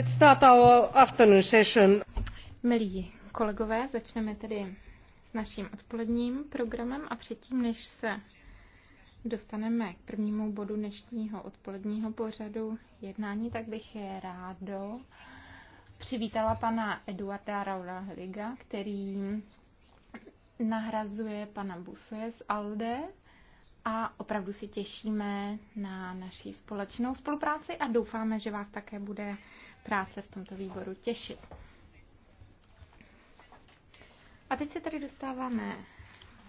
Let's start our afternoon session. Milí kolegové, začneme tedy s naším odpoledním programem a předtím, než se dostaneme k prvnímu bodu dnešního odpoledního pořadu jednání, tak bych je rádo přivítala pana Eduarda Raula Heliga, který nahrazuje pana Busuje z ALDE a opravdu si těšíme na naší společnou spolupráci a doufáme, že vás také bude práce v tomto výboru těšit. A teď se tady dostáváme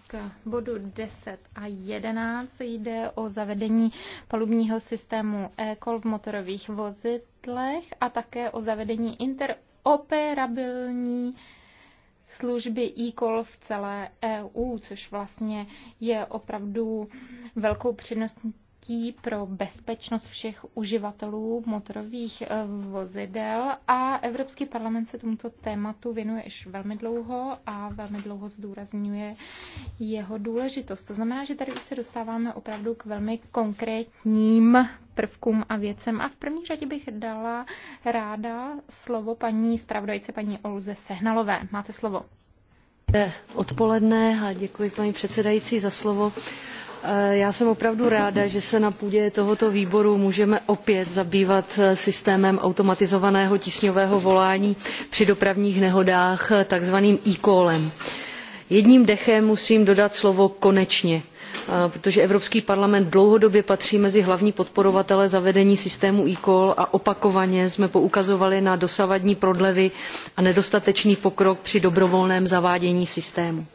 k bodu 10 a 11. Jde o zavedení palubního systému e-call v motorových vozidlech a také o zavedení interoperabilní služby e-call v celé EU, což vlastně je opravdu velkou platí pro bezpečnost všech uživatelů motorových eh, vozidel a Evropský parlament se tomuto tématu věnuje již velmi dlouho a velmi dlouho zdůrazňuje jeho důležitost. To znamená, že tady už se dostáváme opravdu k velmi konkrétním prvkům a věcem. A v první řadě bych dala ráda slovo paní zpravodajce, paní Olze Sehnalové. Máte slovo. Odpoledne a děkuji paní předsedající za slovo Eh, já jsem opravdu ráda že se na půdě tohoto výboru můžeme opět zabývat eh, systémem automatizovaného tísňového volání při dopravních nehodách eh, takzvaným ecallem. jedním dechem musím dodat slovo konečně protože evropský parlament dlouhodobě patří mezi hlavní podporovatele zavedení systému ecall a opakovaně jsme poukazovali na dosavadní prodlevy a nedostatečný pokrok při dobrovolném zavádění systému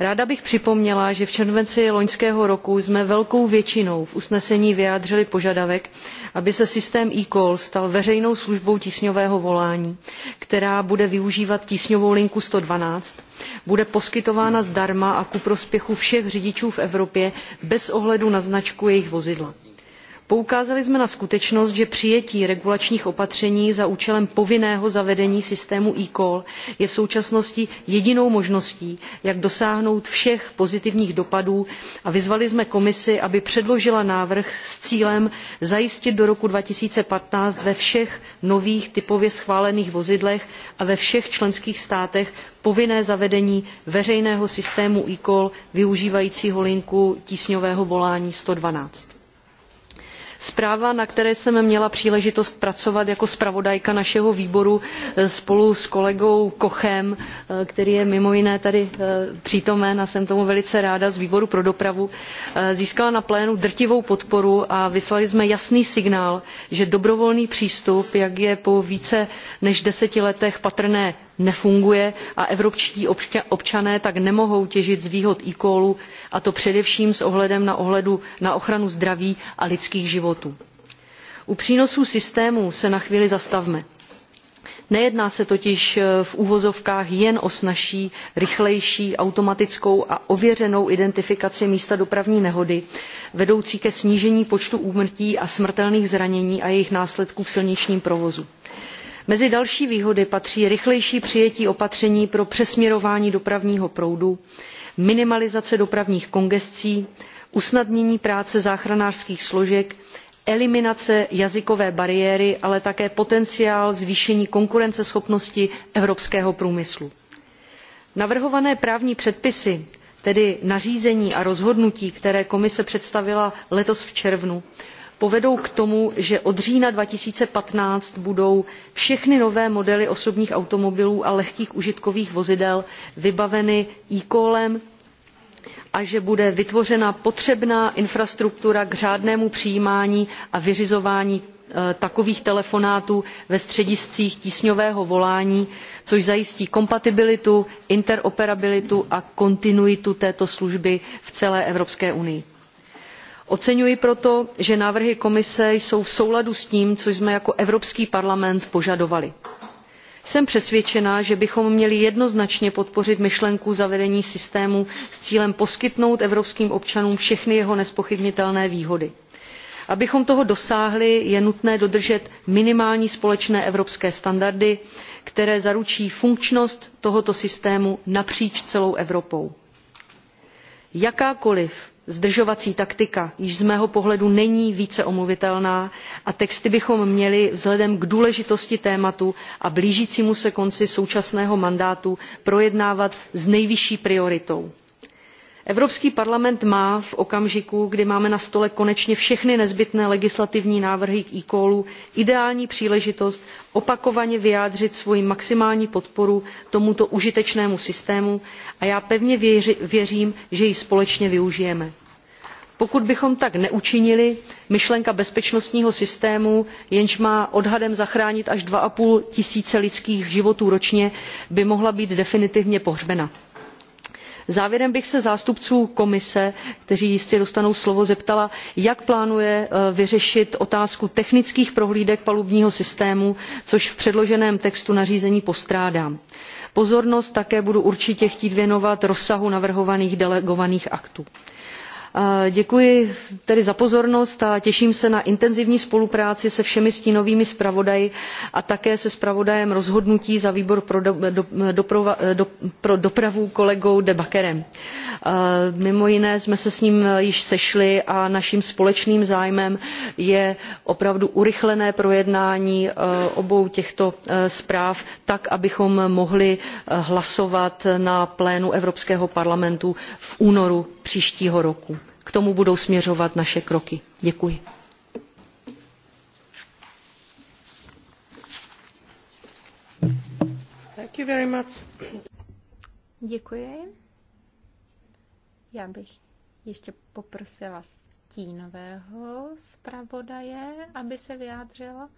ráda bych připomněla že v červenci loňského roku jsme velkou většinou v usnesení vyjádřili požadavek aby se systém ecall stal veřejnou službou tísňového volání která bude využívat tísňovou linku one hundred and twelve bude poskytována zdarma a ku prospěchu všech řidičů v evropě bez ohledu na značku jejich vozidla poukázali jsme na skutečnost že přijetí regulačních opatření za účelem povinného zavedení systému ecall je v současnosti jedinou možností jak dosáhnout všech pozitivních dopadů a vyzvali jsme komisi aby předložila návrh s cílem zajistit do roku two thousand and fifteen ve všech nových typově schválených vozidlech a ve všech členských státech povinné zavedení veřejného systému ecall využívajícího linku tísňového volání one hundred and twelve Zpráva, na které jsem měla příležitost pracovat jako zpravodajka našeho výboru eh, spolu s kolegou Kochem, eh, který je mimo jiné tady eh, přítomen a jsem tomu velice ráda z výboru pro dopravu, získala na plénu drtivou podporu a vyslali jsme jasný signál, že dobrovolný přístup, jak je po více než deseti letech patrné, nefunguje a evropští občané tak nemohou těžit z výhod ecallu a to především s ohledem na, na ochranu zdraví a lidských životů. u přínosů systému se na chvíli zastavme. nejedná se totiž eh, v uvozovkách jen o snazší rychlejší automatickou a ověřenou identifikaci místa dopravní nehody vedoucí ke snížení počtu úmrtí a smrtelných zranění a jejich následků v silničním provozu mezi další výhody patří rychlejší přijetí opatření pro přesměrování dopravního proudu minimalizace dopravních kongescí usnadnění práce záchranářských složek eliminace jazykové bariéry ale také potenciál zvýšení konkurenceschopnosti evropského průmyslu. navrhované právní předpisy tedy nařízení a rozhodnutí které komise představila letos v červnu povedou k tomu že od října two thousand and fifteen budou všechny nové modely osobních automobilů a lehkých užitkových vozidel vybaveny ecallem a že bude vytvořena potřebná infrastruktura k řádnému přijímání a vyřizování eh, takových telefonátů ve střediscích tísňového volání což zajistí kompatibilitu interoperabilitu a kontinuitu této služby v celé evropské unii oceňuji proto že návrhy komise jsou v souladu s tím co jsme jako evropský parlament požadovali. jsem přesvědčena že bychom měli jednoznačně podpořit myšlenku zavedení systému s cílem poskytnout evropským občanům všechny jeho nezpochybnitelné výhody. abychom toho dosáhli je nutné dodržet minimální společné evropské standardy které zaručí funkčnost tohoto systému napříč celou evropou. jakákoliv zdržovací taktika již z mého pohledu není více omluvitelná a texty bychom měli vzhledem k důležitosti tématu a blížícímu se konci současného mandátu projednávat s nejvyšší prioritou evropský parlament má v okamžiku kdy máme na stole konečně všechny nezbytné legislativní návrhy k ecallu ideální příležitost opakovaně vyjádřit svoji maximální podporu tomuto užitečnému systému a já pevně věřím že ji společně využijeme. pokud bychom tak neučinili myšlenka bezpečnostního systému jenž má odhadem zachránit až two five tisíce lidských životů ročně by mohla být definitivně pohřbena závěrem bych se zástupců komise kteří jistě dostanou slovo zeptala jak plánuje eh, vyřešit otázku technických prohlídek palubního systému což v předloženém textu nařízení postrádám. pozornost také budu určitě chtít věnovat rozsahu navrhovaných delegovaných aktů. Eh, děkuji tedy za pozornost a těším se na intenzivní spolupráci se všemi stínovými zpravodaji a také se zpravodajem rozhodnutí za výbor pro, eh, dopravu kolegou de backerem. Eh, mimo jiné jsme se s ním již sešli a naším společným zájmem je opravdu urychlené projednání obou těchto zpráv tak abychom mohli hlasovat na plénu evropského parlamentu v únoru příštího roku k tomu budou směřovat naše kroky. Děkuji. Thank you very much. Děkuji. Já bych ještě poprosila stínového zpravodaje, aby se vyjádřila.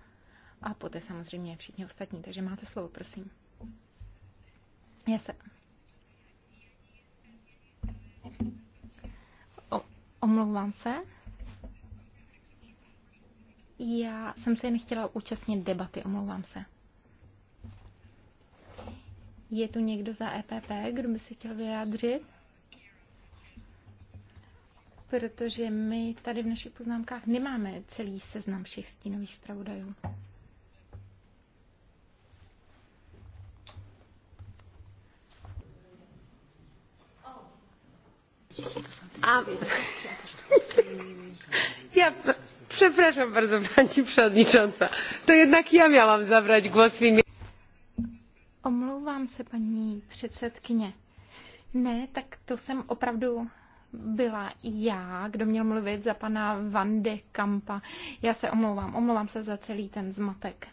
A poté samozřejmě všichni ostatní, takže máte slovo, prosím. Já se... Omlouvám se. Já jsem se nechtěla chtěla účastnit debaty, omlouvám se. Je tu někdo za EPP, kdo by se chtěl vyjádřit? Protože my tady v našich poznámkách nemáme celý seznam všech stínových zpravodajů. Ja przepraszam bardzo pani przewodnicząca. To jednak ja miałam zabrać głos w imieniu. Omlouvám se, paní předsedkyně. Ne, tak to jsem opravdu byla já, kdo měl mluvit za pana Van de Kampa. Já se omlouvám, omlouvám se za celý ten zmatek.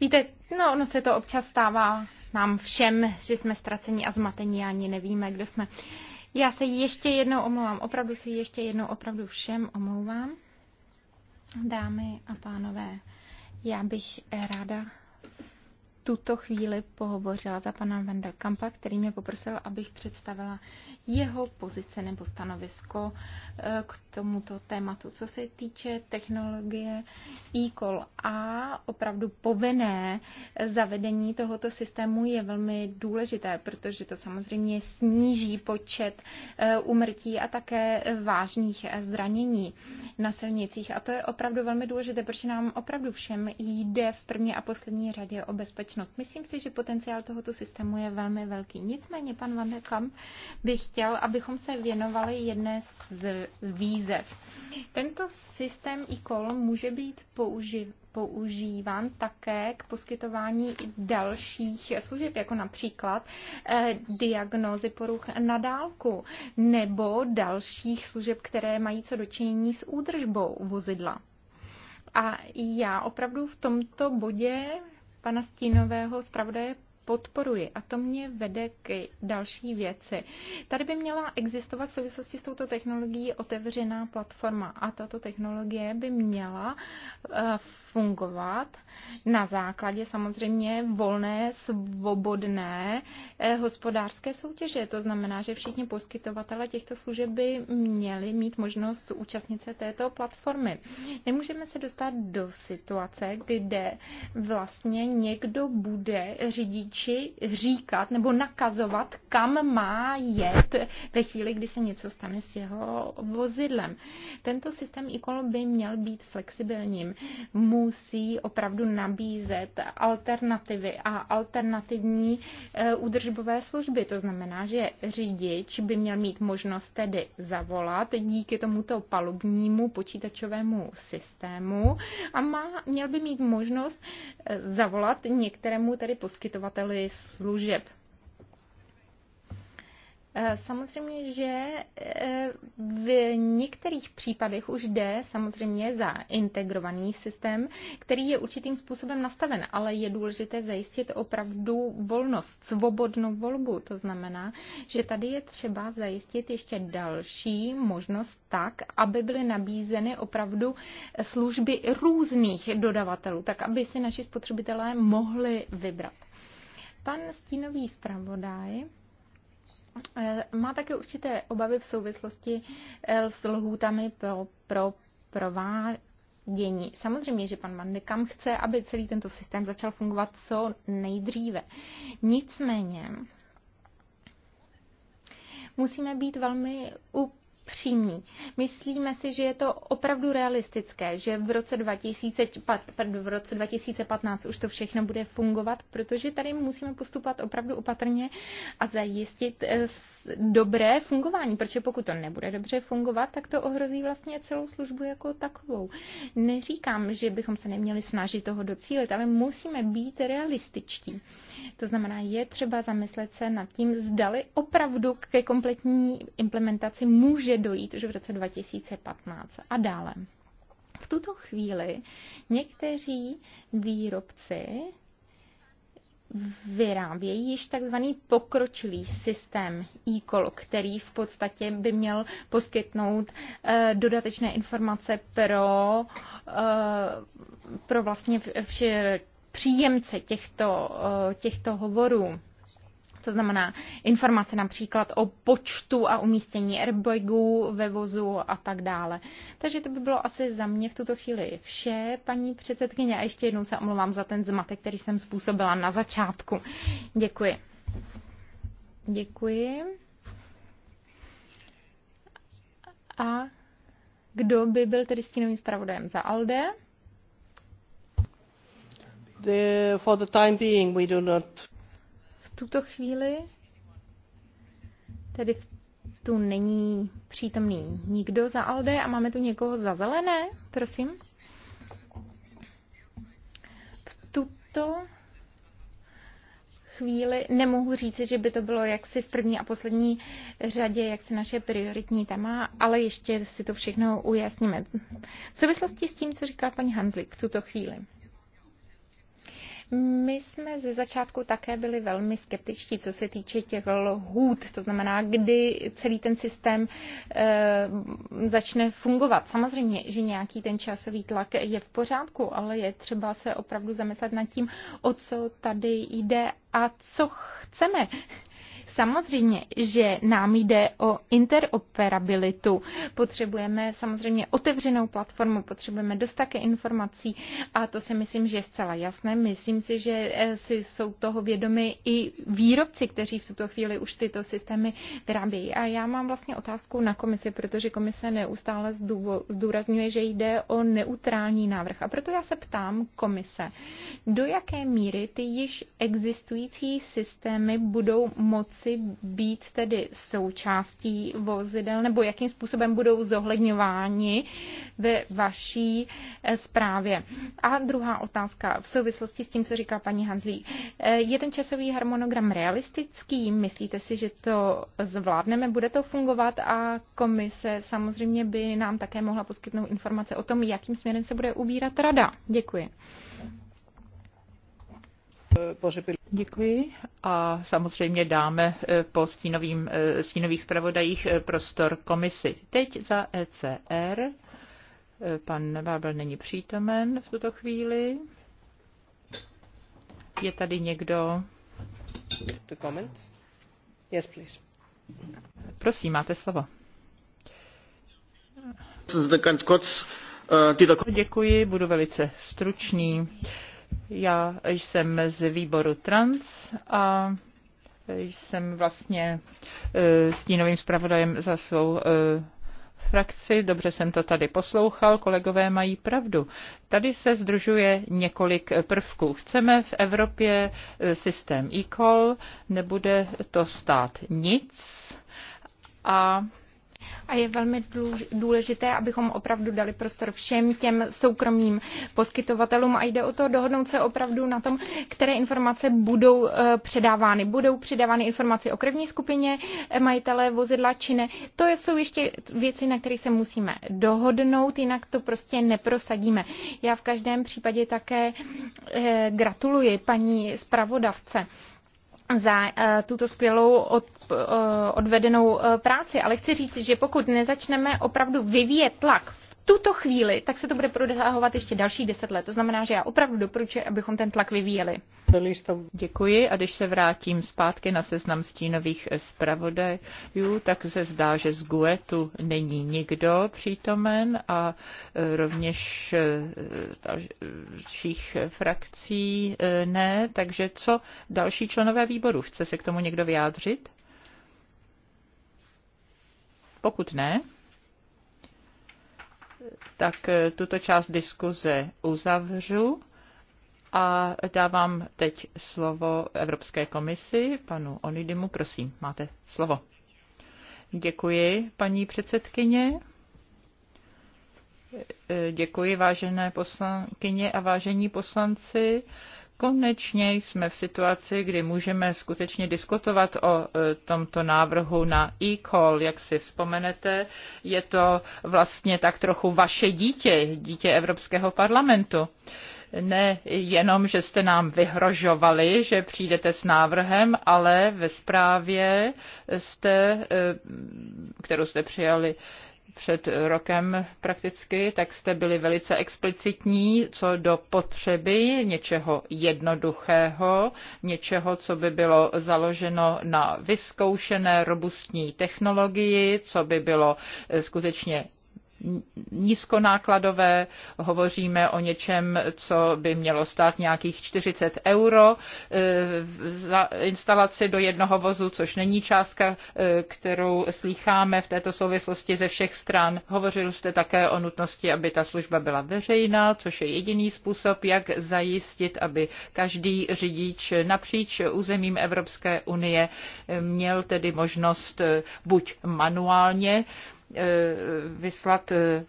Víte, no ono se to občas stává nám všem, že jsme ztraceni a zmateni, ani nevíme, kdo jsme. Já se ještě jednou omlouvám, opravdu se ještě jednou opravdu všem omlouvám. Dámy a pánové, já bych ráda tuto chvíli pohovořila za pana Vendelkampa, který mě poprosil, abych představila jeho pozice nebo stanovisko eh, k tomuto tématu. Co se týče technologie e-call a opravdu povinné zavedení tohoto systému je velmi důležité, protože to samozřejmě sníží počet umrtí eh, a také vážných zranění na silnicích. A to je opravdu velmi důležité, protože nám opravdu všem jde v první a poslední řadě o bezpečnost společnost. Myslím si, že potenciál tohoto systému je velmi velký. Nicméně pan Van de Kamp by chtěl, abychom se věnovali jedné z výzev. Tento systém e-call může být použit používán také k poskytování dalších služeb, jako například eh, diagnózy poruch na dálku nebo dalších služeb, které mají co dočinění s údržbou vozidla. A já opravdu v tomto bodě pana stínového zpravodaje podporuji. A to mě vede k další věci. Tady by měla existovat v souvislosti s touto technologií otevřená platforma a tato technologie by měla eh, fungovat na základě samozřejmě volné, svobodné eh, hospodářské soutěže. To znamená, že všichni poskytovatele těchto služeb by měli mít možnost účastnit se této platformy. Nemůžeme se dostat do situace, kde vlastně někdo bude řídit řidiči říkat nebo nakazovat, kam má jet ve chvíli, kdy se něco stane s jeho vozidlem. Tento systém e by měl být flexibilním. Musí opravdu nabízet alternativy a alternativní eh, údržbové služby. To znamená, že řidič by měl mít možnost tedy zavolat díky tomuto palubnímu počítačovému systému a má, měl by mít možnost eh, zavolat některému tedy poskytovateli poskytovateli služeb. Eh, samozřejmě, že eh, v některých případech už jde samozřejmě za integrovaný systém, který je určitým způsobem nastaven, ale je důležité zajistit opravdu volnost, svobodnou volbu. To znamená, že tady je třeba zajistit ještě další možnost tak, aby byly nabízeny opravdu služby různých dodavatelů, tak aby si naši spotřebitelé mohli vybrat. Pan stínový zpravodaj eh, má také určité obavy v souvislosti eh, s lhůtami pro, pro provádění. Samozřejmě, že pan Mandekam chce, aby celý tento systém začal fungovat co nejdříve. Nicméně musíme být velmi up přímý. Myslíme si, že je to opravdu realistické, že v roce, 2000, v roce 2015 už to všechno bude fungovat, protože tady musíme postupovat opravdu opatrně a zajistit eh, dobré fungování, protože pokud to nebude dobře fungovat, tak to ohrozí vlastně celou službu jako takovou. Neříkám, že bychom se neměli snažit toho docílit, ale musíme být realističtí. To znamená, je třeba zamyslet se nad tím, zdali opravdu ke kompletní implementaci může dojít už v roce 2015 a dále. V tuto chvíli někteří výrobci vyrábějí již takzvaný pokročilý systém e který v podstatě by měl poskytnout eh, dodatečné informace pro, eh, pro vlastně vše, příjemce těchto, eh, těchto hovorů. To znamená informace například o počtu a umístění airbagů ve vozu a tak dále. Takže to by bylo asi za mě v tuto chvíli vše, paní předsedkyně, a ještě jednou se omlouvám za ten zmatek, který jsem způsobila na začátku. Děkuji. Děkuji. A kdo by byl tedy stínovým zpravodajem za ALDE? The, for the time being we do not tuto chvíli tedy tu není přítomný nikdo za Alde a máme tu někoho za zelené, prosím. V tuto chvíli nemohu říci, že by to bylo jaksi v první a poslední řadě jaksi naše prioritní téma, ale ještě si to všechno ujasníme. V souvislosti s tím, co říkala paní Hanzlik v tuto chvíli. My jsme ze začátku také byli velmi skeptičtí, co se týče těch lhůt, to znamená, kdy celý ten systém e, začne fungovat. Samozřejmě, že nějaký ten časový tlak je v pořádku, ale je třeba se opravdu zamyslet nad tím, o co tady jde a co chceme Samozřejmě, že nám jde o interoperabilitu. Potřebujeme samozřejmě otevřenou platformu, potřebujeme dost také informací a to si myslím, že je zcela jasné. Myslím si, že eh, si jsou toho vědomi i výrobci, kteří v tuto chvíli už tyto systémy vyrábějí. A já mám vlastně otázku na komisi, protože komise neustále zdůrazňuje, že jde o neutrální návrh. A proto já se ptám komise, do jaké míry ty již existující systémy budou moci moci být tedy součástí vozidel, nebo jakým způsobem budou zohledňováni ve vaší zprávě. Eh, A druhá otázka v souvislosti s tím, co říká paní Hanzlí. Eh, je ten časový harmonogram realistický? Myslíte si, že to zvládneme? Bude to fungovat? A komise samozřejmě by nám také mohla poskytnout informace o tom, jakým směrem se bude ubírat rada. Děkuji. Děkuji a samozřejmě dáme eh, po stínovým, eh, stínových zpravodajích eh, prostor komisi. Teď za ECR. Pan Bábel není přítomen v tuto chvíli. Je tady někdo? To comment? Yes, please. Prosím, máte slovo. Děkuji, budu velice stručný. Já jsem z výboru Trans a jsem vlastně e, stínovým zpravodajem za svou e, frakci, dobře jsem to tady poslouchal, kolegové mají pravdu. Tady se združuje několik prvků. Chceme v Evropě e, systém e-call, nebude to stát nic a a je velmi důležité, abychom opravdu dali prostor všem těm soukromým poskytovatelům a jde o to dohodnout se opravdu na tom, které informace budou eh, předávány. Budou předávány informace o krevní skupině eh, majitele vozidla či ne. To jsou ještě věci, na které se musíme dohodnout, jinak to prostě neprosadíme. Já v každém případě také eh, gratuluji paní zpravodavce za eh, tuto skvělou od, eh, odvedenou eh, práci. Ale chci říct, že pokud nezačneme opravdu vyvíjet tlak tuto chvíli, tak se to bude prodáhovat ještě další deset let. To znamená, že já opravdu doporučuji, abychom ten tlak vyvíjeli. Děkuji a když se vrátím zpátky na seznam stínových zpravodajů, tak se zdá, že z GUE tu není nikdo přítomen a e, rovněž e, dalších frakcí e, ne, takže co další členové výboru? Chce se k tomu někdo vyjádřit? Pokud ne, tak eh, tuto část diskuze uzavřu a dávám teď slovo Evropské komisi, panu Onidimu, prosím, máte slovo. Děkuji, paní předsedkyně. Eh, děkuji, vážené poslankyně a vážení poslanci. Konečně jsme v situaci, kdy můžeme skutečně diskutovat o e, tomto návrhu na e-call. Jak si vzpomenete, je to vlastně tak trochu vaše dítě, dítě Evropského parlamentu ne jenom, že jste nám vyhrožovali, že přijdete s návrhem, ale ve zprávě, jste, e, kterou jste přijali před rokem prakticky, tak jste byli velice explicitní co do potřeby něčeho jednoduchého, něčeho, co by bylo založeno na vyzkoušené robustní technologii, co by bylo eh, skutečně nízkonákladové, hovoříme o něčem, co by mělo stát nějakých 40 euro eh, za instalaci do jednoho vozu, což není částka, eh, kterou slýcháme v této souvislosti ze všech stran. Hovořil jste také o nutnosti, aby ta služba byla veřejná, což je jediný způsob, jak zajistit, aby každý řidič napříč územím Evropské unie měl tedy možnost eh, buď manuálně Eh, vyslat eh,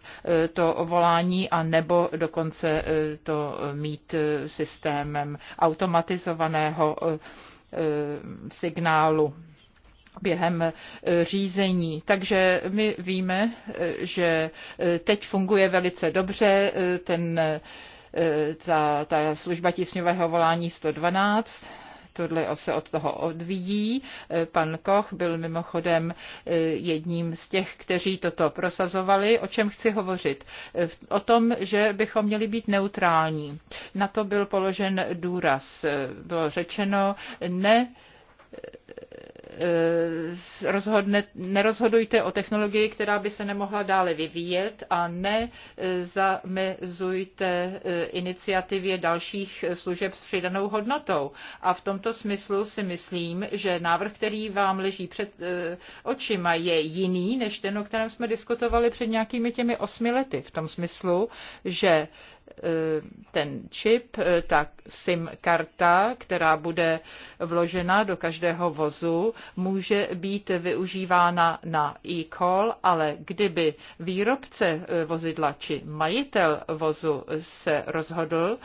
to volání a nebo dokonce eh, to mít systémem automatizovaného signálu během řízení. Takže my víme, že teď funguje velice dobře ten ta, ta služba tisňového volání 112 tohle se od toho odvíjí. Eh, pan Koch byl mimochodem eh, jedním z těch, kteří toto prosazovali. O čem chci hovořit? Eh, o tom, že bychom měli být neutrální. Na to byl položen důraz. Bylo řečeno ne Eh, rozhodne, nerozhodujte o technologii, která by se nemohla dále vyvíjet a nezamezujte eh, iniciativě dalších služeb s přidanou hodnotou. A v tomto smyslu si myslím, že návrh, který vám leží před eh, očima, je jiný než ten, o kterém jsme diskutovali před nějakými těmi osmi lety. V tom smyslu, že Eh, ten čip, eh, ta SIM karta, která bude vložena do každého vozu, může být využívána na e-call, ale kdyby výrobce eh, vozidla či majitel vozu se rozhodl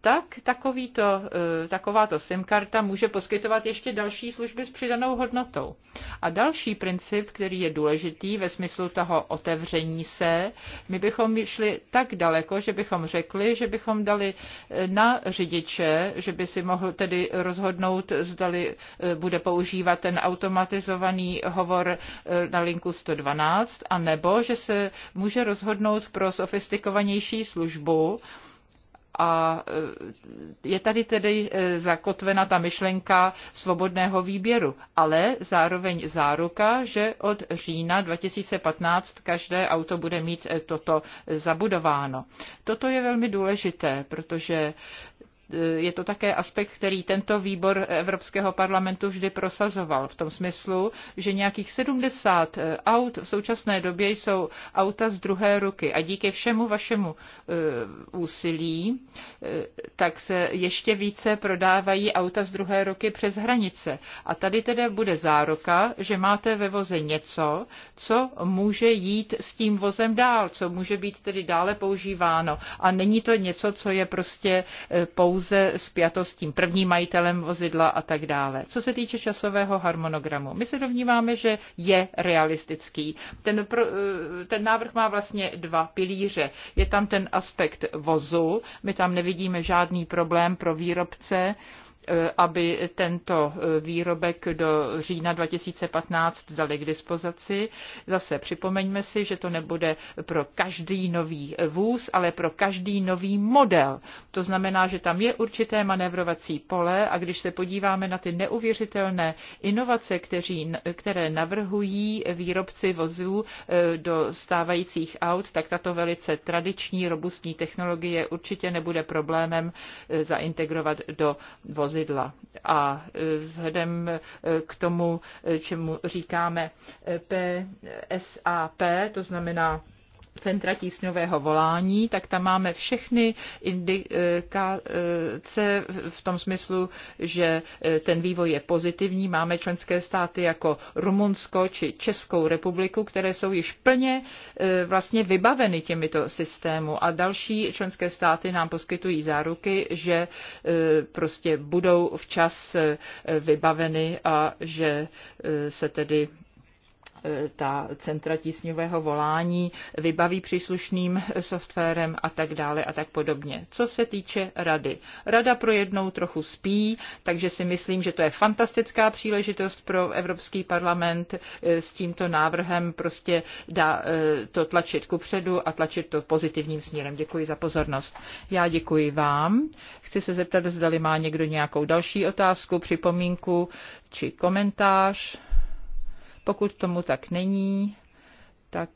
tak takovýto, eh, takováto SIM karta může poskytovat ještě další služby s přidanou hodnotou. A další princip, který je důležitý ve smyslu toho otevření se, my bychom šli tak daleko, že bychom řekli, že bychom dali eh, na řidiče, že by si mohl tedy rozhodnout, zdali eh, bude používat ten automatizovaný hovor na linku 112, anebo že se může rozhodnout pro sofistikovanější službu, a e, je tady tedy e, zakotvena ta myšlenka svobodného výběru, ale zároveň záruka, že od října 2015 každé auto bude mít e, toto zabudováno. Toto je velmi důležité, protože je to také aspekt, který tento výbor Evropského parlamentu vždy prosazoval v tom smyslu, že nějakých 70 eh, aut v současné době jsou auta z druhé ruky a díky všemu vašemu eh, úsilí eh, tak se ještě více prodávají auta z druhé ruky přes hranice. A tady tedy bude záruka, že máte ve voze něco, co může jít s tím vozem dál, co může být tedy dále používáno. A není to něco, co je prostě pouze pouze spjato s tím prvním majitelem vozidla a tak dále. Co se týče časového harmonogramu, my se dovnímáme, že je realistický. Ten, pro, eh, ten návrh má vlastně dva pilíře. Je tam ten aspekt vozu, my tam nevidíme žádný problém pro výrobce, Eh, aby tento eh, výrobek do října 2015 dali k dispozici. Zase připomeňme si, že to nebude pro každý nový eh, vůz, ale pro každý nový model. To znamená, že tam je určité manévrovací pole a když se podíváme na ty neuvěřitelné inovace, kteří, které navrhují výrobci vozů do stávajících aut, tak tato velice tradiční robustní technologie určitě nebude problémem zaintegrovat do vozy vozidla. A e, vzhledem e, k tomu, e, čemu říkáme PSAP, to znamená centra tísňového volání, tak tam máme všechny indikace v tom smyslu, že e, ten vývoj je pozitivní. Máme členské státy jako Rumunsko či Českou republiku, které jsou již plně e, vlastně vybaveny těmito systému a další členské státy nám poskytují záruky, že e, prostě budou včas vybaveny a že se tedy ta centra tísňového volání vybaví příslušným softwarem a tak dále a tak podobně. Co se týče rady. Rada pro jednou trochu spí, takže si myslím, že to je fantastická příležitost pro Evropský parlament eh, s tímto návrhem prostě dá eh, to tlačit předu a tlačit to pozitivním směrem. Děkuji za pozornost. Já děkuji vám. Chci se zeptat, zdali má někdo nějakou další otázku, připomínku či komentář. Pokud tomu tak není, tak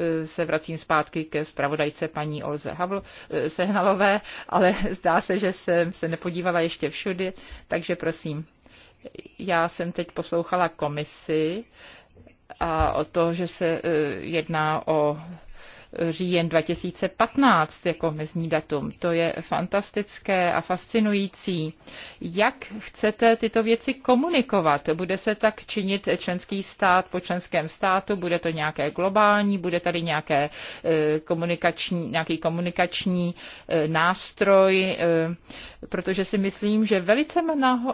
e, se vracím zpátky ke zpravodajce paní Olze Havl, e, Sehnalové, ale zdá se, že jsem se nepodívala ještě všudy, takže prosím. Já jsem teď poslouchala komisi a o to, že se e, jedná o říjen 2015 jako mezní datum. To je fantastické a fascinující. Jak chcete tyto věci komunikovat? Bude se tak činit členský stát po členském státu? Bude to nějaké globální? Bude tady nějaké e, komunikační, nějaký komunikační e, nástroj? E, protože si myslím, že velice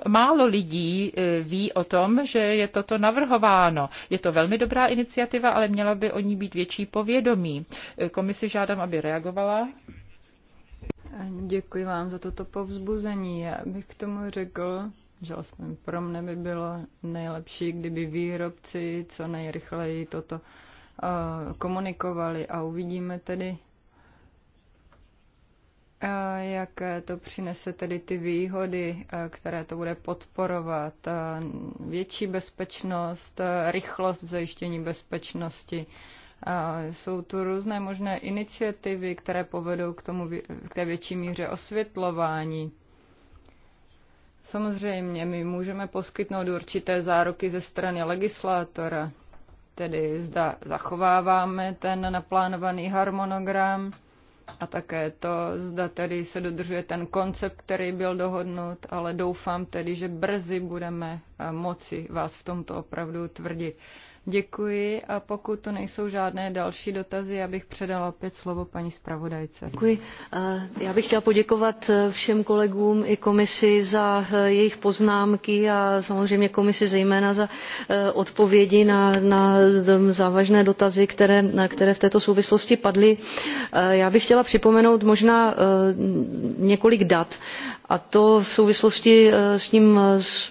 málo lidí ví o tom, že je toto navrhováno. Je to velmi dobrá iniciativa, ale měla by o ní být větší povědomí. Komisi žádám, aby reagovala. Děkuji vám za toto povzbuzení. Já bych k tomu řekl, že aspoň pro mne by bylo nejlepší, kdyby výrobci co nejrychleji toto eh, komunikovali a uvidíme tedy, eh, jak to přinese tedy ty výhody, eh, které to bude podporovat. Větší bezpečnost, rychlost v zajištění bezpečnosti, jsou tu různé možné iniciativy, které povedou k, tomu, k té větší míře osvětlování. Samozřejmě, my můžeme poskytnout určité záruky ze strany legislátora, tedy zda zachováváme ten naplánovaný harmonogram a také to, zda tedy se dodržuje ten koncept, který byl dohodnut, ale doufám tedy, že brzy budeme eh, moci vás v tomto opravdu tvrdit. Děkuji a pokud to nejsou žádné další dotazy, já bych předala opět slovo paní zpravodajce. Děkuji. Já bych chtěla poděkovat eh, všem kolegům i komisi za eh, jejich poznámky a samozřejmě komisi zejména za eh, odpovědi na, na závažné dotazy, které, na které v této souvislosti padly. Já bych chtěla připomenout možná několik dat a to v souvislosti eh, s, tím, eh, s,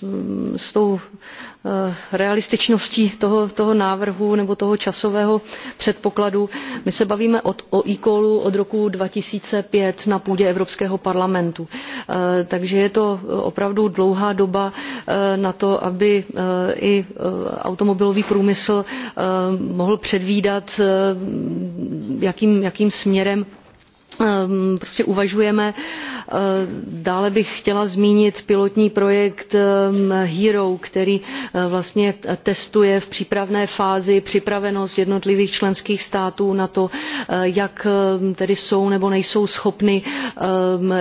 s tou eh, realističností toho, toho návrhu nebo toho časového předpokladu my se bavíme od, o ecallu od roku 2005 na půdě evropského parlamentu takže je to opravdu dlouhá doba na to aby i automobilový průmysl mohl předvídat jakým, jakým směrem prostě uvažujeme Eh, dále bych chtěla zmínit pilotní projekt ehm, Hero, který eh, vlastně testuje v přípravné fázi připravenost jednotlivých členských států na to, eh, jak ehm, tedy jsou nebo nejsou schopny ehm,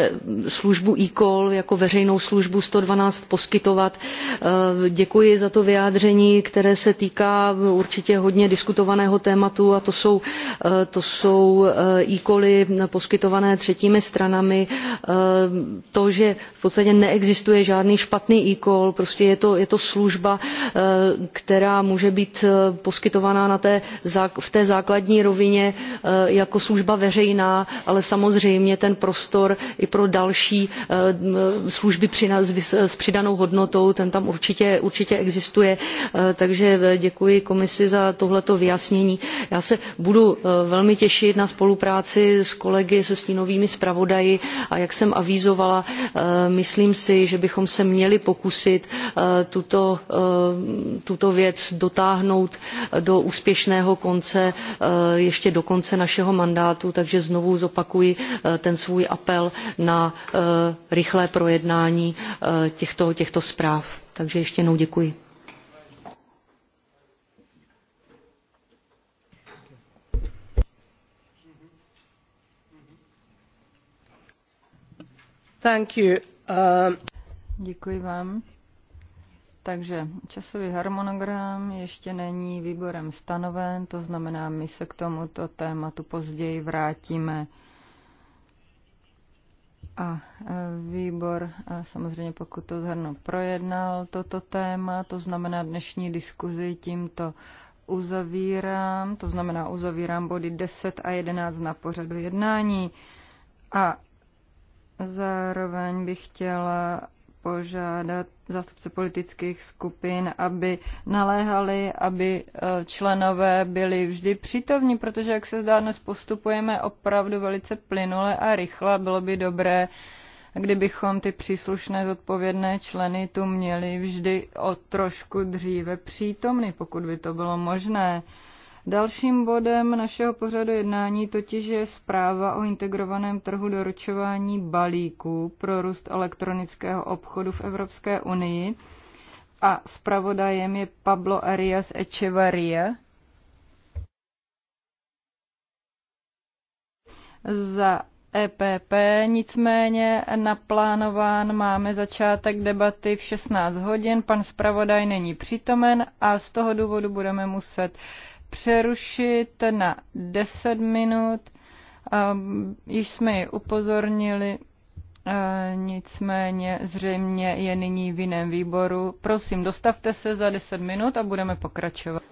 službu e-call jako veřejnou službu 112 poskytovat. Děkuji za to vyjádření, které se týká určitě hodně diskutovaného tématu a to jsou, to jsou e-cally poskytované třetími stranami Ehm, to, že v podstatě neexistuje žádný špatný ecall prostě je to, služba, ehm, která může být ehm, poskytovaná na té, v té základní rovině jako služba veřejná, ale samozřejmě ten prostor i pro další služby s přidanou hodnotou, ten tam určitě, existuje, takže eh, děkuji komisi za tohleto vyjasnění. Já se budu velmi těšit na spolupráci s kolegy, se stínovými zpravodaji a jak jsem jsem avízovala, eh, myslím si, že bychom se měli pokusit eh, tuto, eh, tuto věc dotáhnout do úspěšného konce ještě do konce našeho mandátu, takže znovu zopakuji ten svůj apel na rychlé projednání těchto, těchto zpráv. Takže ještě jednou děkuji. Um, Děkuji vám. Takže časový harmonogram ještě není výborem stanoven, to znamená, my se k tomuto tématu později vrátíme. A e, výbor, a e, samozřejmě pokud to zhrnu, projednal toto téma, to znamená dnešní diskuzi tímto uzavírám, to znamená uzavírám body 10 a 11 na pořadu jednání. A Zároveň bych chtěla požádat zástupce politických skupin, aby naléhali, aby e, členové byli vždy přítomní, protože jak se zdá, dnes postupujeme opravdu velice plynule a rychle. Bylo by dobré, kdybychom ty příslušné zodpovědné členy tu měli vždy o trošku dříve přítomny, pokud by to bylo možné. Dalším bodem našeho pořadu jednání totiž je zpráva o integrovaném trhu doručování balíků pro růst elektronického obchodu v Evropské unii a zpravodajem je Pablo Arias Echevarria. Za EPP, nicméně naplánován máme začátek debaty v 16 hodin, pan zpravodaj není přítomen a z toho důvodu budeme muset přerušit na 10 minut. Ehm, již jsme ji upozornili, eh, nicméně zřejmě je nyní v jiném výboru. Prosím, dostavte se za 10 minut a budeme pokračovat.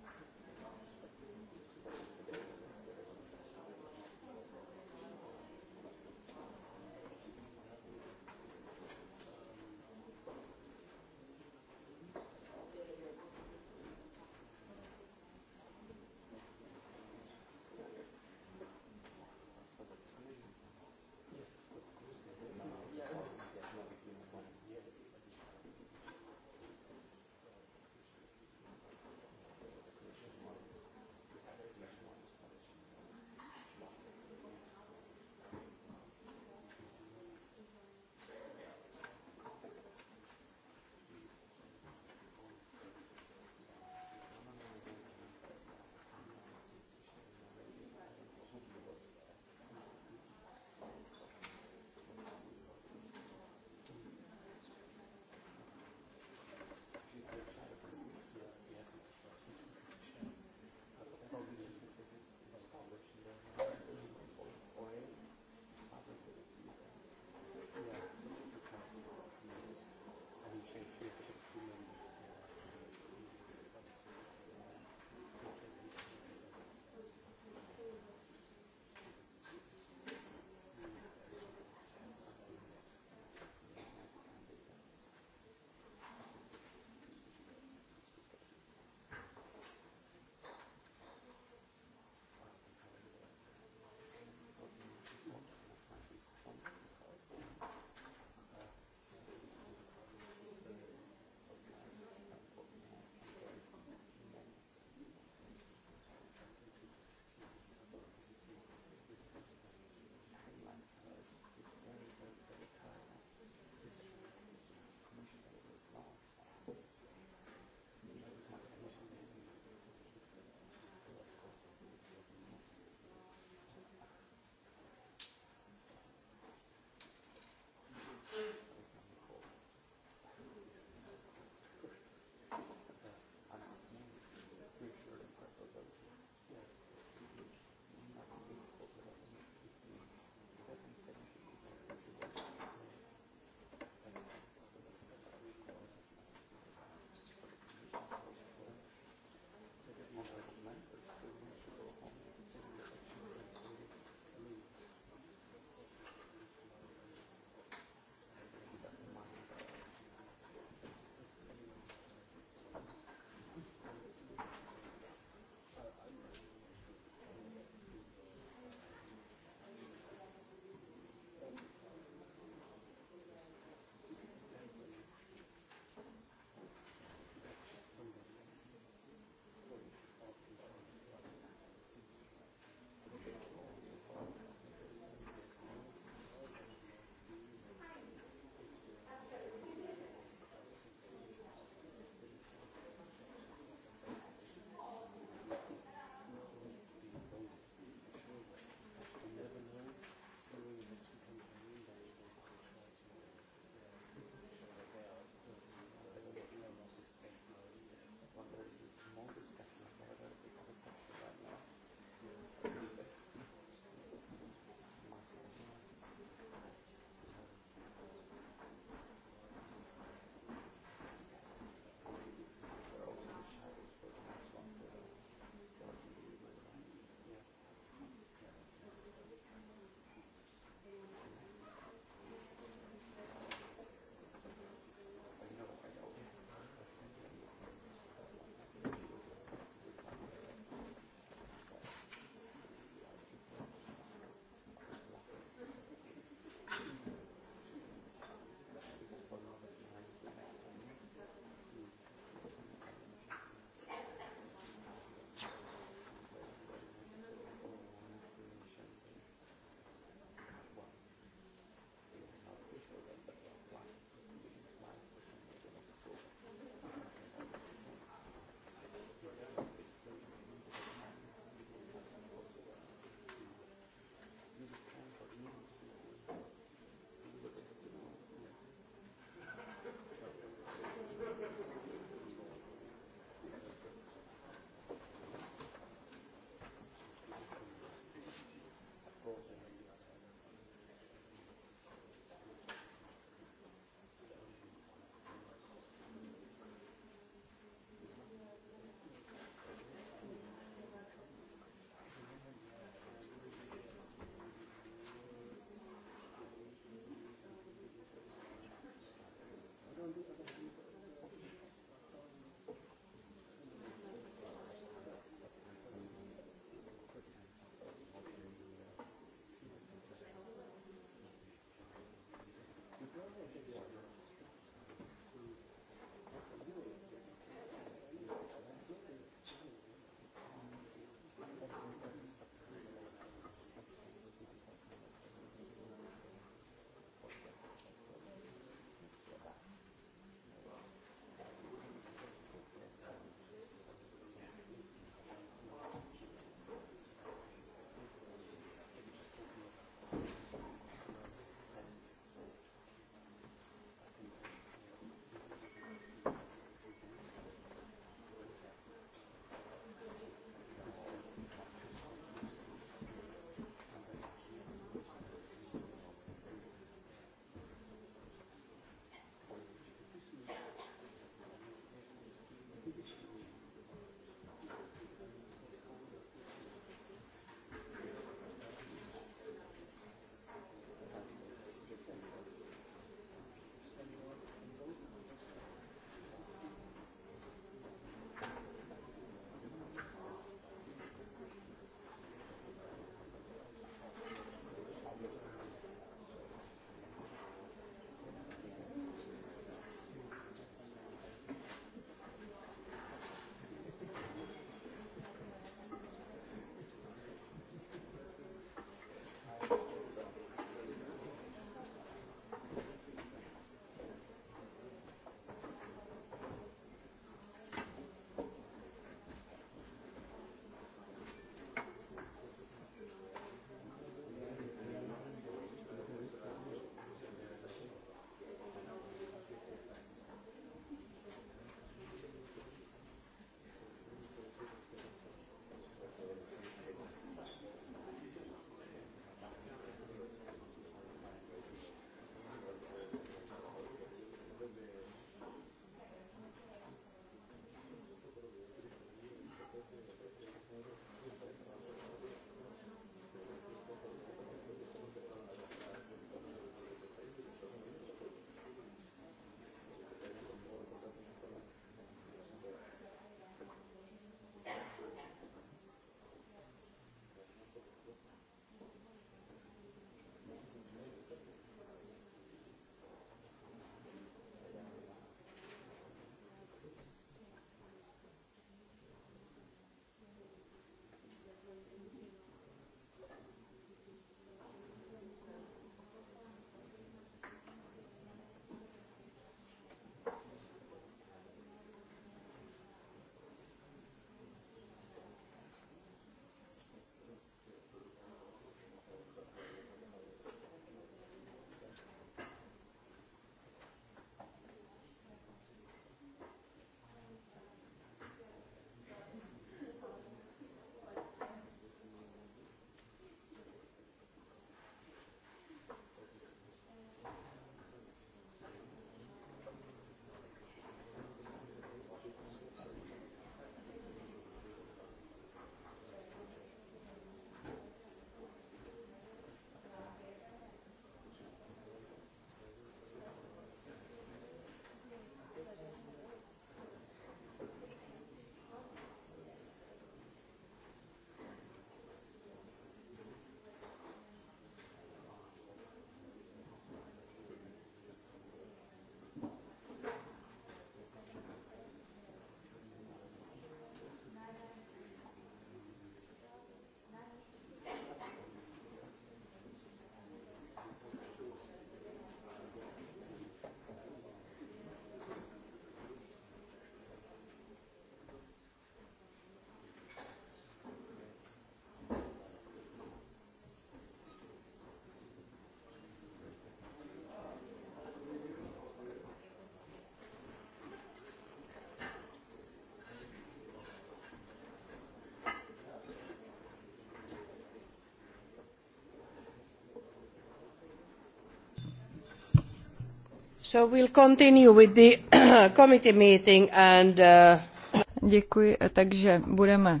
takže budeme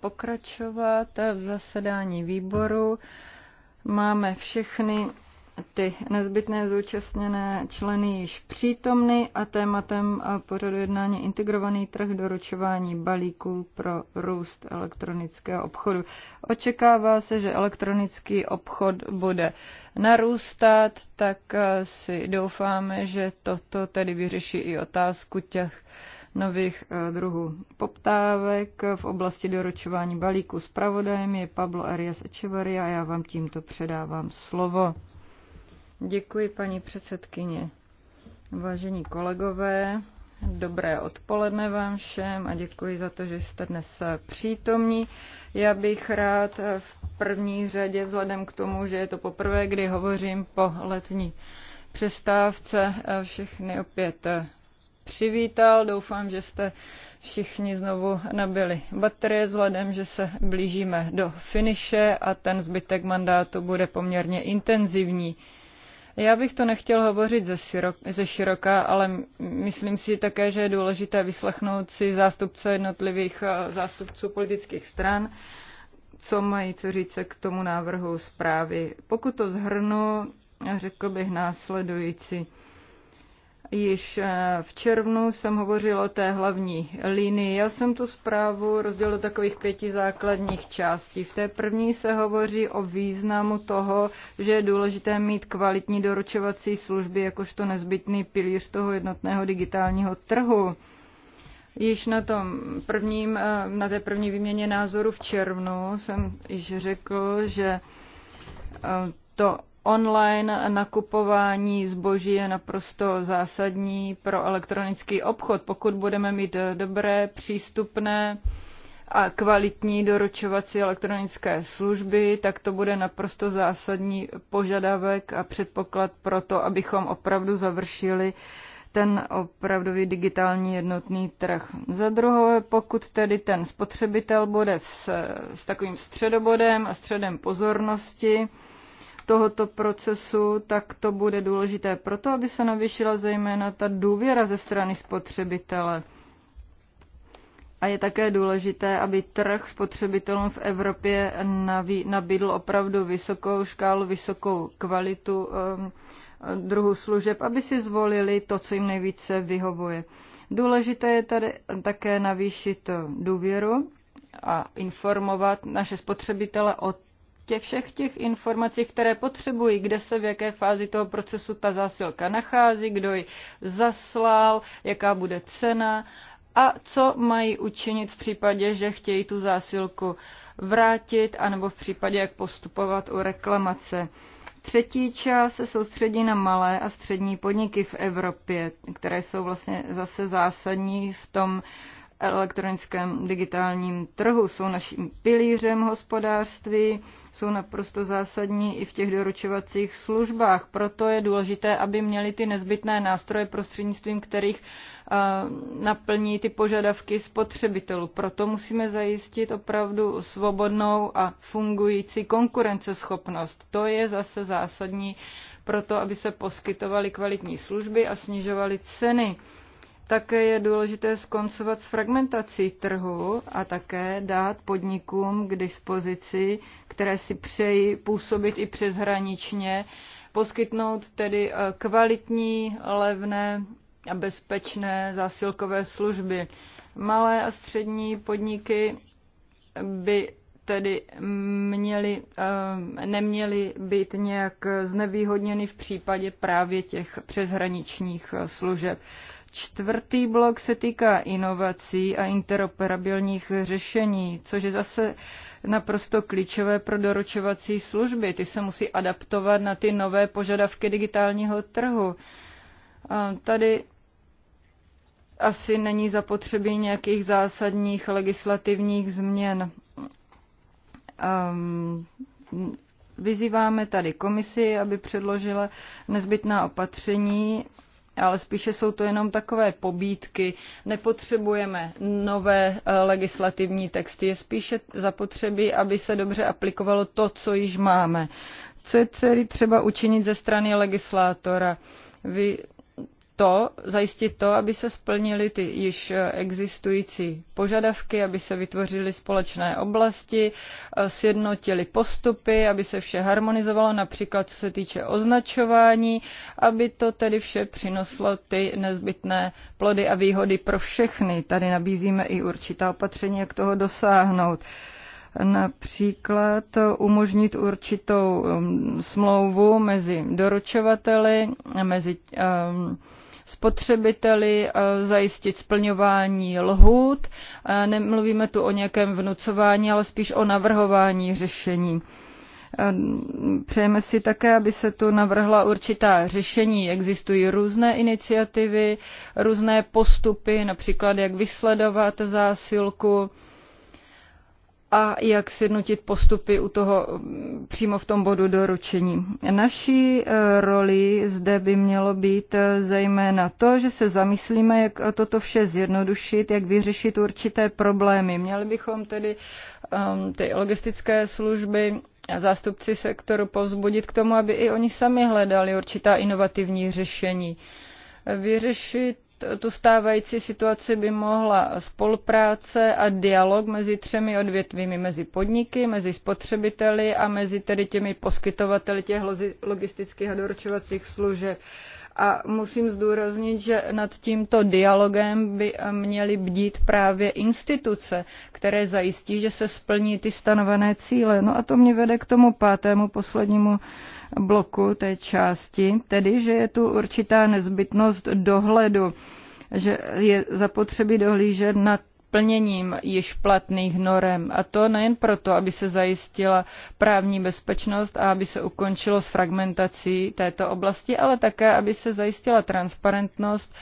pokračovat v zasedání výboru máme všechny ty nezbytné zúčastněné členy již přítomny a tématem pořadu jednání integrovaný trh doručování balíků pro růst elektronického obchodu. Očekává se, že elektronický obchod bude narůstat, tak si doufáme, že toto tedy vyřeší i otázku těch nových eh, druhů poptávek v oblasti doručování balíků Spravodajem je Pablo Arias Echevarria a já vám tímto předávám slovo. Děkuji, paní předsedkyně. Vážení kolegové, dobré odpoledne vám všem a děkuji za to, že jste dnes přítomní. Já bych rád v první řadě, vzhledem k tomu, že je to poprvé, kdy hovořím po letní přestávce, všechny opět přivítal. Doufám, že jste všichni znovu nabili baterie, vzhledem, že se blížíme do finiše a ten zbytek mandátu bude poměrně intenzivní. Já bych to nechtěl hovořit ze, širok, ze široka, ale myslím si také, že je důležité vyslechnout si zástupce jednotlivých eh, zástupců politických stran, co mají co říct k tomu návrhu zprávy. Pokud to zhrnu, řekl bych následující. Již eh, v červnu jsem hovořil o té hlavní linii. Já jsem tu zprávu rozdělil do takových pěti základních částí. V té první se hovoří o významu toho, že je důležité mít kvalitní doručovací služby jakožto nezbytný pilíř toho jednotného digitálního trhu. Již na, tom prvním, eh, na té první výměně názoru v červnu jsem již řekl, že eh, to online nakupování zboží je naprosto zásadní pro elektronický obchod. Pokud budeme mít dobré, přístupné a kvalitní doručovací elektronické služby, tak to bude naprosto zásadní požadavek a předpoklad pro to, abychom opravdu završili ten opravdový digitální jednotný trh. Za druhé, pokud tedy ten spotřebitel bude s, s takovým středobodem a středem pozornosti, tohoto procesu, tak to bude důležité proto, aby se navýšila zejména ta důvěra ze strany spotřebitele. A je také důležité, aby trh spotřebitelům v Evropě nabídl opravdu vysokou škálu, vysokou kvalitu um, druhu služeb, aby si zvolili to, co jim nejvíce vyhovuje. Důležité je tady také navýšit uh, důvěru a informovat naše spotřebitele o tě všech těch informací, které potřebují, kde se v jaké fázi toho procesu ta zásilka nachází, kdo ji zaslal, jaká bude cena a co mají učinit v případě, že chtějí tu zásilku vrátit, anebo v případě, jak postupovat u reklamace. Třetí část se soustředí na malé a střední podniky v Evropě, které jsou vlastně zase zásadní v tom elektronickém digitálním trhu. Jsou naším pilířem hospodářství, jsou naprosto zásadní i v těch doručovacích službách. Proto je důležité, aby měli ty nezbytné nástroje, prostřednictvím kterých eh, naplní ty požadavky spotřebitelů. Proto musíme zajistit opravdu svobodnou a fungující konkurenceschopnost. To je zase zásadní proto, aby se poskytovaly kvalitní služby a snižovaly ceny. Také je důležité skoncovat s fragmentací trhu a také dát podnikům k dispozici, které si přejí působit i přeshraničně, poskytnout tedy eh, kvalitní, levné a bezpečné zásilkové služby. Malé a střední podniky by tedy měli, eh, neměly být nějak znevýhodněny v případě právě těch přeshraničních eh, služeb. Čtvrtý blok se týká inovací a interoperabilních řešení, což je zase naprosto klíčové pro doručovací služby. Ty se musí adaptovat na ty nové požadavky digitálního trhu. A tady asi není zapotřebí nějakých zásadních legislativních změn. Um, Vyzýváme tady komisi, aby předložila nezbytná opatření ale spíše jsou to jenom takové pobídky. Nepotřebujeme nové eh, legislativní texty, je spíše zapotřebí, aby se dobře aplikovalo to, co již máme. Co je třeba učinit ze strany legislátora? Vy to, zajistit to, aby se splnily ty již existující požadavky, aby se vytvořily společné oblasti, eh, sjednotily postupy, aby se vše harmonizovalo, například co se týče označování, aby to tedy vše přinoslo ty nezbytné plody a výhody pro všechny. Tady nabízíme i určitá opatření, jak toho dosáhnout například umožnit určitou mm, smlouvu mezi doručovateli, mezi ehm, spotřebiteli, eh, zajistit splňování lhůt. Eh, nemluvíme tu o nějakém vnucování, ale spíš o navrhování řešení. Eh, přejeme si také, aby se tu navrhla určitá řešení. Existují různé iniciativy, různé postupy, například jak vysledovat zásilku, a jak sjednotit postupy u toho mm, přímo v tom bodu doručení. Naší eh, roli zde by mělo být eh, zejména to, že se zamyslíme, jak toto vše zjednodušit, jak vyřešit určité problémy. Měli bychom tedy um, ty logistické služby a zástupci sektoru povzbudit k tomu, aby i oni sami hledali určitá inovativní řešení. Vyřešit tu stávající situaci by mohla spolupráce a dialog mezi třemi odvětvími, mezi podniky, mezi spotřebiteli a mezi tedy těmi poskytovateli těch logistických a doručovacích služeb. A musím zdůraznit, že nad tímto dialogem by měly bdít právě instituce, které zajistí, že se splní ty stanovené cíle. No a to mě vede k tomu pátému poslednímu bloku, té části, tedy že je tu určitá nezbytnost dohledu, že je zapotřebí dohlížet na plněním již platných norem. A to nejen proto, aby se zajistila právní bezpečnost a aby se ukončilo s fragmentací této oblasti, ale také, aby se zajistila transparentnost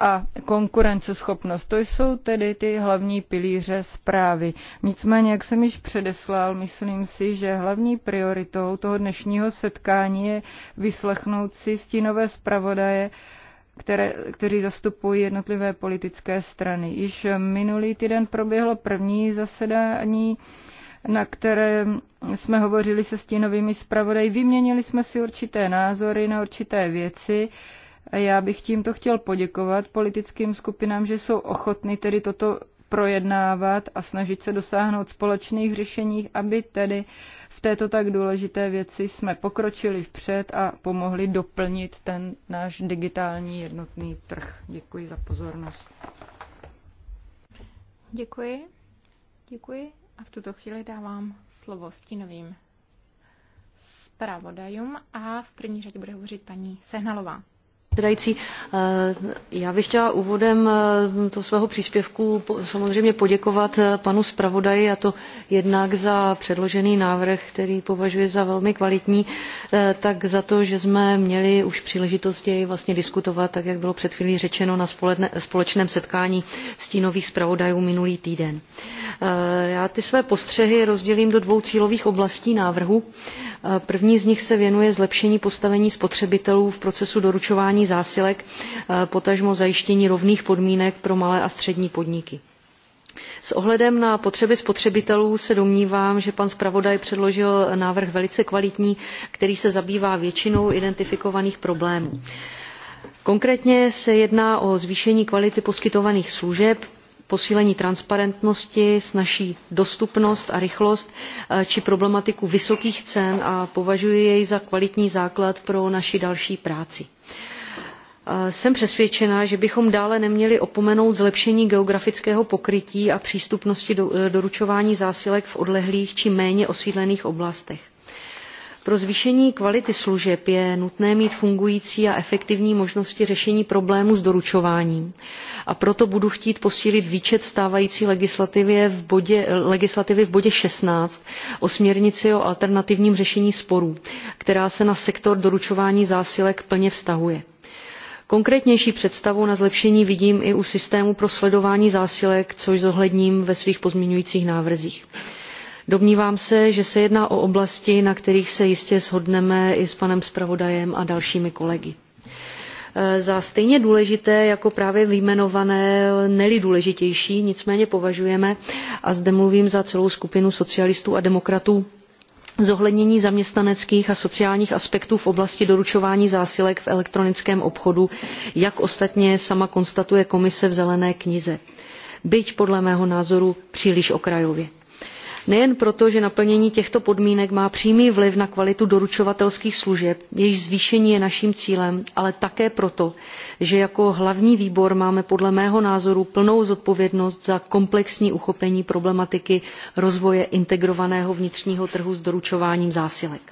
a konkurenceschopnost. To jsou tedy ty hlavní pilíře zprávy. Nicméně, jak jsem již předeslal, myslím si, že hlavní prioritou toho dnešního setkání je vyslechnout si stínové zpravodaje, které, kteří zastupují jednotlivé politické strany. Již minulý týden proběhlo první zasedání na které jsme hovořili se stínovými zpravodaji. Vyměnili jsme si určité názory na určité věci. Já bych tímto chtěl poděkovat politickým skupinám, že jsou ochotny tedy toto projednávat a snažit se dosáhnout společných řešení, aby tedy v této tak důležité věci jsme pokročili vpřed a pomohli doplnit ten náš digitální jednotný trh. Děkuji za pozornost. Děkuji. Děkuji. A v tuto chvíli dávám slovo stínovým zpravodajům a v první řadě bude hovořit paní Sehnalová předsedající eh, já bych chtěla úvodem eh, toho svého příspěvku samozřejmě poděkovat eh, panu zpravodaji a to jednak za předložený návrh který považuji za velmi kvalitní tak za to že jsme měli už příležitost jej vlastně diskutovat tak jak bylo před chvílí řečeno na společném setkání stínových zpravodajů minulý týden. já ty své postřehy rozdělím do dvou cílových oblastí návrhu. první z nich se věnuje zlepšení postavení spotřebitelů v procesu doručování zásilek eh, potažmo zajištění rovných podmínek pro malé a střední podniky. S ohledem na potřeby spotřebitelů se domnívám, že pan zpravodaj předložil návrh velice kvalitní, který se zabývá většinou identifikovaných problémů. Konkrétně se jedná o zvýšení kvality poskytovaných služeb, posílení transparentnosti, snaží dostupnost a rychlost eh, či problematiku vysokých cen a považuji jej za kvalitní základ pro naši další práci jsem přesvědčena že bychom dále neměli opomenout zlepšení geografického pokrytí a přístupnosti e, doručování zásilek v odlehlých či méně osídlených oblastech. pro zvýšení kvality služeb je nutné mít fungující a efektivní možnosti řešení problémů s doručováním a proto budu chtít posílit výčet stávající legislativy v bodě, sixteen 16 o směrnici o alternativním řešení sporů která se na sektor doručování zásilek plně vztahuje konkrétnější představu na zlepšení vidím i u systému pro sledování zásilek což zohledním ve svých pozměňujících návrzích. domnívám se že se jedná o oblasti na kterých se jistě shodneme i s panem zpravodajem a dalšími kolegy e, za stejně důležité jako právě vyjmenované ne li důležitější nicméně považujeme a zde mluvím za celou skupinu socialistů a demokratů zohlednění zaměstnaneckých a sociálních aspektů v oblasti doručování zásilek v elektronickém obchodu jak ostatně sama konstatuje komise v zelené knize byť podle mého názoru příliš okrajově nejen proto že naplnění těchto podmínek má přímý vliv na kvalitu doručovatelských služeb jejichž zvýšení je naším cílem ale také proto že jako hlavní výbor máme podle mého názoru plnou zodpovědnost za komplexní uchopení problematiky rozvoje integrovaného vnitřního trhu s doručováním zásilek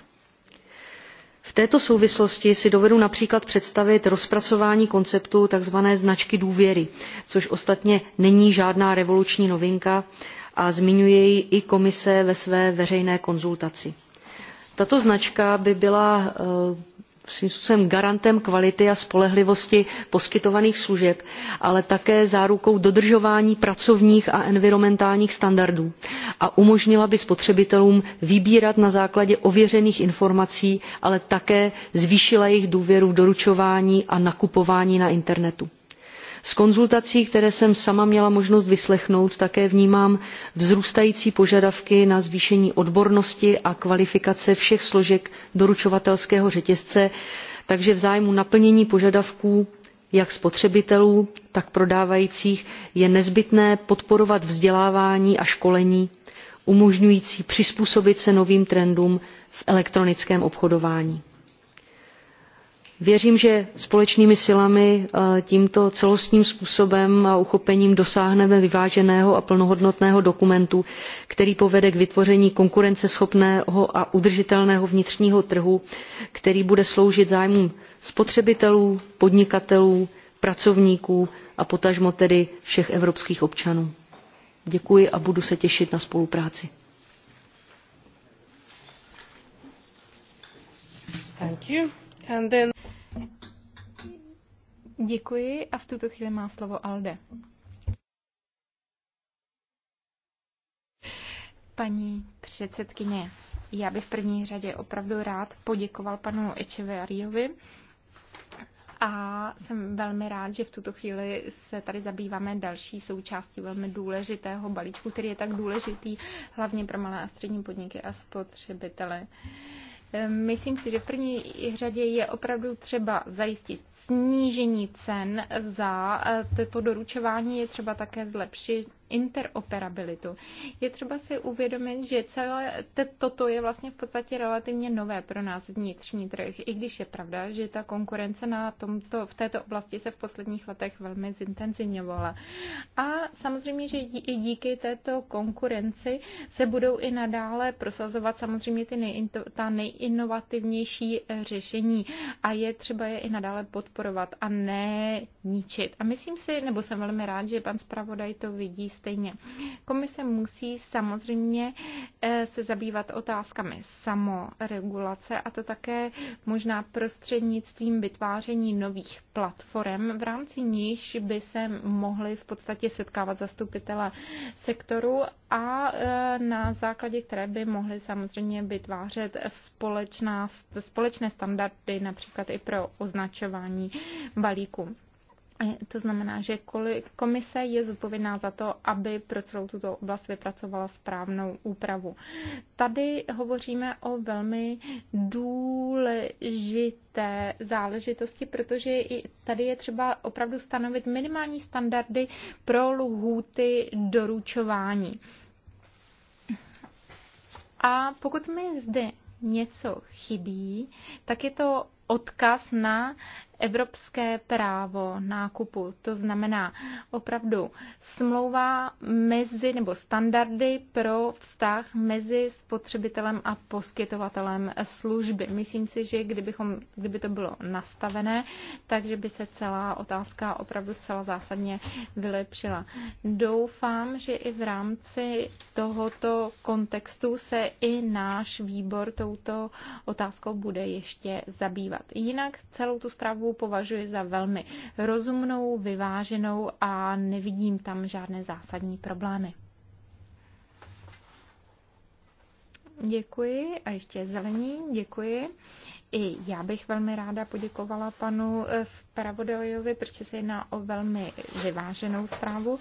v této souvislosti si dovedu například představit rozpracování konceptu tzv. značky důvěry což ostatně není žádná revoluční novinka a zmiňuje ji i komise ve své veřejné konzultaci. Tato značka by byla eh, svým způsobem garantem kvality a spolehlivosti poskytovaných služeb, ale také zárukou dodržování pracovních a environmentálních standardů a umožnila by spotřebitelům vybírat na základě ověřených informací, ale také zvýšila jejich důvěru v doručování a nakupování na internetu z konzultací které jsem sama měla možnost vyslechnout také vnímám vzrůstající požadavky na zvýšení odbornosti a kvalifikace všech složek doručovatelského řetězce takže v zájmu naplnění požadavků jak spotřebitelů tak prodávajících je nezbytné podporovat vzdělávání a školení umožňující přizpůsobit se novým trendům v elektronickém obchodování věřím že společnými silami eh, tímto celostním způsobem a uchopením dosáhneme vyváženého a plnohodnotného dokumentu který povede k vytvoření konkurenceschopného a udržitelného vnitřního trhu který bude sloužit zájmům spotřebitelů podnikatelů pracovníků a potažmo tedy všech evropských občanů. děkuji a budu se těšit na spolupráci. Děkuji a v tuto chvíli má slovo Alde. Paní předsedkyně, já bych v první řadě opravdu rád poděkoval panu Echeveriovi a jsem velmi rád, že v tuto chvíli se tady zabýváme další součástí velmi důležitého balíčku, který je tak důležitý hlavně pro malé a střední podniky a spotřebitele. Myslím si, že v první řadě je opravdu třeba zajistit snížení cen za eh, toto doručování je třeba také zlepšit interoperabilitu. Je třeba si uvědomit, že celé toto je vlastně v podstatě relativně nové pro nás vnitřní trh, i když je pravda, že ta konkurence na tomto, v této oblasti se v posledních letech velmi zintenzivňovala. A samozřejmě, že i díky této konkurenci se budou i nadále prosazovat samozřejmě ty nej, ta nejinovativnější eh, řešení a je třeba je i nadále podporovat a ne ničit. A myslím si, nebo jsem velmi rád, že pan zpravodaj to vidí stejně. Komise musí samozřejmě eh, se zabývat otázkami samoregulace a to také možná prostřednictvím vytváření nových platform, v rámci níž by se mohly v podstatě setkávat zastupitele sektoru a eh, na základě které by mohly samozřejmě vytvářet společná, společné standardy například i pro označování balíků. To znamená, že komise je zodpovědná za to, aby pro celou tuto oblast vypracovala správnou úpravu. Tady hovoříme o velmi důležité záležitosti, protože i tady je třeba opravdu stanovit minimální standardy pro lhůty doručování. A pokud mi zde něco chybí, tak je to odkaz na evropské právo nákupu. To znamená opravdu smlouva mezi nebo standardy pro vztah mezi spotřebitelem a poskytovatelem služby. Myslím si, že kdybychom, kdyby to bylo nastavené, takže by se celá otázka opravdu celá zásadně vylepšila. Doufám, že i v rámci tohoto kontextu se i náš výbor touto otázkou bude ještě zabývat používat. Jinak celou tu zprávu považuji za velmi rozumnou, vyváženou a nevidím tam žádné zásadní problémy. Děkuji a ještě zelení, děkuji. I já bych velmi ráda poděkovala panu eh, zpravodajovi, protože se jedná o velmi vyváženou zprávu.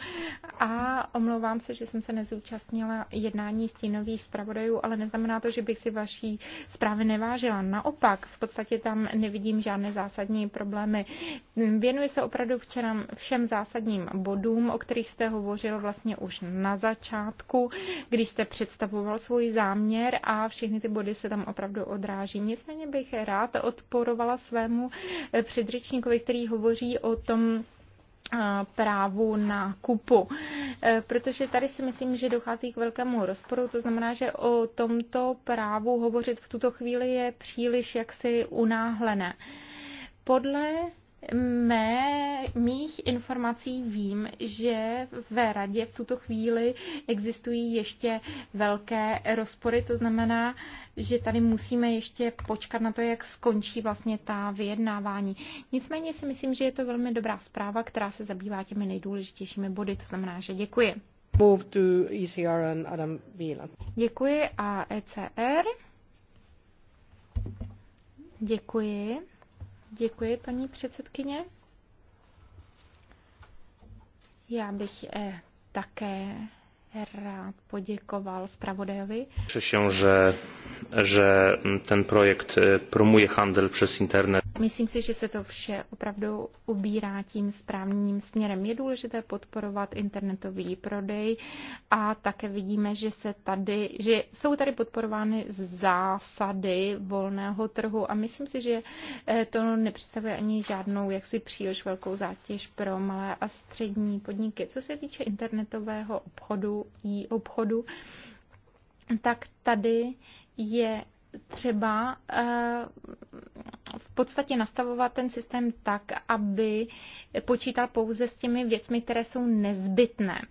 A omlouvám se, že jsem se nezúčastnila jednání stínových zpravodajů, ale neznamená to, že bych si vaší zprávy nevážila. Naopak, v podstatě tam nevidím žádné zásadní problémy. Věnuji se opravdu včera všem zásadním bodům, o kterých jste hovořil vlastně už na začátku, když jste představoval svůj záměr a všechny ty body se tam opravdu odráží. Nicméně bych rád odporovala svému eh, předřečníkovi, který hovoří o tom, eh, právu na kupu. Eh, protože tady si myslím, že dochází k velkému rozporu, to znamená, že o tomto právu hovořit v tuto chvíli je příliš jaksi unáhlené. Podle mé, mých informací vím, že ve radě v tuto chvíli existují ještě velké rozpory, to znamená, že tady musíme ještě počkat na to, jak skončí vlastně ta vyjednávání. Nicméně si myslím, že je to velmi dobrá zpráva, která se zabývá těmi nejdůležitějšími body, to znamená, že děkuji. Move to ECR and Adam Děkuji a ECR. Děkuji. Děkuji, paní předsedkyně. Já bych eh, také rád poděkoval zpravodajovi. Myslím, že, že ten projekt e, promuje handel přes internet. Myslím si, že se to vše opravdu ubírá tím správným směrem. Je důležité podporovat internetový prodej a také vidíme, že, se tady, že jsou tady podporovány zásady volného trhu a myslím si, že e, to nepředstavuje ani žádnou jaksi příliš velkou zátěž pro malé a střední podniky. Co se týče internetového obchodu, obchodu, tak tady je třeba eh, v podstatě nastavovat ten systém tak, aby počítal pouze s těmi věcmi, které jsou nezbytné.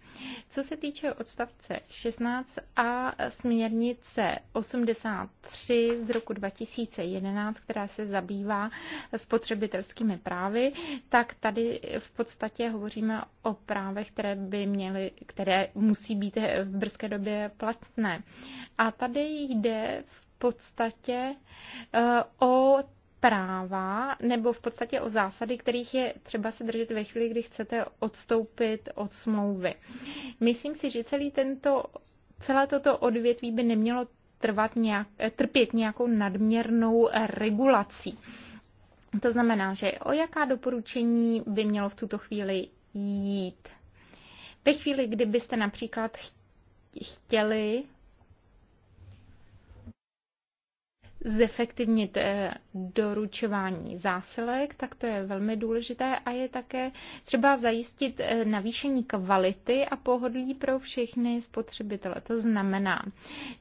Co se týče odstavce 16 a směrnice 83 z roku 2011, která se zabývá spotřebitelskými právy, tak tady v podstatě hovoříme o právech, které by měly, které musí být v brzké době platné. A tady jde v podstatě eh, o práva nebo v podstatě o zásady, kterých je třeba se držet ve chvíli, kdy chcete odstoupit od smlouvy. Myslím si, že celý tento, celé toto odvětví by nemělo trvat nějak, eh, trpět nějakou nadměrnou regulací. To znamená, že o jaká doporučení by mělo v tuto chvíli jít? Ve chvíli, kdybyste například chtěli zefektivnit eh, doručování zásilek, tak to je velmi důležité a je také třeba zajistit eh, navýšení kvality a pohodlí pro všechny spotřebitele. To znamená,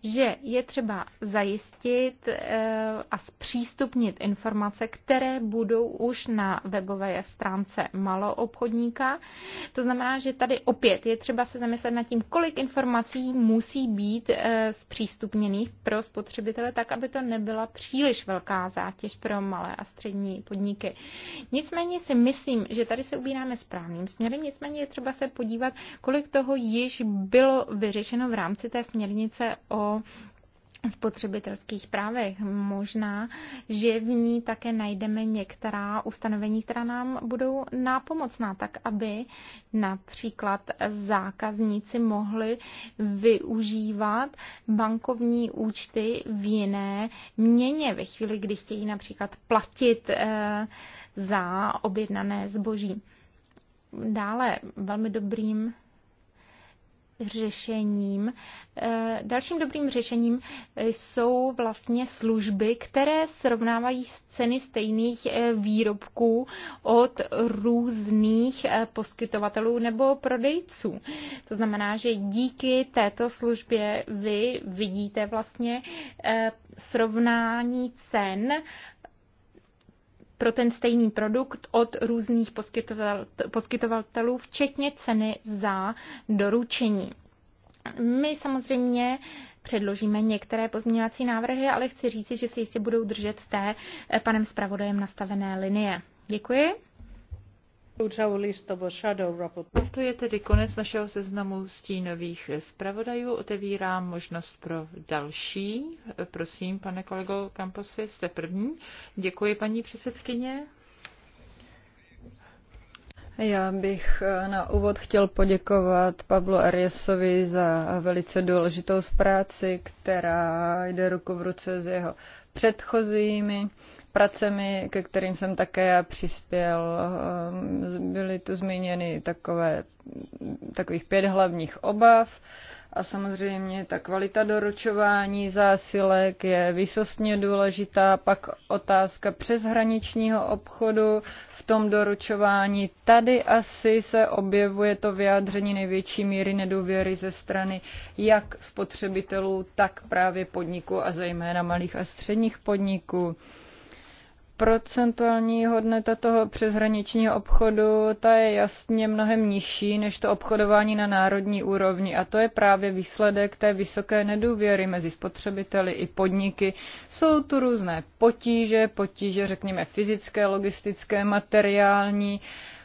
že je třeba zajistit eh, a zpřístupnit informace, které budou už na webové stránce maloobchodníka. To znamená, že tady opět je třeba se zamyslet nad tím, kolik informací musí být zpřístupněných pro spotřebitele, tak aby to nebylo byla příliš velká zátěž pro malé a střední podniky. Nicméně si myslím, že tady se ubíráme správným směrem, nicméně je třeba se podívat, kolik toho již bylo vyřešeno v rámci té směrnice o spotřebitelských právech. Možná, že v ní také najdeme některá ustanovení, která nám budou nápomocná, tak aby například zákazníci mohli využívat bankovní účty v jiné měně ve chvíli, kdy chtějí například platit eh, za objednané zboží. Dále velmi dobrým řešením, eh, dalším dobrým řešením jsou vlastně služby, které srovnávají ceny stejných eh, výrobků od různých eh, poskytovatelů nebo prodejců. To znamená, že díky této službě vy vidíte vlastně srovnání cen pro ten stejný produkt od různých poskytovatelů, včetně ceny za doručení. My samozřejmě předložíme některé pozměňovací návrhy, ale chci říci, že se jistě budou držet té panem zpravodajem nastavené linie. Děkuji to je tedy konec našeho seznamu stínových zpravodajů. Otevírám možnost pro další. Prosím, pane kolego Kamposi, jste první. Děkuji, paní předsedkyně. Já bych eh, na úvod chtěl poděkovat Pablo Ariesovi za velice důležitou zpráci, která jde ruku v ruce s jeho předchozími pracemi, ke kterým jsem také přispěl. Ehm, byly tu zmíněny takové, takových pět hlavních obav a samozřejmě ta kvalita doručování zásilek je výsostně důležitá. Pak otázka přeshraničního obchodu v tom doručování. Tady asi se objevuje to vyjádření největší míry nedůvěry ze strany jak spotřebitelů, tak právě podniků a zejména malých a středních podniků procentuální hodnota toho přeshraničního obchodu, ta je jasně mnohem nižší než to obchodování na národní úrovni. A to je právě výsledek té vysoké nedůvěry mezi spotřebiteli i podniky. Jsou tu různé potíže, potíže řekněme fyzické, logistické, materiální,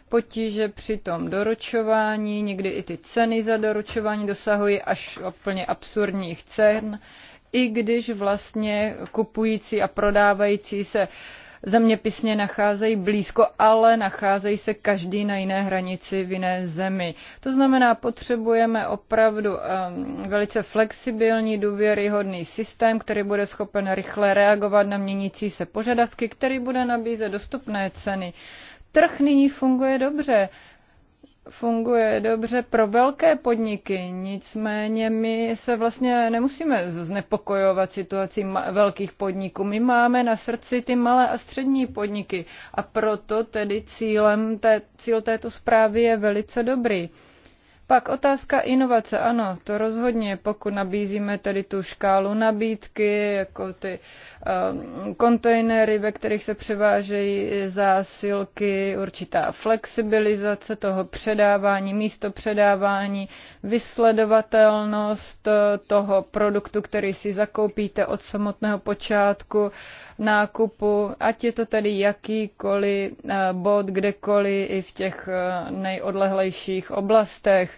potíže při tom doručování, někdy i ty ceny za doručování dosahují až úplně absurdních cen, i když vlastně kupující a prodávající se zeměpisně nacházejí blízko, ale nacházejí se každý na jiné hranici v jiné zemi. To znamená, potřebujeme opravdu um, velice flexibilní, důvěryhodný systém, který bude schopen rychle reagovat na měnící se požadavky, který bude nabízet dostupné ceny. Trh nyní funguje dobře funguje dobře pro velké podniky, nicméně my se vlastně nemusíme znepokojovat situací velkých podniků. My máme na srdci ty malé a střední podniky a proto tedy cílem té, cíl této zprávy je velice dobrý. Pak otázka inovace. Ano, to rozhodně, pokud nabízíme tady tu škálu nabídky, jako ty um, kontejnery, ve kterých se převážejí zásilky, určitá flexibilizace toho předávání, místo předávání, vysledovatelnost eh, toho produktu, který si zakoupíte od samotného počátku nákupu, ať je to tedy jakýkoliv eh, bod, kdekoliv i v těch eh, nejodlehlejších oblastech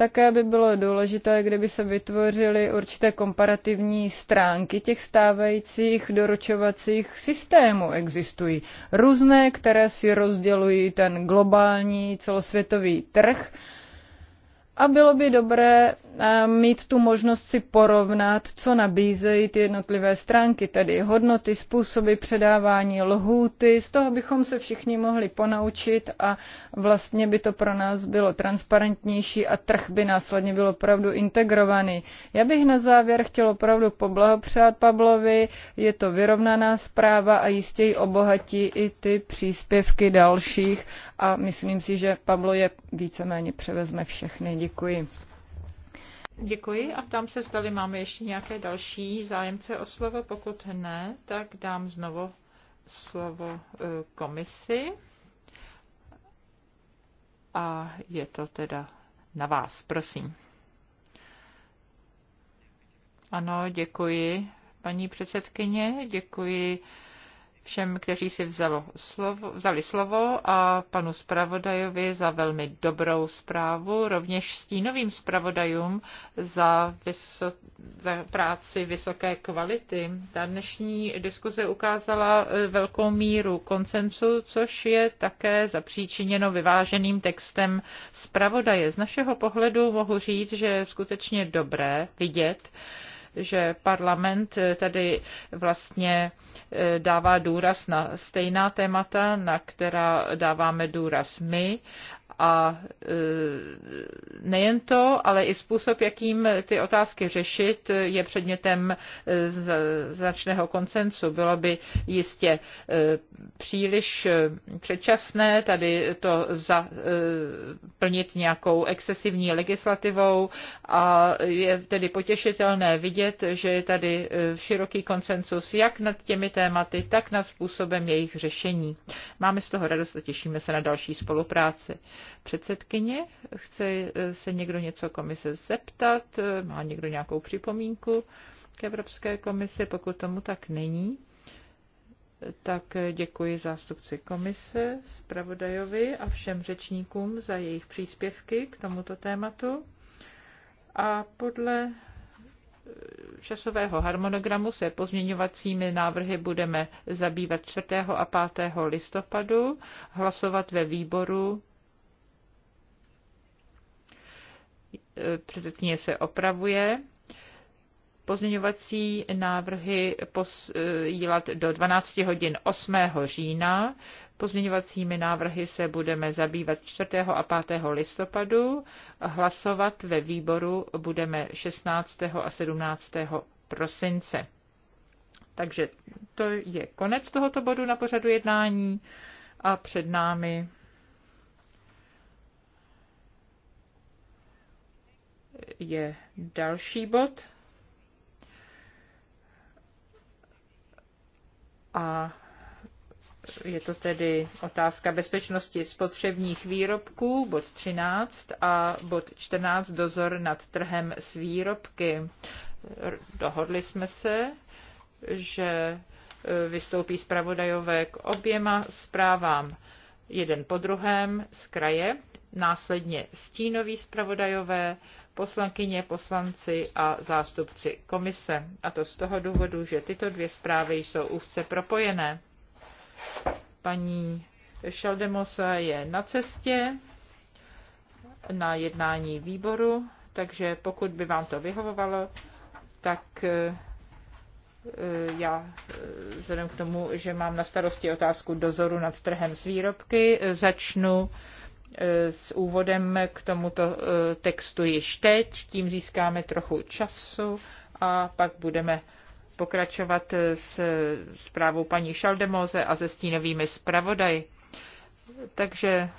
také by bylo důležité, kdyby se vytvořily určité komparativní stránky těch stávajících doručovacích systémů. Existují různé, které si rozdělují ten globální celosvětový trh. A bylo by dobré mít tu možnost si porovnat, co nabízejí ty jednotlivé stránky, tedy hodnoty, způsoby předávání, lhůty. Z toho bychom se všichni mohli ponaučit a vlastně by to pro nás bylo transparentnější a trh by následně byl opravdu integrovaný. Já bych na závěr chtěl opravdu poblahopřát Pavlovi, je to vyrovnaná zpráva a jistě ji obohatí i ty příspěvky dalších a myslím si, že Pavlo je víceméně převezme všechny. Děkuji. Děkuji a ptám se, zdali máme ještě nějaké další zájemce o slovo. Pokud ne, tak dám znovu slovo eh, komisi. A je to teda na vás, prosím. Ano, děkuji, paní předsedkyně, děkuji všem, kteří si vzalo slovo, vzali slovo a panu zpravodajovi za velmi dobrou zprávu, rovněž stínovým zpravodajům za, vyso, za práci vysoké kvality. Ta dnešní diskuze ukázala eh, velkou míru koncensu, což je také zapříčiněno vyváženým textem zpravodaje. Z našeho pohledu mohu říct, že je skutečně dobré vidět, že parlament tady vlastně eh, dává důraz na stejná témata, na která dáváme důraz my a e, nejen to, ale i způsob, jakým ty otázky řešit, je předmětem e, značného koncensu. Bylo by jistě e, příliš předčasné tady to zaplnit nějakou excesivní legislativou a je tedy potěšitelné vidět, že je tady široký koncensus jak nad těmi tématy, tak nad způsobem jejich řešení. Máme z toho radost a těšíme se na další spolupráci předsedkyně. Chce eh, se někdo něco komise zeptat? Má někdo nějakou připomínku k Evropské komisi? Pokud tomu tak není, tak děkuji zástupci komise, zpravodajovi a všem řečníkům za jejich příspěvky k tomuto tématu. A podle eh, časového harmonogramu se pozměňovacími návrhy budeme zabývat 4. a 5. listopadu, hlasovat ve výboru Předsedkyně se opravuje. Pozměňovací návrhy posílat do 12 hodin 8. října. Pozměňovacími návrhy se budeme zabývat 4. a 5. listopadu. Hlasovat ve výboru budeme 16. a 17. prosince. Takže to je konec tohoto bodu na pořadu jednání a před námi je další bod. A je to tedy otázka bezpečnosti spotřebních výrobků, bod 13 a bod 14 dozor nad trhem s výrobky. Dohodli jsme se, že vystoupí zpravodajové k oběma zprávám jeden po druhém z kraje následně stínoví zpravodajové, poslankyně, poslanci a zástupci komise. A to z toho důvodu, že tyto dvě zprávy jsou úzce propojené. Paní Šaldemosa je na cestě na jednání výboru, takže pokud by vám to vyhovovalo, tak eh, eh, já eh, vzhledem k tomu, že mám na starosti otázku dozoru nad trhem s výrobky, začnu Eh, s úvodem k tomuto eh, textu již teď, tím získáme trochu času a pak budeme pokračovat eh, s zprávou paní Šaldemoze a se stínovými zpravodaji. Takže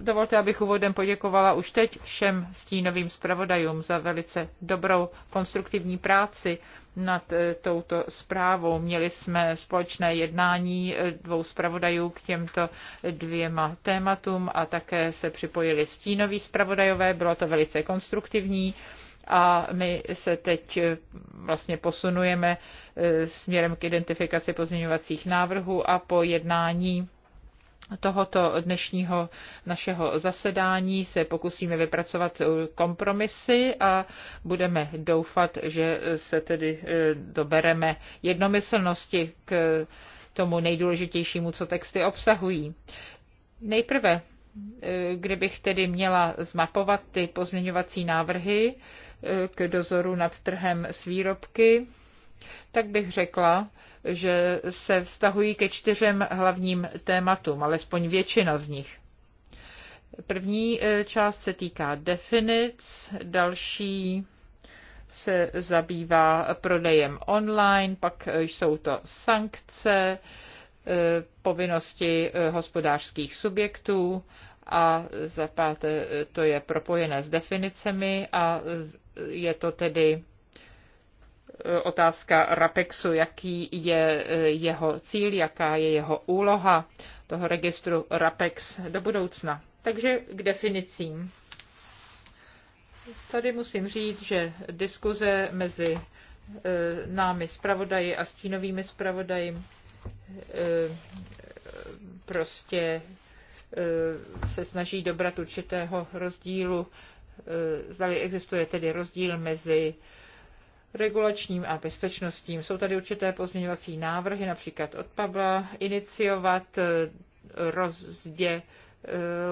Dovolte, abych úvodem poděkovala už teď všem stínovým zpravodajům za velice dobrou konstruktivní práci nad eh, touto zprávou. Měli jsme společné jednání eh, dvou zpravodajů k těmto dvěma tématům a také se připojili stínoví zpravodajové. Bylo to velice konstruktivní a my se teď eh, vlastně posunujeme směrem k identifikaci pozměňovacích návrhů a po jednání tohoto dnešního našeho zasedání se pokusíme vypracovat uh, kompromisy a budeme doufat, že se tedy uh, dobereme jednomyslnosti k tomu nejdůležitějšímu, co texty obsahují. Nejprve, uh, kdybych tedy měla zmapovat ty pozměňovací návrhy k dozoru nad trhem s výrobky, tak bych řekla, že se vztahují ke čtyřem hlavním tématům, alespoň většina z nich. První eh, část se týká definic, další se zabývá prodejem online, pak eh, jsou to sankce, eh, povinnosti hospodářských subjektů a za páté to je propojené s definicemi a je to tedy Eh, otázka RAPEXu, jaký je eh, jeho cíl, jaká je jeho úloha toho registru RAPEX do budoucna. Takže k definicím. Tady musím říct, že diskuze mezi eh, námi zpravodaji a stínovými zpravodaji prostě se snaží dobrat určitého rozdílu. Zdali existuje tedy rozdíl mezi regulačním a bezpečnostním. Jsou tady určité pozměňovací návrhy, například od Pavla, iniciovat eh, rozdělení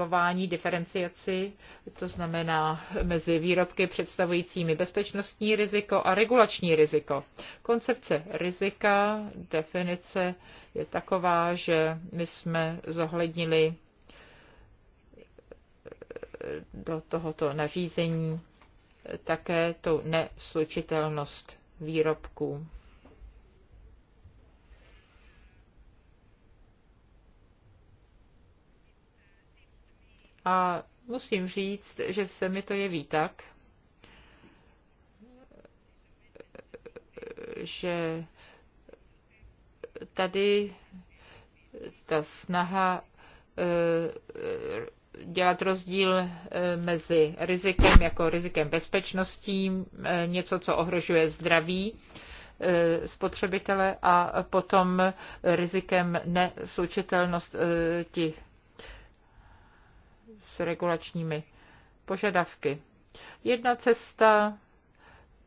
lování diferenciaci, to znamená mezi výrobky představujícími bezpečnostní riziko a regulační riziko. Koncepce rizika, definice je taková, že my jsme zohlednili do tohoto nařízení také tu neslučitelnost výrobků. A musím říct, že se mi to jeví tak, že tady ta snaha eh, dělat rozdíl eh, mezi rizikem jako rizikem bezpečností, eh, něco, co ohrožuje zdraví eh, spotřebitele a potom rizikem neslučitelnosti s regulačními požadavky. Jedna cesta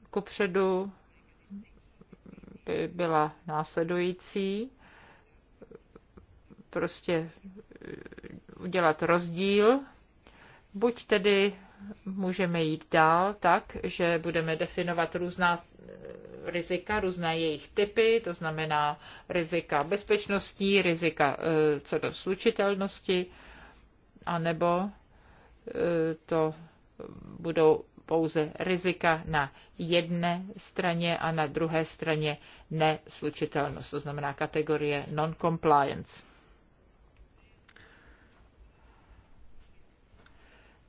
ku předu by byla následující. Prostě udělat rozdíl. Buď tedy můžeme jít dál tak, že budeme definovat různá rizika, různé jejich typy, to znamená rizika bezpečnosti, rizika e, co do slučitelnosti, anebo e, to budou pouze rizika na jedné straně a na druhé straně neslučitelnost, to znamená kategorie non-compliance.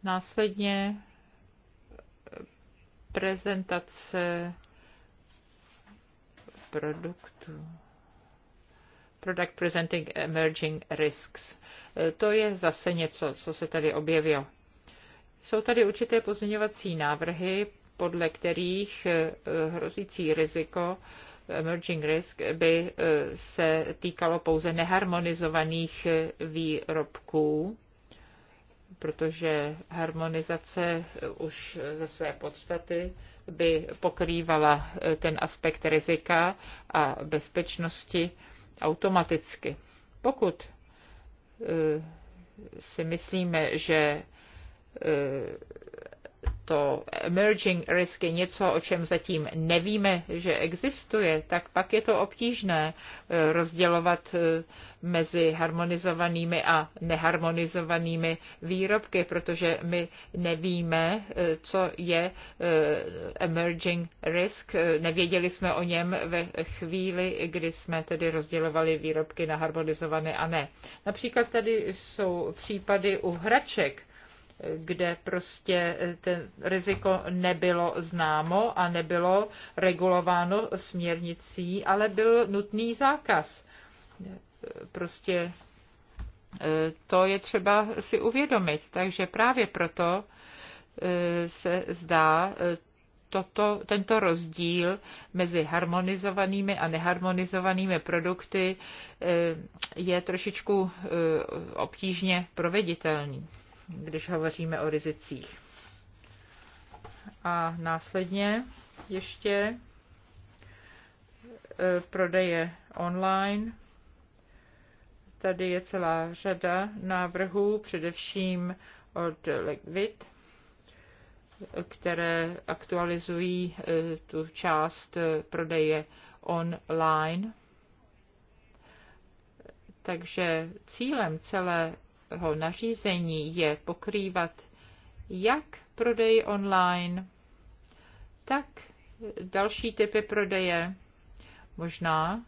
Následně eh, prezentace produktu. Product Presenting Emerging Risks. Eh, to je zase něco, co se tady objevilo. Jsou tady určité pozměňovací návrhy, podle kterých eh, hrozící riziko emerging risk by se týkalo pouze neharmonizovaných výrobků protože harmonizace už ze své podstaty by pokrývala eh, ten aspekt rizika a bezpečnosti automaticky. Pokud eh, si myslíme, že eh, to emerging risk je něco, o čem zatím nevíme, že existuje, tak pak je to obtížné eh, rozdělovat eh, mezi harmonizovanými a neharmonizovanými výrobky, protože my nevíme, eh, co je emerging risk. Nevěděli jsme o něm ve chvíli, kdy jsme tedy rozdělovali výrobky na harmonizované a ne. Například tady jsou případy u hraček, kde prostě eh, ten riziko nebylo známo a nebylo regulováno směrnicí, ale byl nutný zákaz. Prostě eh, to je třeba si uvědomit. Takže právě proto eh, se zdá toto, tento rozdíl mezi harmonizovanými a neharmonizovanými produkty je trošičku obtížně proveditelný když hovoříme o rizicích. A následně ještě e, prodeje online. Tady je celá řada návrhů, především od Liquid, které aktualizují e, tu část e, prodeje online. Takže cílem celé jeho nařízení je pokrývat jak prodej online, tak další typy prodeje. Možná,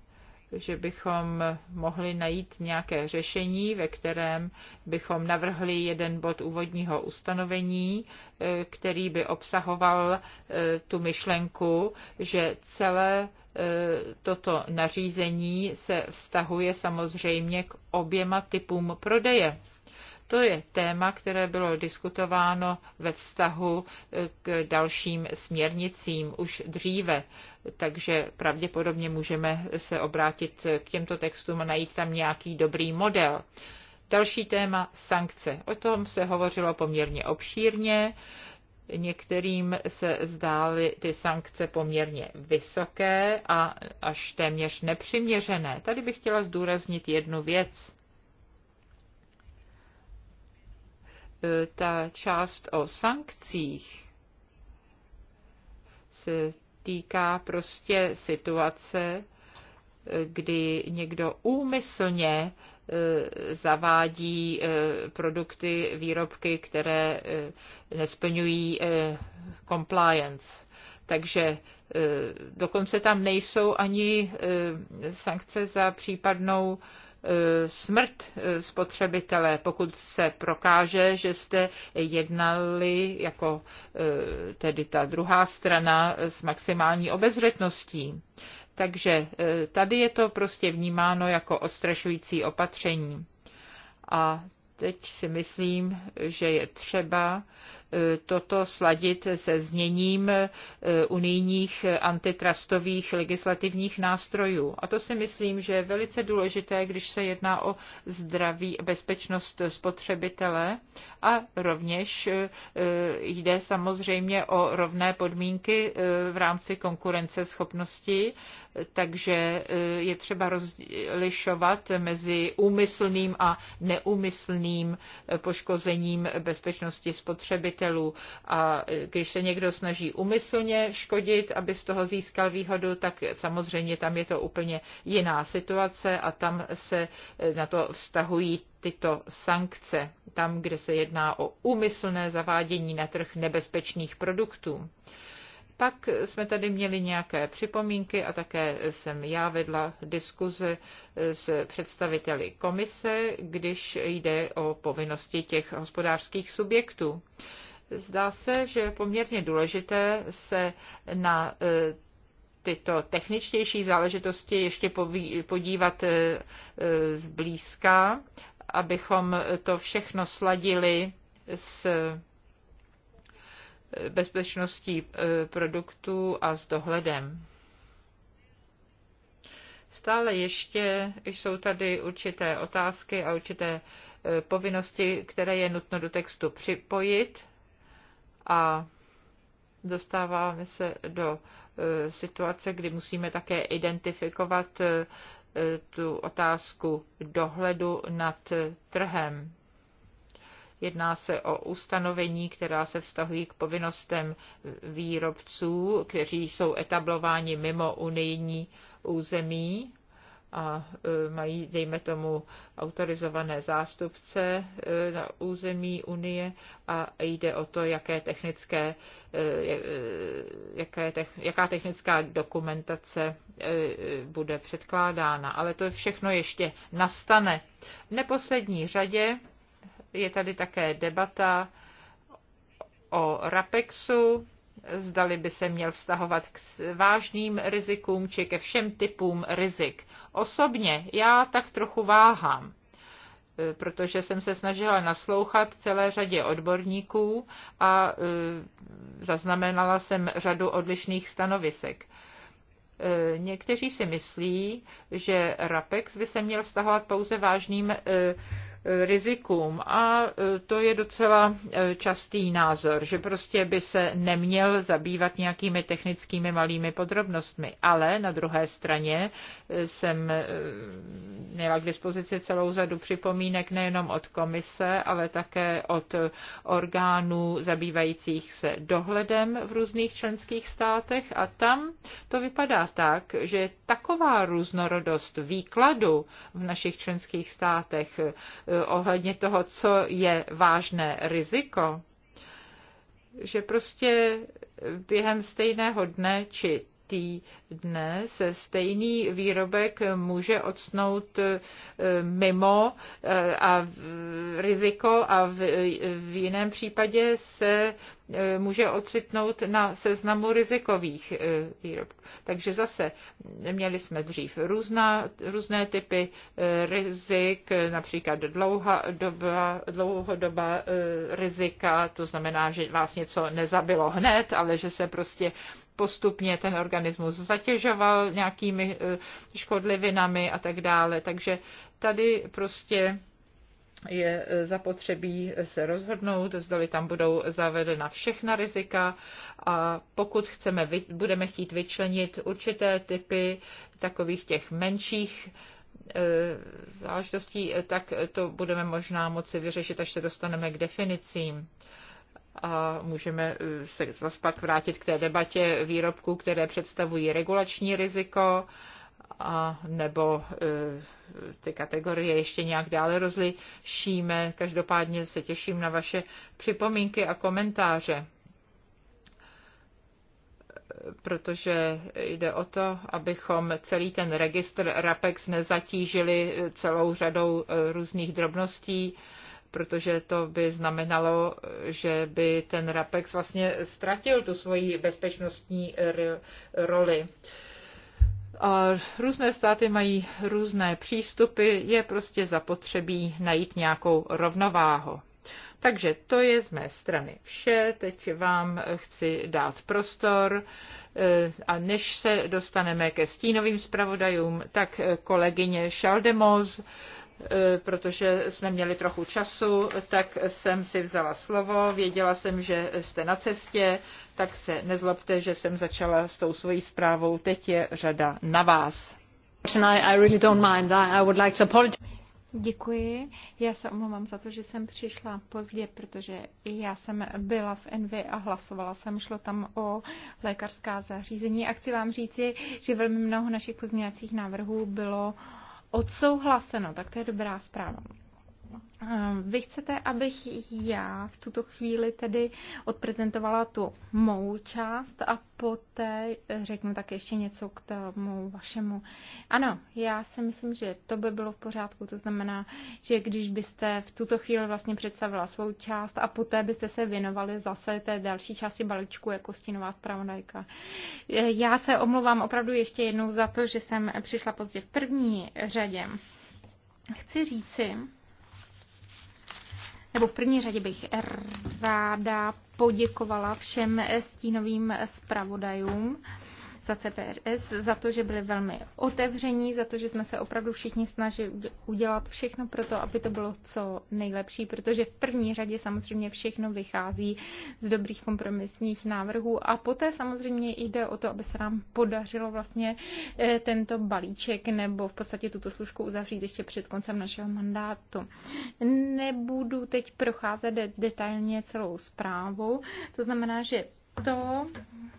že bychom mohli najít nějaké řešení, ve kterém bychom navrhli jeden bod úvodního ustanovení, eh, který by obsahoval eh, tu myšlenku, že celé eh, toto nařízení se vztahuje samozřejmě k oběma typům prodeje. To je téma, které bylo diskutováno ve vztahu e, k dalším směrnicím už dříve, takže pravděpodobně můžeme se obrátit k těmto textům a najít tam nějaký dobrý model. Další téma sankce. O tom se hovořilo poměrně obšírně. Některým se zdály ty sankce poměrně vysoké a až téměř nepřiměřené. Tady bych chtěla zdůraznit jednu věc. ta část o sankcích se týká prostě situace, kdy někdo úmyslně e, zavádí e, produkty, výrobky, které e, nesplňují compliance. Takže dokonce tam nejsou ani sankce za případnou smrt eh, spotřebitele, pokud se prokáže, že jste jednali jako eh, tedy ta druhá strana s maximální obezřetností. Takže eh, tady je to prostě vnímáno jako odstrašující opatření. A teď si myslím, že je třeba toto sladit se zněním eh, unijních antitrustových legislativních nástrojů. A to si myslím, že je velice důležité, když se jedná o zdraví bezpečnost spotřebitele a rovněž eh, eh, jde samozřejmě o rovné podmínky v rámci konkurence schopnosti, takže je třeba rozlišovat mezi úmyslným a neúmyslným poškozením bezpečnosti spotřebitele uživatelů. A když se někdo snaží umyslně škodit, aby z toho získal výhodu, tak samozřejmě tam je to úplně jiná situace a tam se na to vztahují tyto sankce, tam, kde se jedná o úmyslné zavádění na trh nebezpečných produktů. Pak jsme tady měli nějaké připomínky a také jsem já vedla diskuze s představiteli komise, když jde o povinnosti těch hospodářských subjektů. Zdá se, že je poměrně důležité se na e, tyto techničtější záležitosti ještě podívat e, e, zblízka, abychom to všechno sladili s bezpečností produktů a s dohledem. Stále ještě jsou tady určité otázky a určité povinnosti, které je nutno do textu připojit a dostáváme se do e, situace, kdy musíme také identifikovat e, tu otázku dohledu nad trhem. Jedná se o ustanovení, která se vztahují k povinnostem výrobců, kteří jsou etablováni mimo unijní území a e, mají, dejme tomu, autorizované zástupce e, na území Unie a jde o to, jaké technické, e, jaké, jaká technická dokumentace bude předkládána. Ale to všechno ještě nastane. V neposlední řadě je tady také debata o RAPEXu, zdali by se měl vztahovat k vážným rizikům či ke všem typům rizik. Osobně já tak trochu váhám, e, protože jsem se snažila naslouchat celé řadě odborníků a e, zaznamenala jsem řadu odlišných stanovisek. E, někteří si myslí, že RAPEX by se měl vztahovat pouze vážným rizikům. A e, to je docela e, častý názor, že prostě by se neměl zabývat nějakými technickými malými podrobnostmi. Ale na druhé straně e, jsem měla k dispozici celou řadu připomínek nejenom od komise, ale také od orgánů zabývajících se dohledem v různých členských státech. A tam to vypadá tak, že taková různorodost výkladu v našich členských státech, Eh, ohledně toho, co je vážné riziko, že prostě během stejného dne či týdne se stejný výrobek může odsnout eh, mimo eh, a riziko a v, v jiném případě se eh, může ocitnout na seznamu rizikových výrobků. Takže zase měli jsme dřív různá, různé typy rizik, například dlouha doba, dlouhodoba rizika, to znamená, že vás něco nezabilo hned, ale že se prostě postupně ten organismus zatěžoval nějakými eh, škodlivinami a tak dále. Takže tady prostě je eh, zapotřebí se rozhodnout, zdali tam budou zavedena všechna rizika a pokud chceme, budeme chtít vyčlenit určité typy takových těch menších eh, záležitostí, tak to budeme možná moci vyřešit, až se dostaneme k definicím a můžeme eh, se zase pak vrátit k té debatě výrobků, které představují regulační riziko a nebo eh, ty kategorie ještě nějak dále rozlišíme. Každopádně se těším na vaše připomínky a komentáře protože jde o to, abychom celý ten registr RAPEX nezatížili eh, celou řadou různých drobností, protože to by znamenalo, že by ten RAPEX vlastně ztratil tu svoji bezpečnostní eh, roli. A různé státy mají různé přístupy, je prostě zapotřebí najít nějakou rovnováhu. Takže to je z mé strany vše. Teď vám chci dát prostor eh, a než se dostaneme ke stínovým zpravodajům, tak eh, kolegyně Šaldemoz E, protože jsme měli trochu času, tak jsem si vzala slovo, věděla jsem, že jste na cestě, tak se nezlobte, že jsem začala s tou svojí zprávou. Teď je řada na vás. Děkuji. Já se omlouvám za to, že jsem přišla pozdě, protože já jsem byla v NV a hlasovala jsem. Šlo tam o lékařská zařízení a chci vám říci, že velmi mnoho našich pozměňovacích návrhů bylo uh, odsouhlaseno, tak to je dobrá zpráva. Eh, vy chcete, abych já v tuto chvíli tedy odprezentovala tu mou část a poté eh, řeknu tak ještě něco k tomu vašemu. Ano, já si myslím, že to by bylo v pořádku. To znamená, že když byste v tuto chvíli vlastně představila svou část a poté byste se věnovali zase té další části balíčku jako stínová zpravodajka. Eh, já se omluvám opravdu ještě jednou za to, že jsem přišla pozdě v první řadě. Chci říci, nebo v první řadě bych ráda poděkovala všem stínovým zpravodajům za CPRS, za to, že byli velmi otevření, za to, že jsme se opravdu všichni snažili udělat všechno pro to, aby to bylo co nejlepší, protože v první řadě samozřejmě všechno vychází z dobrých kompromisních návrhů a poté samozřejmě jde o to, aby se nám podařilo vlastně eh, tento balíček nebo v podstatě tuto služku uzavřít ještě před koncem našeho mandátu. Nebudu teď procházet detailně celou zprávu, to znamená, že to,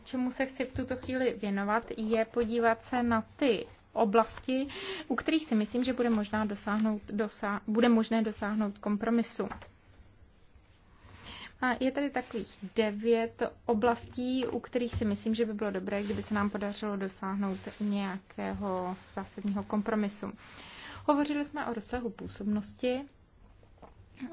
čemu se chci v tuto chvíli věnovat, je podívat se na ty oblasti, u kterých si myslím, že bude, možná dosáhnout, dosa, bude možné dosáhnout kompromisu. A je tady takových devět oblastí, u kterých si myslím, že by bylo dobré, kdyby se nám podařilo dosáhnout nějakého zásadního kompromisu. Hovořili jsme o rozsahu působnosti,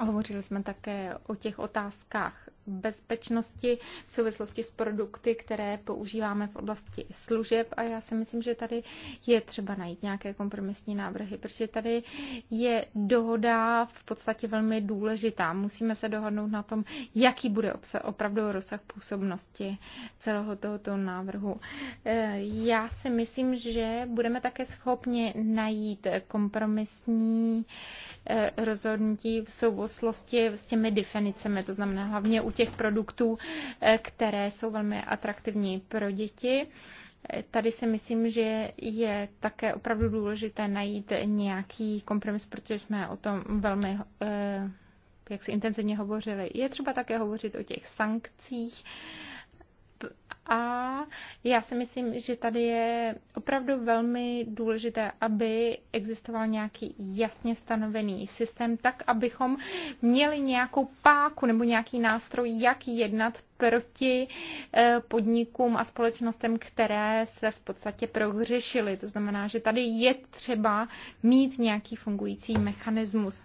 Hovořili jsme také o těch otázkách bezpečnosti v souvislosti s produkty, které používáme v oblasti služeb a já si myslím, že tady je třeba najít nějaké kompromisní návrhy, protože tady je dohoda v podstatě velmi důležitá. Musíme se dohodnout na tom, jaký bude opravdu rozsah působnosti celého tohoto návrhu. Eh, já si myslím, že budeme také schopni najít kompromisní eh, rozhodnutí v souvislosti souvislosti s těmi definicemi, to znamená hlavně u těch produktů, eh, které jsou velmi atraktivní pro děti. Eh, tady si myslím, že je také opravdu důležité najít nějaký kompromis, protože jsme o tom velmi eh, jak si intenzivně hovořili. Je třeba také hovořit o těch sankcích, a já si myslím, že tady je opravdu velmi důležité, aby existoval nějaký jasně stanovený systém, tak abychom měli nějakou páku nebo nějaký nástroj, jak jednat proti eh, podnikům a společnostem, které se v podstatě prohřešily. To znamená, že tady je třeba mít nějaký fungující mechanismus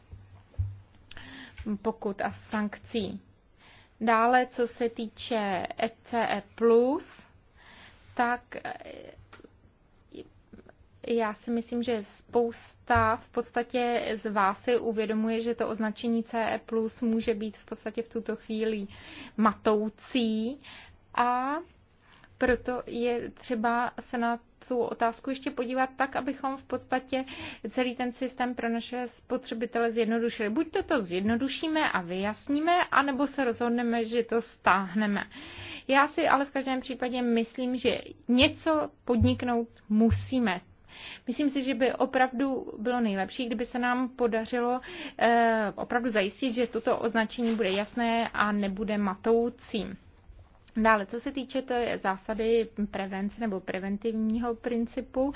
pokud a sankcí. Dále, co se týče ECE+, e tak eh, já si myslím, že spousta v podstatě z vás si uvědomuje, že to označení CE může být v podstatě v tuto chvíli matoucí a proto je třeba se na tu otázku ještě podívat tak, abychom v podstatě celý ten systém pro naše spotřebitele zjednodušili. Buď to, to zjednodušíme a vyjasníme, anebo se rozhodneme, že to stáhneme. Já si ale v každém případě myslím, že něco podniknout musíme. Myslím si, že by opravdu bylo nejlepší, kdyby se nám podařilo eh, opravdu zajistit, že toto označení bude jasné a nebude matoucím. Dále, co se týče té zásady prevence nebo preventivního principu,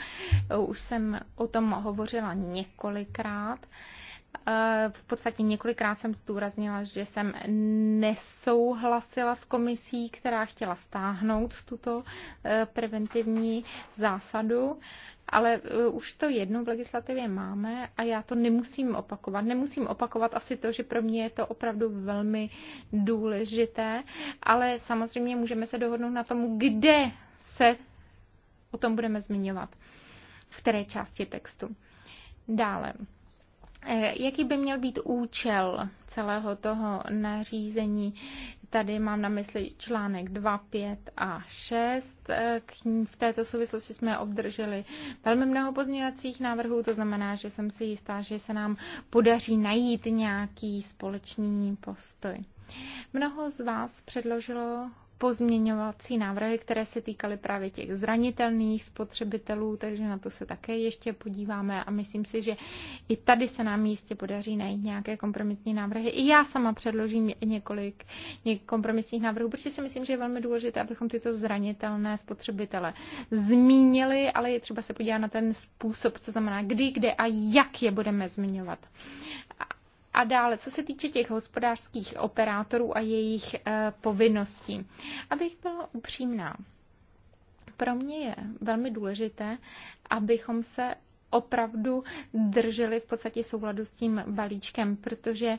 už jsem o tom hovořila několikrát. Eh, v podstatě několikrát jsem zdůraznila, že jsem nesouhlasila s komisí, která chtěla stáhnout tuto eh, preventivní zásadu, ale eh, už to jednou v legislativě máme a já to nemusím opakovat. Nemusím opakovat asi to, že pro mě je to opravdu velmi důležité, ale samozřejmě můžeme se dohodnout na tom, kde se o tom budeme zmiňovat, v které části textu. Dále. Eh, jaký by měl být účel celého toho nařízení? Tady mám na mysli článek 2, 5 a 6. Eh, v této souvislosti jsme obdrželi velmi mnoho pozměňovacích návrhů, to znamená, že jsem si jistá, že se nám podaří najít nějaký společný postoj. Mnoho z vás předložilo pozměňovací návrhy, které se týkaly právě těch zranitelných spotřebitelů, takže na to se také ještě podíváme a myslím si, že i tady se nám jistě podaří najít nějaké kompromisní návrhy. I já sama předložím několik, několik kompromisních návrhů, protože si myslím, že je velmi důležité, abychom tyto zranitelné spotřebitele zmínili, ale je třeba se podívat na ten způsob, co znamená kdy, kde a jak je budeme zmiňovat. A dále, co se týče těch hospodářských operátorů a jejich eh, povinností. Abych byla upřímná, pro mě je velmi důležité, abychom se opravdu drželi v podstatě souladu s tím balíčkem, protože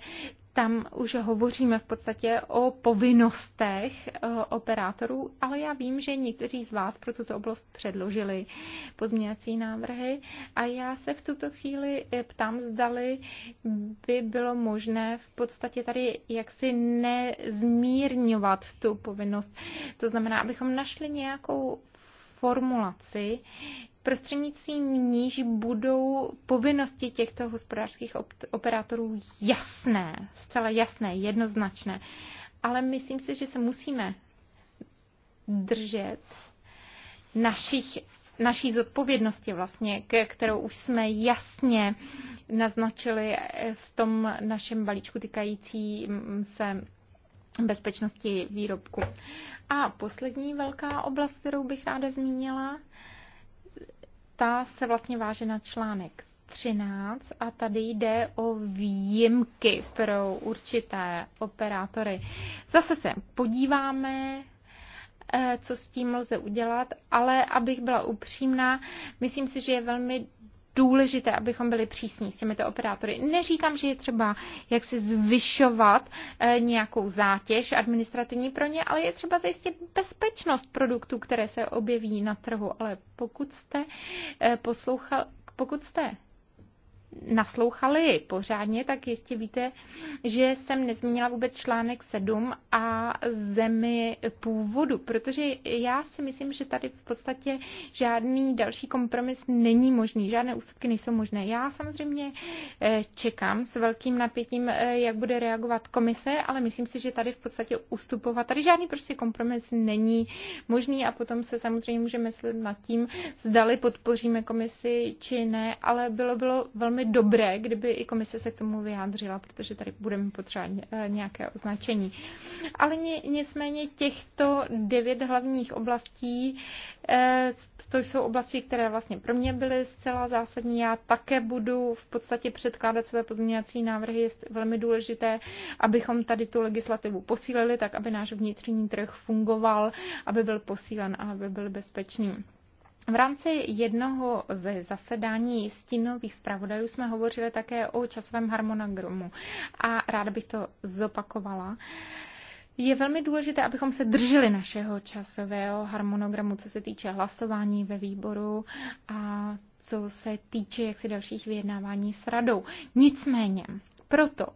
tam už hovoříme v podstatě o povinnostech eh, operátorů, ale já vím, že někteří z vás pro tuto oblast předložili pozměňovací návrhy a já se v tuto chvíli eh, ptám, zdali by bylo možné v podstatě tady jaksi nezmírňovat tu povinnost. To znamená, abychom našli nějakou formulaci, prostřednictvím níž budou povinnosti těchto hospodářských operátorů jasné, zcela jasné, jednoznačné. Ale myslím si, že se musíme držet našich, naší zodpovědnosti vlastně, kterou už jsme jasně naznačili v tom našem balíčku týkajícím se bezpečnosti výrobku. A poslední velká oblast, kterou bych ráda zmínila, ta se vlastně váže na článek 13 a tady jde o výjimky pro určité operátory. Zase se podíváme, eh, co s tím lze udělat, ale abych byla upřímná, myslím si, že je velmi důležité, abychom byli přísní s těmito operátory. Neříkám, že je třeba jak si zvyšovat eh, nějakou zátěž administrativní pro ně, ale je třeba zajistit bezpečnost produktů, které se objeví na trhu. Ale pokud jste eh, poslouchal, pokud jste naslouchali pořádně, tak jistě víte, že jsem nezmínila vůbec článek 7 a zemi původu, protože já si myslím, že tady v podstatě žádný další kompromis není možný, žádné ústupky nejsou možné. Já samozřejmě eh, čekám s velkým napětím, eh, jak bude reagovat komise, ale myslím si, že tady v podstatě ustupovat, tady žádný prostě kompromis není možný a potom se samozřejmě můžeme myslet nad tím, zdali podpoříme komisi či ne, ale bylo, bylo velmi velmi dobré, kdyby i komise se k tomu vyjádřila, protože tady budeme potřebovat eh, nějaké označení. Ale nicméně těchto devět hlavních oblastí, eh, to jsou oblasti, které vlastně pro mě byly zcela zásadní. Já také budu v podstatě předkládat své pozměňovací návrhy. Je velmi důležité, abychom tady tu legislativu posílili, tak aby náš vnitřní trh fungoval, aby byl posílen a aby byl bezpečný. V rámci jednoho ze zasedání stínových zpravodajů jsme hovořili také o časovém harmonogramu a ráda bych to zopakovala. Je velmi důležité, abychom se drželi našeho časového harmonogramu, co se týče hlasování ve výboru a co se týče jaksi dalších vyjednávání s radou. Nicméně, proto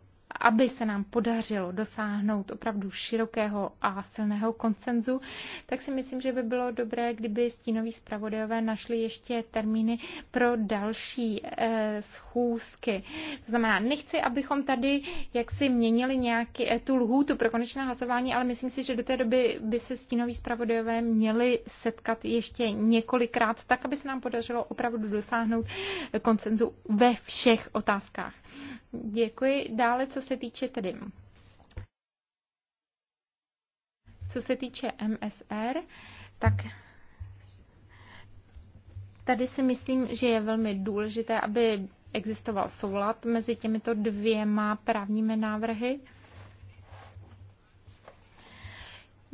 aby se nám podařilo dosáhnout opravdu širokého a silného koncenzu, tak si myslím, že by bylo dobré, kdyby stínoví zpravodajové našli ještě termíny pro další e, schůzky. To znamená, nechci, abychom tady jaksi měnili nějaký, e, tu lhůtu pro konečné hlasování, ale myslím si, že do té doby by se stínoví zpravodajové měli setkat ještě několikrát, tak, aby se nám podařilo opravdu dosáhnout koncenzu ve všech otázkách. Děkuji. Dále, co se týče tedy co se týče MSR, tak tady si myslím, že je velmi důležité, aby existoval soulad mezi těmito dvěma právními návrhy.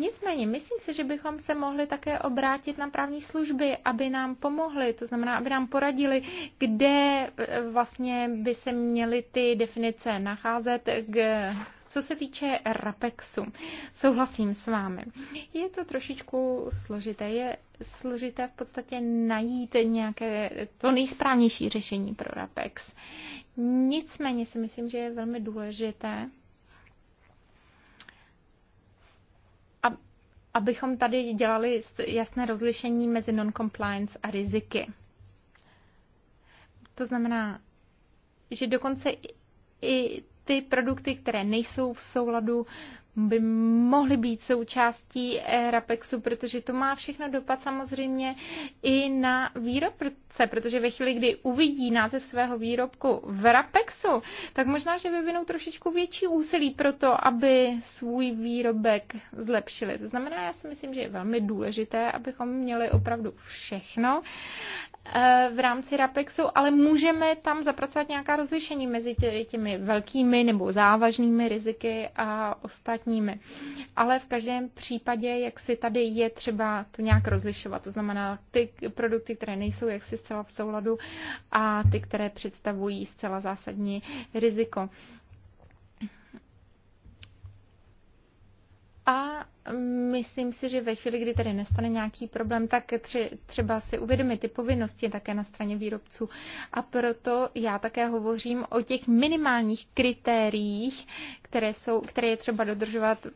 Nicméně, myslím si, že bychom se mohli také obrátit na právní služby, aby nám pomohli, to znamená, aby nám poradili, kde eh, vlastně by se měly ty definice nacházet, k, co se týče RAPEXu. Souhlasím s vámi. Je to trošičku složité. Je složité v podstatě najít nějaké to nejsprávnější řešení pro RAPEX. Nicméně si myslím, že je velmi důležité, abychom tady dělali jasné rozlišení mezi non-compliance a riziky. To znamená, že dokonce i ty produkty, které nejsou v souladu by mohly být součástí Rapexu, protože to má všechno dopad samozřejmě i na výrobce, protože ve chvíli, kdy uvidí název svého výrobku v Rapexu, tak možná, že vyvinou trošičku větší úsilí pro to, aby svůj výrobek zlepšili. To znamená, já si myslím, že je velmi důležité, abychom měli opravdu všechno eh, v rámci Rapexu, ale můžeme tam zapracovat nějaká rozlišení mezi těmi velkými nebo závažnými riziky a ostatní ostatními. Ale v každém případě, jak si tady je třeba to nějak rozlišovat, to znamená ty produkty, které nejsou jaksi zcela v souladu a ty, které představují zcela zásadní riziko. A myslím si, že ve chvíli, kdy tady nastane nějaký problém, tak tři, třeba si uvědomit ty povinnosti také na straně výrobců. A proto já také hovořím o těch minimálních kritériích, které, jsou, které je třeba dodržovat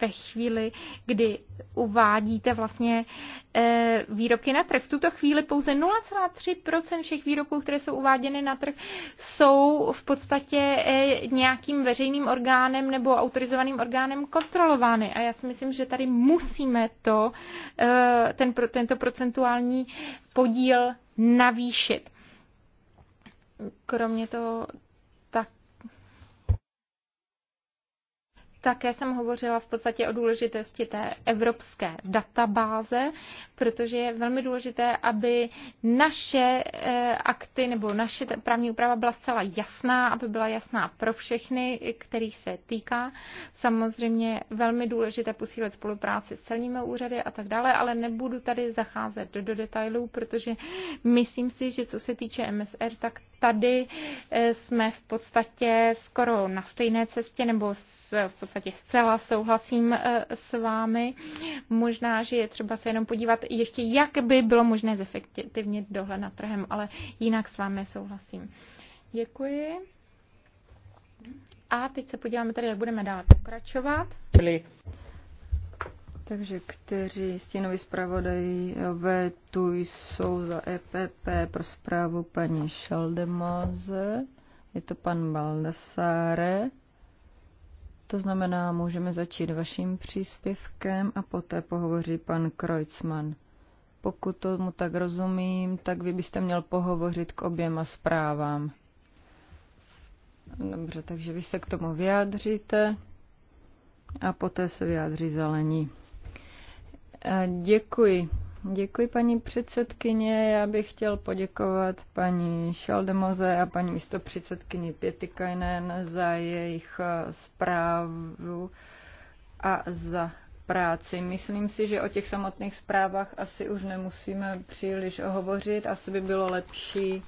ve chvíli, kdy uvádíte vlastně eh, výrobky na trh. V tuto chvíli pouze 0,3% všech výrobků, které jsou uváděny na trh, jsou v podstatě eh, nějakým veřejným orgánem nebo autorizovaným orgánem kontrolovány. A já si myslím, že tady musíme to, eh, ten, tento procentuální podíl navýšit. Kromě toho Také jsem hovořila v podstatě o důležitosti té evropské databáze, protože je velmi důležité, aby naše eh, akty nebo naše právní úprava byla zcela jasná, aby byla jasná pro všechny, kterých se týká. Samozřejmě velmi důležité posílit spolupráci s celními úřady a tak dále, ale nebudu tady zacházet do, do detailů, protože myslím si, že co se týče MSR, tak tady eh, jsme v podstatě skoro na stejné cestě, nebo v podstatě zcela souhlasím eh, s vámi. Možná, že je třeba se jenom podívat ještě, jak by bylo možné zefektivnit dohled nad trhem, ale jinak s vámi souhlasím. Děkuji. A teď se podíváme tady, jak budeme dál pokračovat. Byli. Takže kteří stínoví zpravodajové tu jsou za EPP pro zprávu paní Šaldemoze, je to pan Baldassare, to znamená, můžeme začít vaším příspěvkem a poté pohovoří pan Kreutzmann. Pokud tomu tak rozumím, tak vy byste měl pohovořit k oběma zprávám. Dobře, takže vy se k tomu vyjádříte a poté se vyjádří zelení. Eh, děkuji. Děkuji, paní předsedkyně. Já bych chtěl poděkovat paní Šaldemoze a paní místopředsedkyni Pětikajnen za jejich eh, zprávu a za práci. Myslím si, že o těch samotných zprávách asi už nemusíme příliš hovořit. Asi by bylo lepší,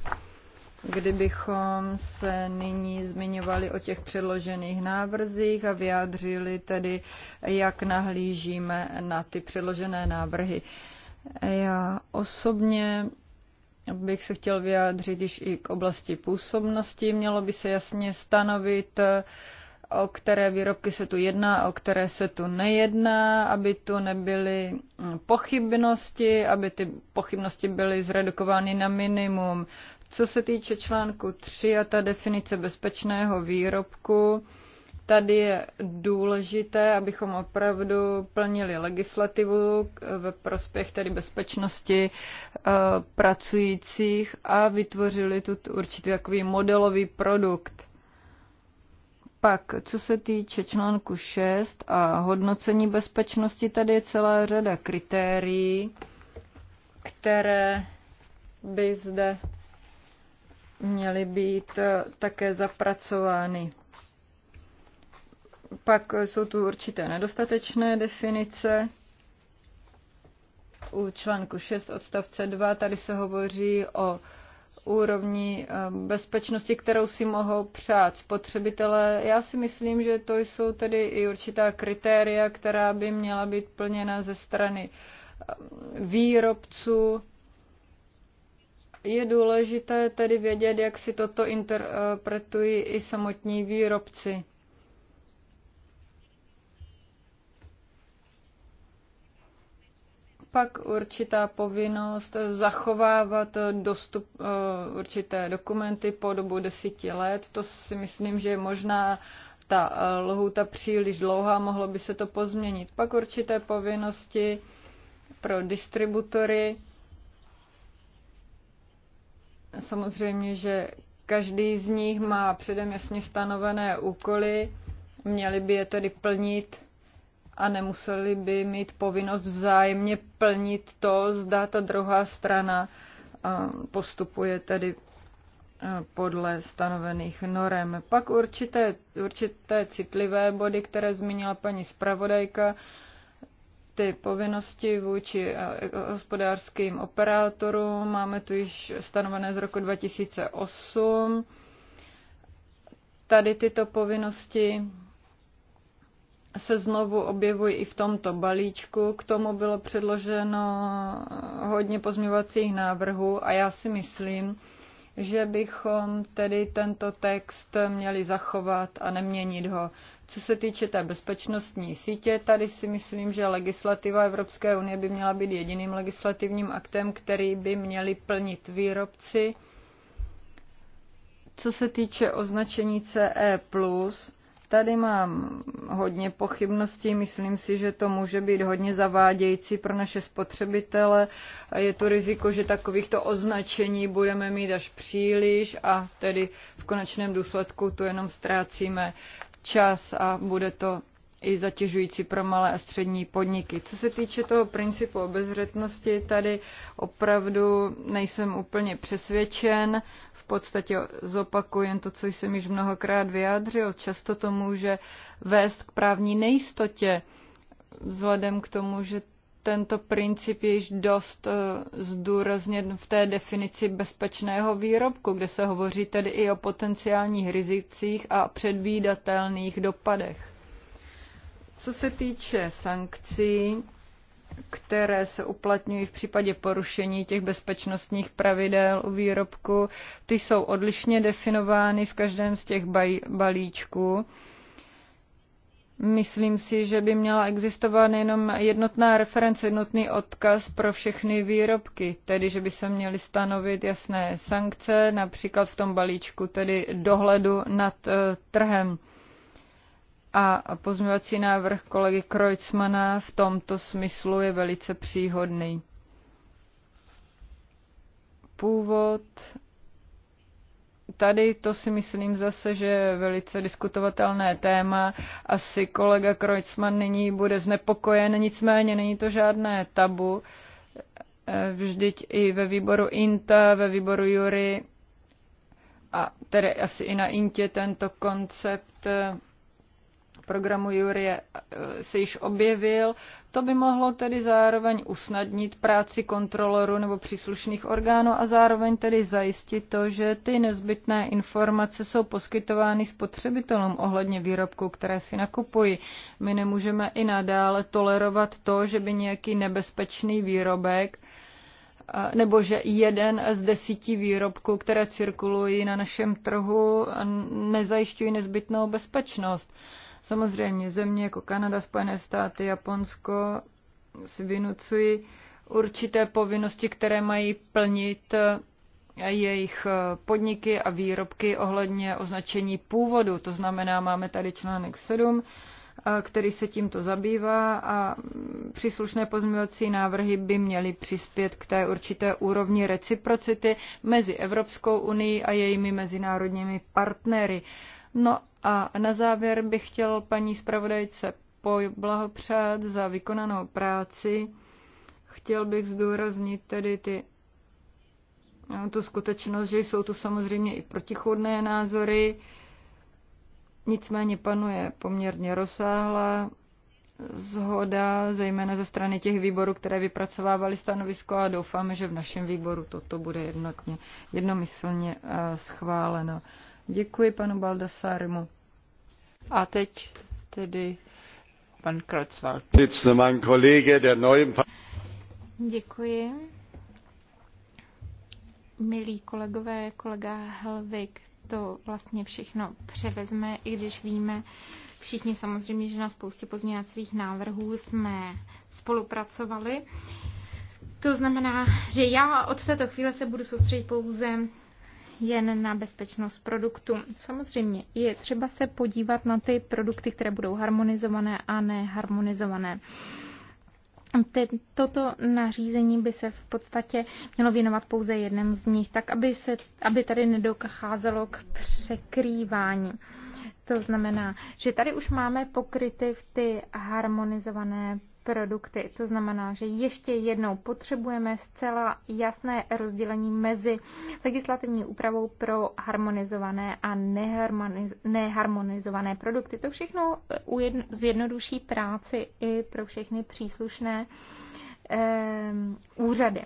kdybychom se nyní zmiňovali o těch předložených návrzích a vyjádřili tedy, jak nahlížíme na ty předložené návrhy. Uh, já osobně bych se chtěl vyjádřit již i k oblasti působnosti. Mělo by se jasně stanovit, o které výrobky se tu jedná, o které se tu nejedná, aby tu nebyly pochybnosti, aby ty pochybnosti byly zredukovány na minimum. Co se týče článku 3 a ta definice bezpečného výrobku, Tady je důležité, abychom opravdu plnili legislativu ve prospěch tedy bezpečnosti eh, pracujících a vytvořili tu určitý takový modelový produkt. Pak, co se týče článku 6 a hodnocení bezpečnosti, tady je celá řada kritérií, které by zde měly být eh, také zapracovány. Pak jsou tu určité nedostatečné definice. U článku 6 odstavce 2 tady se hovoří o úrovni eh, bezpečnosti, kterou si mohou přát spotřebitelé. Já si myslím, že to jsou tedy i určitá kritéria, která by měla být plněna ze strany eh, výrobců. Je důležité tedy vědět, jak si toto interpretují i samotní výrobci. pak určitá povinnost zachovávat dostup, eh, určité dokumenty po dobu desíti let. To si myslím, že je možná ta eh, lhůta příliš dlouhá, mohlo by se to pozměnit. Pak určité povinnosti pro distributory. Samozřejmě, že každý z nich má předem jasně stanovené úkoly, měli by je tedy plnit a nemuseli by mít povinnost vzájemně plnit to, zda ta druhá strana eh, postupuje tedy eh, podle stanovených norem. Pak určité, určité citlivé body, které zmínila paní zpravodajka, ty povinnosti vůči eh, hospodářským operátorům máme tu již stanovené z roku 2008. Tady tyto povinnosti se znovu objevují i v tomto balíčku. K tomu bylo předloženo hodně pozměňovacích návrhů a já si myslím, že bychom tedy tento text měli zachovat a neměnit ho. Co se týče té bezpečnostní sítě, tady si myslím, že legislativa Evropské unie by měla být jediným legislativním aktem, který by měli plnit výrobci. Co se týče označení CE+, Tady mám hodně pochybností, myslím si, že to může být hodně zavádějící pro naše spotřebitele. Je to riziko, že takovýchto označení budeme mít až příliš a tedy v konečném důsledku tu jenom ztrácíme čas a bude to i zatěžující pro malé a střední podniky. Co se týče toho principu obezřetnosti, tady opravdu nejsem úplně přesvědčen podstatě zopakuji to, co jsem již mnohokrát vyjádřil. Často to může vést k právní nejistotě, vzhledem k tomu, že tento princip je již dost eh, zdůrazněn v té definici bezpečného výrobku, kde se hovoří tedy i o potenciálních rizicích a předvídatelných dopadech. Co se týče sankcí, které se uplatňují v případě porušení těch bezpečnostních pravidel u výrobku, ty jsou odlišně definovány v každém z těch balíčků. Myslím si, že by měla existovat jenom jednotná reference, jednotný odkaz pro všechny výrobky, tedy že by se měly stanovit jasné sankce, například v tom balíčku, tedy dohledu nad eh, trhem a pozměňovací návrh kolegy Kreutzmana v tomto smyslu je velice příhodný. Původ tady to si myslím zase, že je velice diskutovatelné téma. Asi kolega Kreutzmann nyní bude znepokojen, nicméně není to žádné tabu. Vždyť i ve výboru INTA, ve výboru Jury a tedy asi i na INTě tento koncept programu Jurie eh, se již objevil. To by mohlo tedy zároveň usnadnit práci kontroloru nebo příslušných orgánů a zároveň tedy zajistit to, že ty nezbytné informace jsou poskytovány spotřebitelům ohledně výrobků, které si nakupují. My nemůžeme i nadále tolerovat to, že by nějaký nebezpečný výrobek eh, nebo že jeden z desíti výrobků, které cirkulují na našem trhu, nezajišťují nezbytnou bezpečnost. Samozřejmě země jako Kanada, Spojené státy, Japonsko si vynucují určité povinnosti, které mají plnit eh, jejich eh, podniky a výrobky ohledně označení původu. To znamená, máme tady článek 7, eh, který se tímto zabývá a mm, příslušné pozměňovací návrhy by měly přispět k té určité úrovni reciprocity mezi Evropskou unii a jejími mezinárodními partnery. No a na závěr bych chtěl paní zpravodajce poblahopřát za vykonanou práci. Chtěl bych zdůraznit tedy ty, no, tu skutečnost, že jsou tu samozřejmě i protichodné názory, nicméně panuje poměrně rozsáhlá zhoda, zejména ze strany těch výborů, které vypracovávaly stanovisko a doufáme, že v našem výboru toto bude jednotně, jednomyslně eh, schváleno. Děkuji panu Baldassarimu. A teď tedy pan Kreuzwald. Děkuji. Milí kolegové, kolega Helvik to vlastně všechno převezme, i když víme všichni samozřejmě, že na spoustě pozměňovacích návrhů jsme spolupracovali. To znamená, že já od této chvíle se budu soustředit pouze jen na bezpečnost produktu. Samozřejmě je třeba se podívat na ty produkty, které budou harmonizované a neharmonizované. Toto nařízení by se v podstatě mělo věnovat pouze jednem z nich, tak aby, se, aby tady nedocházelo k překrývání. To znamená, že tady už máme pokryty v ty harmonizované produkty. To znamená, že ještě jednou potřebujeme zcela jasné rozdělení mezi legislativní úpravou pro harmonizované a neharmonizované produkty. To všechno eh, zjednoduší práci i pro všechny příslušné eh, úřady.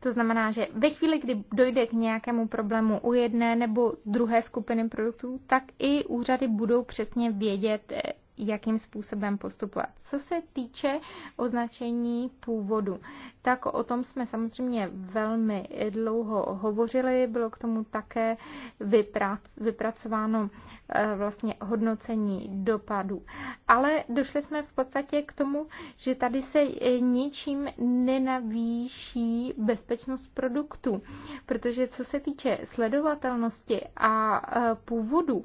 To znamená, že ve chvíli, kdy dojde k nějakému problému u jedné nebo druhé skupiny produktů, tak i úřady budou přesně vědět, eh, jakým způsobem postupovat. Co se týče označení původu, tak o tom jsme samozřejmě velmi dlouho hovořili. Bylo k tomu také vypracováno eh, vlastně hodnocení dopadů. Ale došli jsme v podstatě k tomu, že tady se eh, ničím nenavýší bezpečnost produktu, protože co se týče sledovatelnosti a eh, původu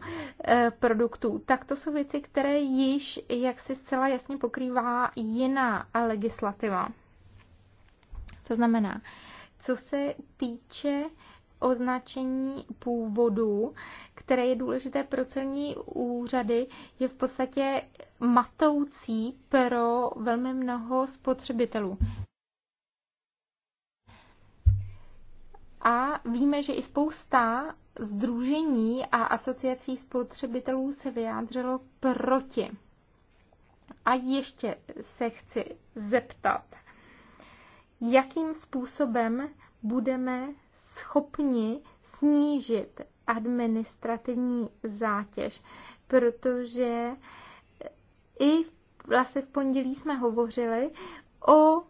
produktů, tak to jsou věci, které již jak si zcela jasně pokrývá jiná legislativa. To znamená, co se týče označení původu, které je důležité pro celní úřady, je v podstatě matoucí pro velmi mnoho spotřebitelů. A víme, že i spousta Združení a asociací spotřebitelů se vyjádřilo proti. A ještě se chci zeptat, jakým způsobem budeme schopni snížit administrativní zátěž, protože i vlastně v pondělí jsme hovořili o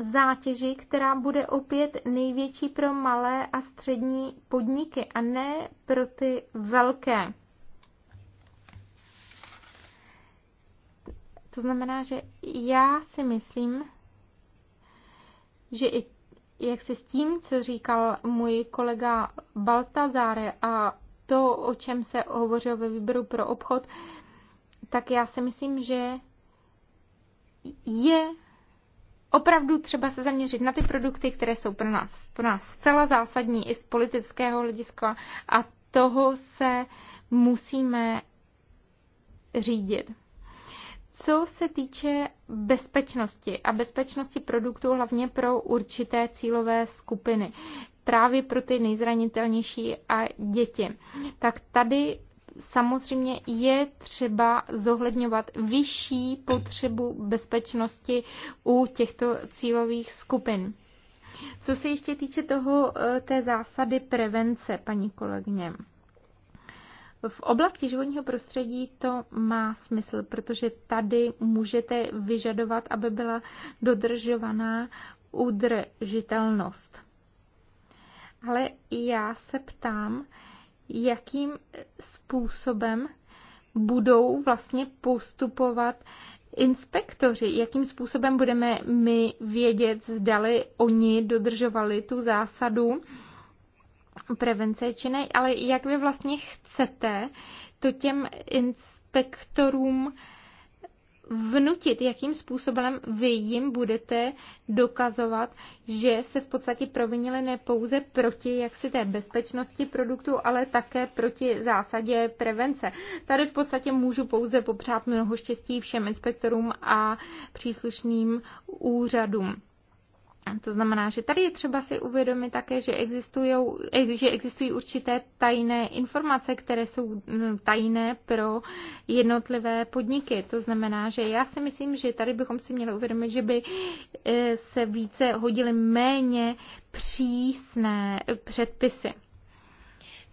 zátěži, která bude opět největší pro malé a střední podniky a ne pro ty velké. To znamená, že já si myslím, že i jak si s tím, co říkal můj kolega Baltazáre a to, o čem se hovořil ve výboru pro obchod, tak já si myslím, že je opravdu třeba se zaměřit na ty produkty, které jsou pro nás, pro nás zcela zásadní i z politického hlediska a toho se musíme řídit. Co se týče bezpečnosti a bezpečnosti produktů hlavně pro určité cílové skupiny, právě pro ty nejzranitelnější a děti, tak tady samozřejmě je třeba zohledňovat vyšší potřebu bezpečnosti u těchto cílových skupin. Co se ještě týče toho, eh, té zásady prevence, paní kolegyně. V oblasti životního prostředí to má smysl, protože tady můžete vyžadovat, aby byla dodržovaná udržitelnost. Ale já se ptám, jakým způsobem budou vlastně postupovat inspektoři, jakým způsobem budeme my vědět, zdali oni dodržovali tu zásadu prevence či ne, ale jak vy vlastně chcete to těm inspektorům vnutit, jakým způsobem vy jim budete dokazovat, že se v podstatě provinili ne pouze proti jaksi té bezpečnosti produktu, ale také proti zásadě prevence. Tady v podstatě můžu pouze popřát mnoho štěstí všem inspektorům a příslušným úřadům. To znamená, že tady je třeba si uvědomit také, že, eh, že existují určité tajné informace, které jsou mm, tajné pro jednotlivé podniky. To znamená, že já si myslím, že tady bychom si měli uvědomit, že by eh, se více hodily méně přísné eh, předpisy.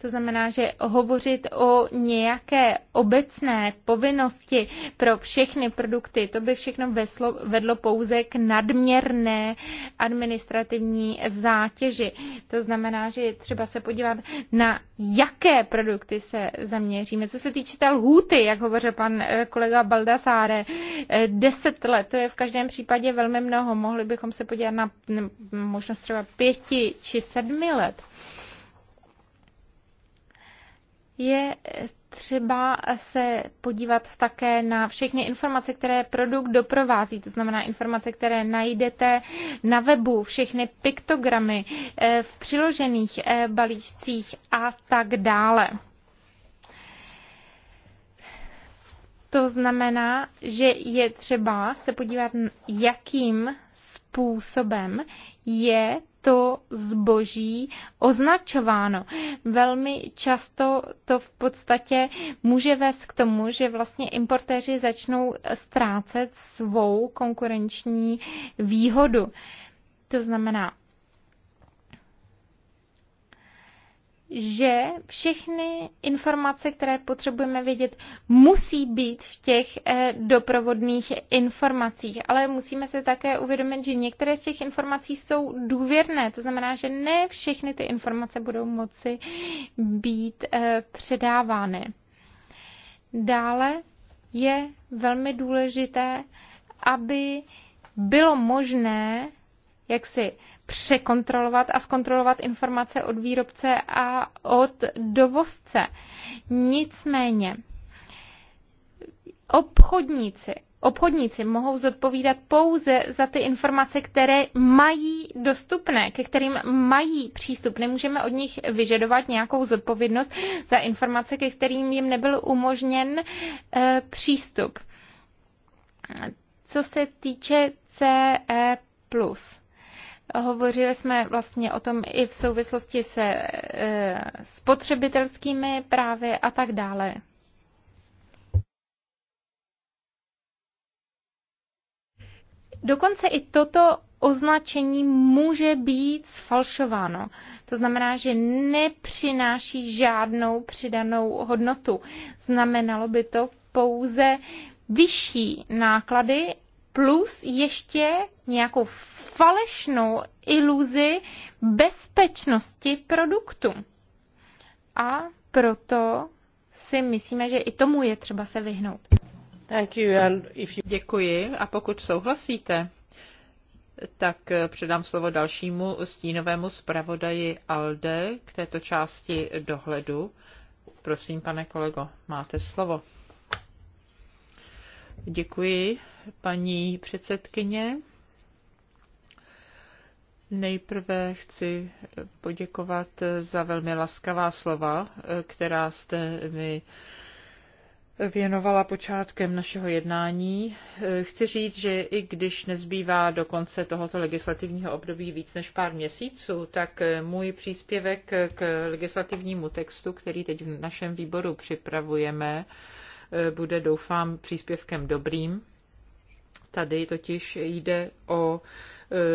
To znamená, že hovořit o nějaké obecné povinnosti pro všechny produkty, to by všechno veslo, vedlo pouze k nadměrné administrativní zátěži. To znamená, že je třeba se podívat, na jaké produkty se zaměříme. Co se týče té lhůty, jak hovořil pan eh, kolega Baldasáre, eh, deset let, to je v každém případě velmi mnoho. Mohli bychom se podívat na možnost třeba pěti či sedmi let je třeba se podívat také na všechny informace, které produkt doprovází, to znamená informace, které najdete na webu, všechny piktogramy eh, v přiložených eh, balíčcích a tak dále. To znamená, že je třeba se podívat, jakým způsobem je to zboží označováno. Velmi často to v podstatě může vést k tomu, že vlastně importéři začnou ztrácet svou konkurenční výhodu. To znamená, že všechny informace, které potřebujeme vědět, musí být v těch eh, doprovodných informacích. Ale musíme se také uvědomit, že některé z těch informací jsou důvěrné. To znamená, že ne všechny ty informace budou moci být eh, předávány. Dále je velmi důležité, aby bylo možné jak si překontrolovat a zkontrolovat informace od výrobce a od dovozce. Nicméně, obchodníci Obchodníci mohou zodpovídat pouze za ty informace, které mají dostupné, ke kterým mají přístup. Nemůžeme od nich vyžadovat nějakou zodpovědnost za informace, ke kterým jim nebyl umožněn e, přístup. Co se týče CE+. Hovořili jsme vlastně o tom i v souvislosti se e, spotřebitelskými právy a tak dále. Dokonce i toto označení může být sfalšováno. To znamená, že nepřináší žádnou přidanou hodnotu. Znamenalo by to pouze vyšší náklady plus ještě nějakou falešnou iluzi bezpečnosti produktu. A proto si myslíme, že i tomu je třeba se vyhnout. Thank you and if you... Děkuji a pokud souhlasíte, tak předám slovo dalšímu stínovému zpravodaji Alde k této části dohledu. Prosím, pane kolego, máte slovo. Děkuji, paní předsedkyně. Nejprve chci poděkovat za velmi laskavá slova, která jste mi věnovala počátkem našeho jednání. Chci říct, že i když nezbývá do konce tohoto legislativního období víc než pár měsíců, tak můj příspěvek k legislativnímu textu, který teď v našem výboru připravujeme, bude, doufám, příspěvkem dobrým Tady totiž jde o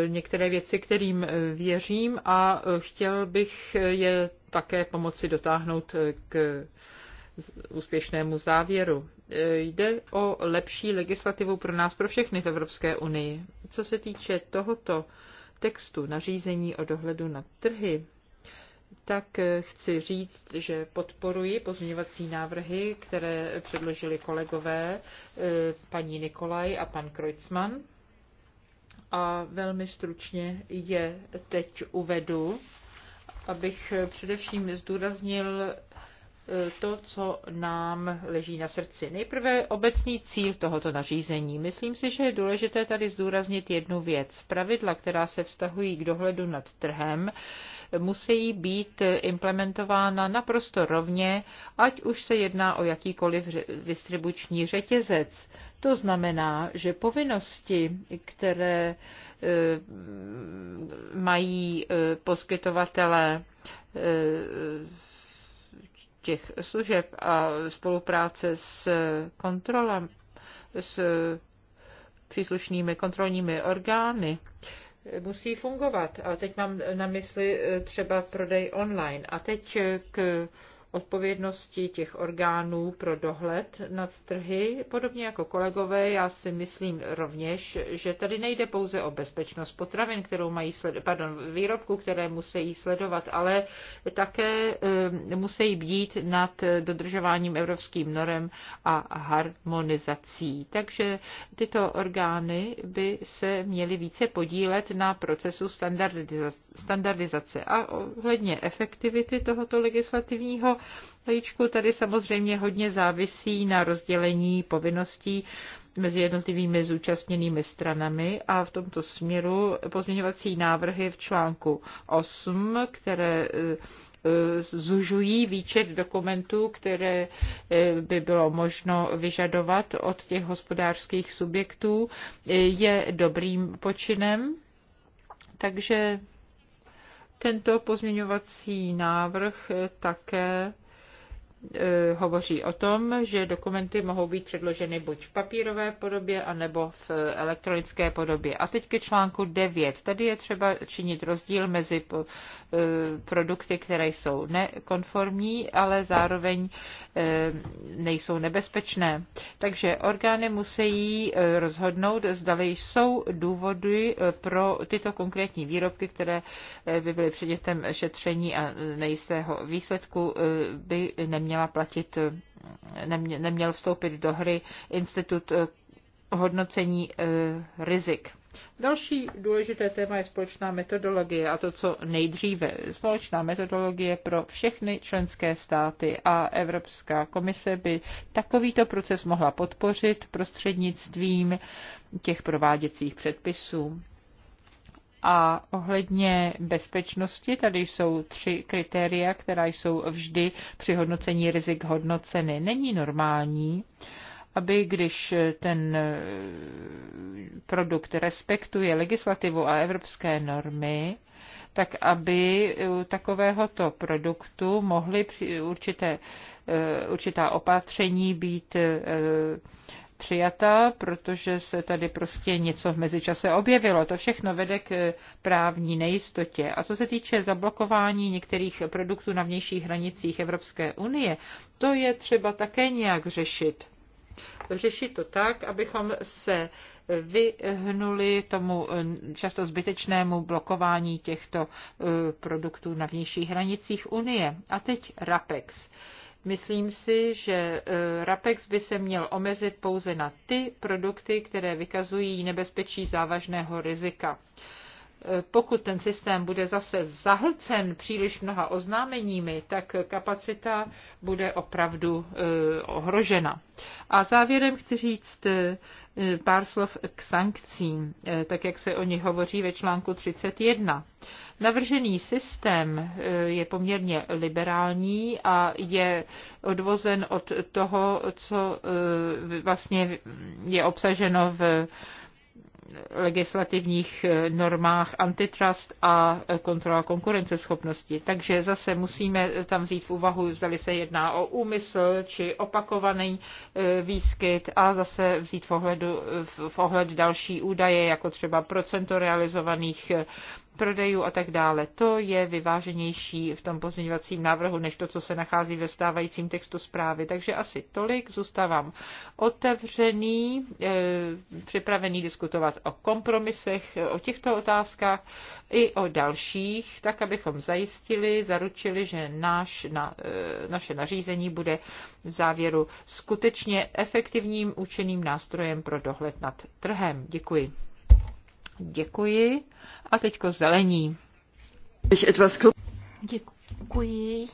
e, některé věci, kterým e, věřím a e, chtěl bych je také pomoci dotáhnout k úspěšnému závěru. Jde o lepší legislativu pro nás, pro všechny v Evropské unii. Co se týče tohoto textu nařízení o dohledu nad trhy, tak eh, chci říct, že podporuji pozměňovací návrhy, které předložili kolegové eh, paní Nikolaj a pan Kreutzmann. A velmi stručně je teď uvedu, abych především zdůraznil to, co nám leží na srdci. Nejprve obecný cíl tohoto nařízení. Myslím si, že je důležité tady zdůraznit jednu věc. Pravidla, která se vztahují k dohledu nad trhem, musí být implementována naprosto rovně, ať už se jedná o jakýkoliv distribuční řetězec. To znamená, že povinnosti, které eh, mají eh, poskytovatelé, eh, těch služeb a spolupráce s kontrolem, s příslušnými kontrolními orgány musí fungovat. A teď mám na mysli eh, třeba prodej online. A teď k odpovědnosti těch orgánů pro dohled nad trhy. Podobně jako kolegové, já si myslím rovněž, že tady nejde pouze o bezpečnost potravin, kterou mají sled, pardon, výrobku, které musí sledovat, ale také eh, musí být nad dodržováním evropským norem a harmonizací. Takže tyto orgány by se měly více podílet na procesu standardizace. A ohledně efektivity tohoto legislativního vajíčku tady samozřejmě hodně závisí na rozdělení povinností mezi jednotlivými zúčastněnými stranami a v tomto směru pozměňovací návrhy v článku 8, které eh, zužují výčet dokumentů, které eh, by bylo možno vyžadovat od těch hospodářských subjektů, eh, je dobrým počinem. Takže tento pozměňovací návrh také E, hovoří o tom, že dokumenty mohou být předloženy buď v papírové podobě, anebo v elektronické podobě. A teď ke článku 9. Tady je třeba činit rozdíl mezi e, produkty, které jsou nekonformní, ale zároveň e, nejsou nebezpečné. Takže orgány musí rozhodnout, zdali jsou důvody pro tyto konkrétní výrobky, které by byly předmětem šetření a nejistého výsledku, by neměly neměla platit, neměl vstoupit do hry institut eh, hodnocení eh, rizik. Další důležité téma je společná metodologie a to, co nejdříve. Společná metodologie pro všechny členské státy a Evropská komise by takovýto proces mohla podpořit prostřednictvím těch prováděcích předpisů. A ohledně bezpečnosti, tady jsou tři kritéria, která jsou vždy při hodnocení rizik hodnoceny. Není normální, aby když ten eh, produkt respektuje legislativu a evropské normy, tak aby u takovéhoto produktu mohly určité, eh, určitá opatření být eh, přijata, protože se tady prostě něco v mezičase objevilo. To všechno vede k právní nejistotě. A co se týče zablokování některých produktů na vnějších hranicích Evropské unie, to je třeba také nějak řešit. Řešit to tak, abychom se vyhnuli tomu eh, často zbytečnému blokování těchto eh, produktů na vnějších hranicích Unie. A teď RAPEX. Myslím si, že eh, RAPEX by se měl omezit pouze na ty produkty, které vykazují nebezpečí závažného rizika pokud ten systém bude zase zahlcen příliš mnoha oznámeními, tak kapacita bude opravdu e, ohrožena. A závěrem chci říct e, pár slov k sankcím, e, tak jak se o nich hovoří ve článku 31. Navržený systém je poměrně liberální a je odvozen od toho, co vlastně je obsaženo v legislativních eh, normách antitrust a eh, kontrola konkurenceschopnosti. Takže zase musíme eh, tam vzít v úvahu, zdali se jedná o úmysl či opakovaný výskyt a zase vzít v, ohledu, v ohled další údaje, jako třeba procento realizovaných prodejů a tak dále. To je vyváženější v tom pozměňovacím návrhu, než to, co se nachází ve stávajícím textu zprávy. Takže asi tolik, zůstávám otevřený, eh, připravený diskutovat o kompromisech, o těchto otázkách i o dalších, tak abychom zajistili, zaručili, že náš, na, eh, naše nařízení bude v závěru skutečně efektivním účinným nástrojem pro dohled nad trhem. Děkuji. Děkuji. A teďko zelení. Děkuji.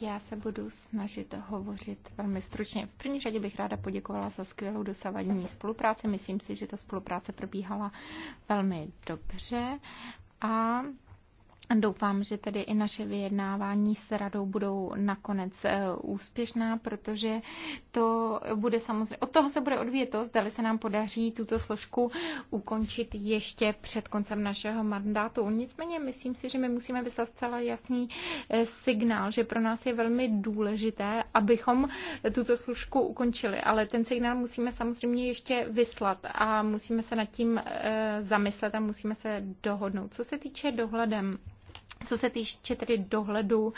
Já se budu snažit hovořit velmi stručně. V první řadě bych ráda poděkovala za skvělou dosavadní spolupráci. Myslím si, že ta spolupráce probíhala velmi dobře a Doufám, že tedy i naše vyjednávání s radou budou nakonec eh, úspěšná, protože to bude samozřejmě, od toho se bude odvíjet to, zda se nám podaří tuto složku ukončit ještě před koncem našeho mandátu. Nicméně myslím si, že my musíme vyslat zcela jasný eh, signál, že pro nás je velmi důležité, abychom tuto složku ukončili, ale ten signál musíme samozřejmě ještě vyslat a musíme se nad tím eh, zamyslet a musíme se dohodnout. Co se týče dohledem, co se týče tedy dohledu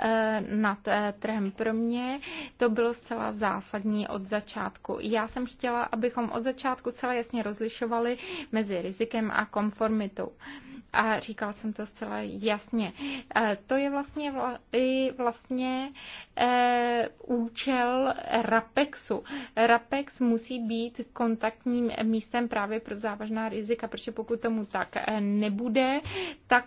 eh, nad eh, trhem pro mě, to bylo zcela zásadní od začátku. Já jsem chtěla, abychom od začátku celé jasně rozlišovali mezi rizikem a konformitou a říkala jsem to zcela jasně. E, to je vlastně, i vlastně e, účel RAPEXu. RAPEX musí být kontaktním místem právě pro závažná rizika, protože pokud tomu tak e, nebude, tak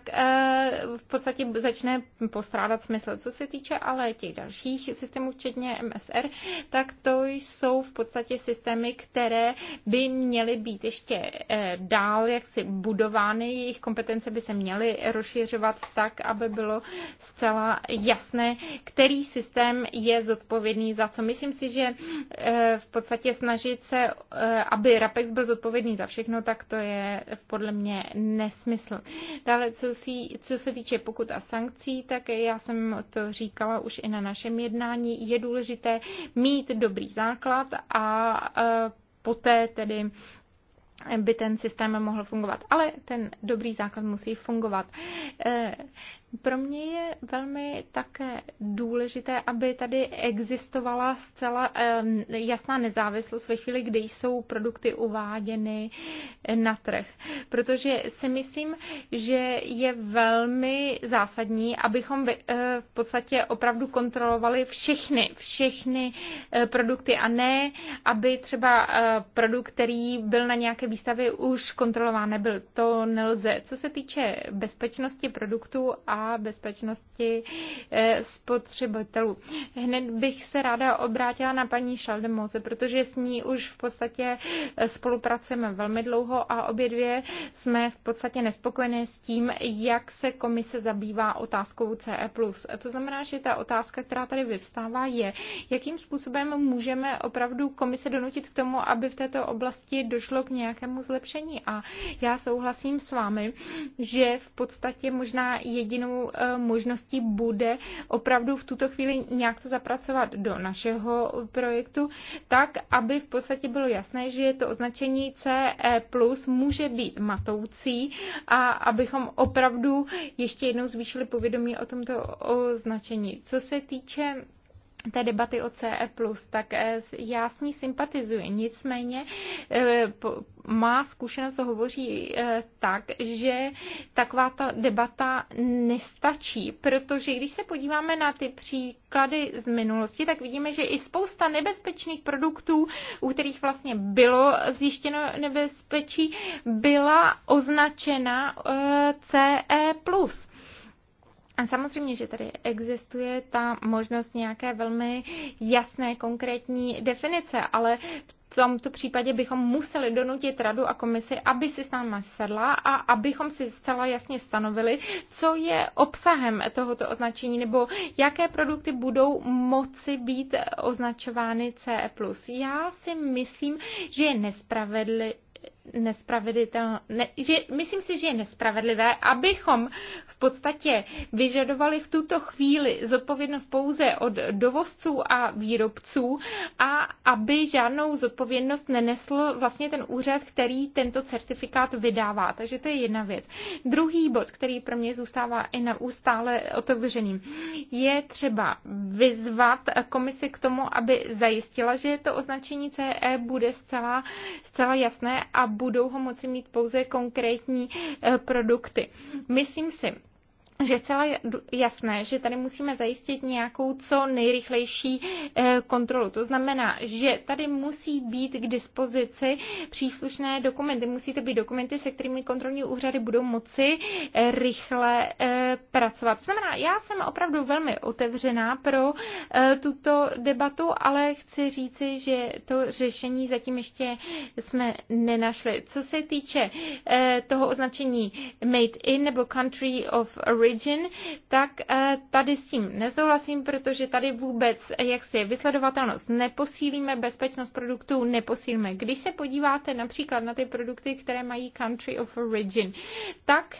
v podstatě začne postrádat smysl. Co se týče ale těch dalších systémů, včetně MSR, tak to jsou v podstatě systémy, které by měly být ještě dál jaksi budovány, jejich kompetence kompetence by se měly rozšiřovat tak, aby bylo zcela jasné, který systém je zodpovědný za co. Myslím si, že eh, v podstatě snažit se, eh, aby RAPEX byl zodpovědný za všechno, tak to je podle mě nesmysl. Dále, co, si, co se týče pokud a sankcí, tak já jsem to říkala už i na našem jednání, je důležité mít dobrý základ a eh, poté tedy by ten systém mohl fungovat. Ale ten dobrý základ musí fungovat. Eh, pro mě je velmi také důležité, aby tady existovala zcela jasná nezávislost ve chvíli, kdy jsou produkty uváděny eh, na trh. Protože si myslím, že je velmi zásadní, abychom eh, v podstatě opravdu kontrolovali všechny, všechny eh, produkty a ne, aby třeba produkt, který byl na nějaké výstavě už kontrolován nebyl. To nelze. Co se týče bezpečnosti produktů a a bezpečnosti eh, spotřebitelů. Hned bych se ráda obrátila na paní Šaldemose, protože s ní už v podstatě eh, spolupracujeme velmi dlouho a obě dvě jsme v podstatě nespokojené s tím, jak se komise zabývá otázkou CE+. To znamená, že ta otázka, která tady vyvstává, je, jakým způsobem můžeme opravdu komise donutit k tomu, aby v této oblasti došlo k nějakému zlepšení. A já souhlasím s vámi, že v podstatě možná jedinou jedinou eh, možností bude opravdu v tuto chvíli nějak to zapracovat do našeho projektu, tak aby v podstatě bylo jasné, že to označení CE plus může být matoucí a abychom opravdu ještě jednou zvýšili povědomí o tomto označení. Co se týče té debaty o CE+, tak eh, já s ní sympatizuji. Nicméně eh, má zkušenost hovoří eh, tak, že taková ta debata nestačí, protože když se podíváme na ty příklady z minulosti, tak vidíme, že i spousta nebezpečných produktů, u kterých vlastně bylo zjištěno nebezpečí, byla označena CE+. A samozřejmě, že tady existuje ta možnost nějaké velmi jasné, konkrétní definice, ale v tomto případě bychom museli donutit radu a komisi, aby si s náma sedla a abychom si zcela jasně stanovili, co je obsahem tohoto označení nebo jaké produkty budou moci být označovány CE+. Já si myslím, že je nespravedlivé ne, že, myslím si, že je nespravedlivé, abychom v podstatě vyžadovali v tuto chvíli zodpovědnost pouze od dovozců a výrobců a aby žádnou zodpovědnost nenesl vlastně ten úřad, který tento certifikát vydává. Takže to je jedna věc. Druhý bod, který pro mě zůstává i ústále otevřeným, je třeba vyzvat komisi k tomu, aby zajistila, že to označení CE bude zcela, zcela jasné a budou ho moci mít pouze konkrétní eh, produkty. Myslím si, že je celé jasné, že tady musíme zajistit nějakou co nejrychlejší eh, kontrolu. To znamená, že tady musí být k dispozici příslušné dokumenty. Musí to být dokumenty, se kterými kontrolní úřady budou moci eh, rychle eh, pracovat. To znamená, já jsem opravdu velmi otevřená pro tuto debatu, ale chci říci, že to řešení zatím ještě jsme nenašli. Co se týče toho označení Made in nebo Country of Origin, Origin, tak eh, tady s tím nesouhlasím, protože tady vůbec eh, jak si vysledovatelnost neposílíme, bezpečnost produktů neposílíme. Když se podíváte například na ty produkty, které mají country of origin, tak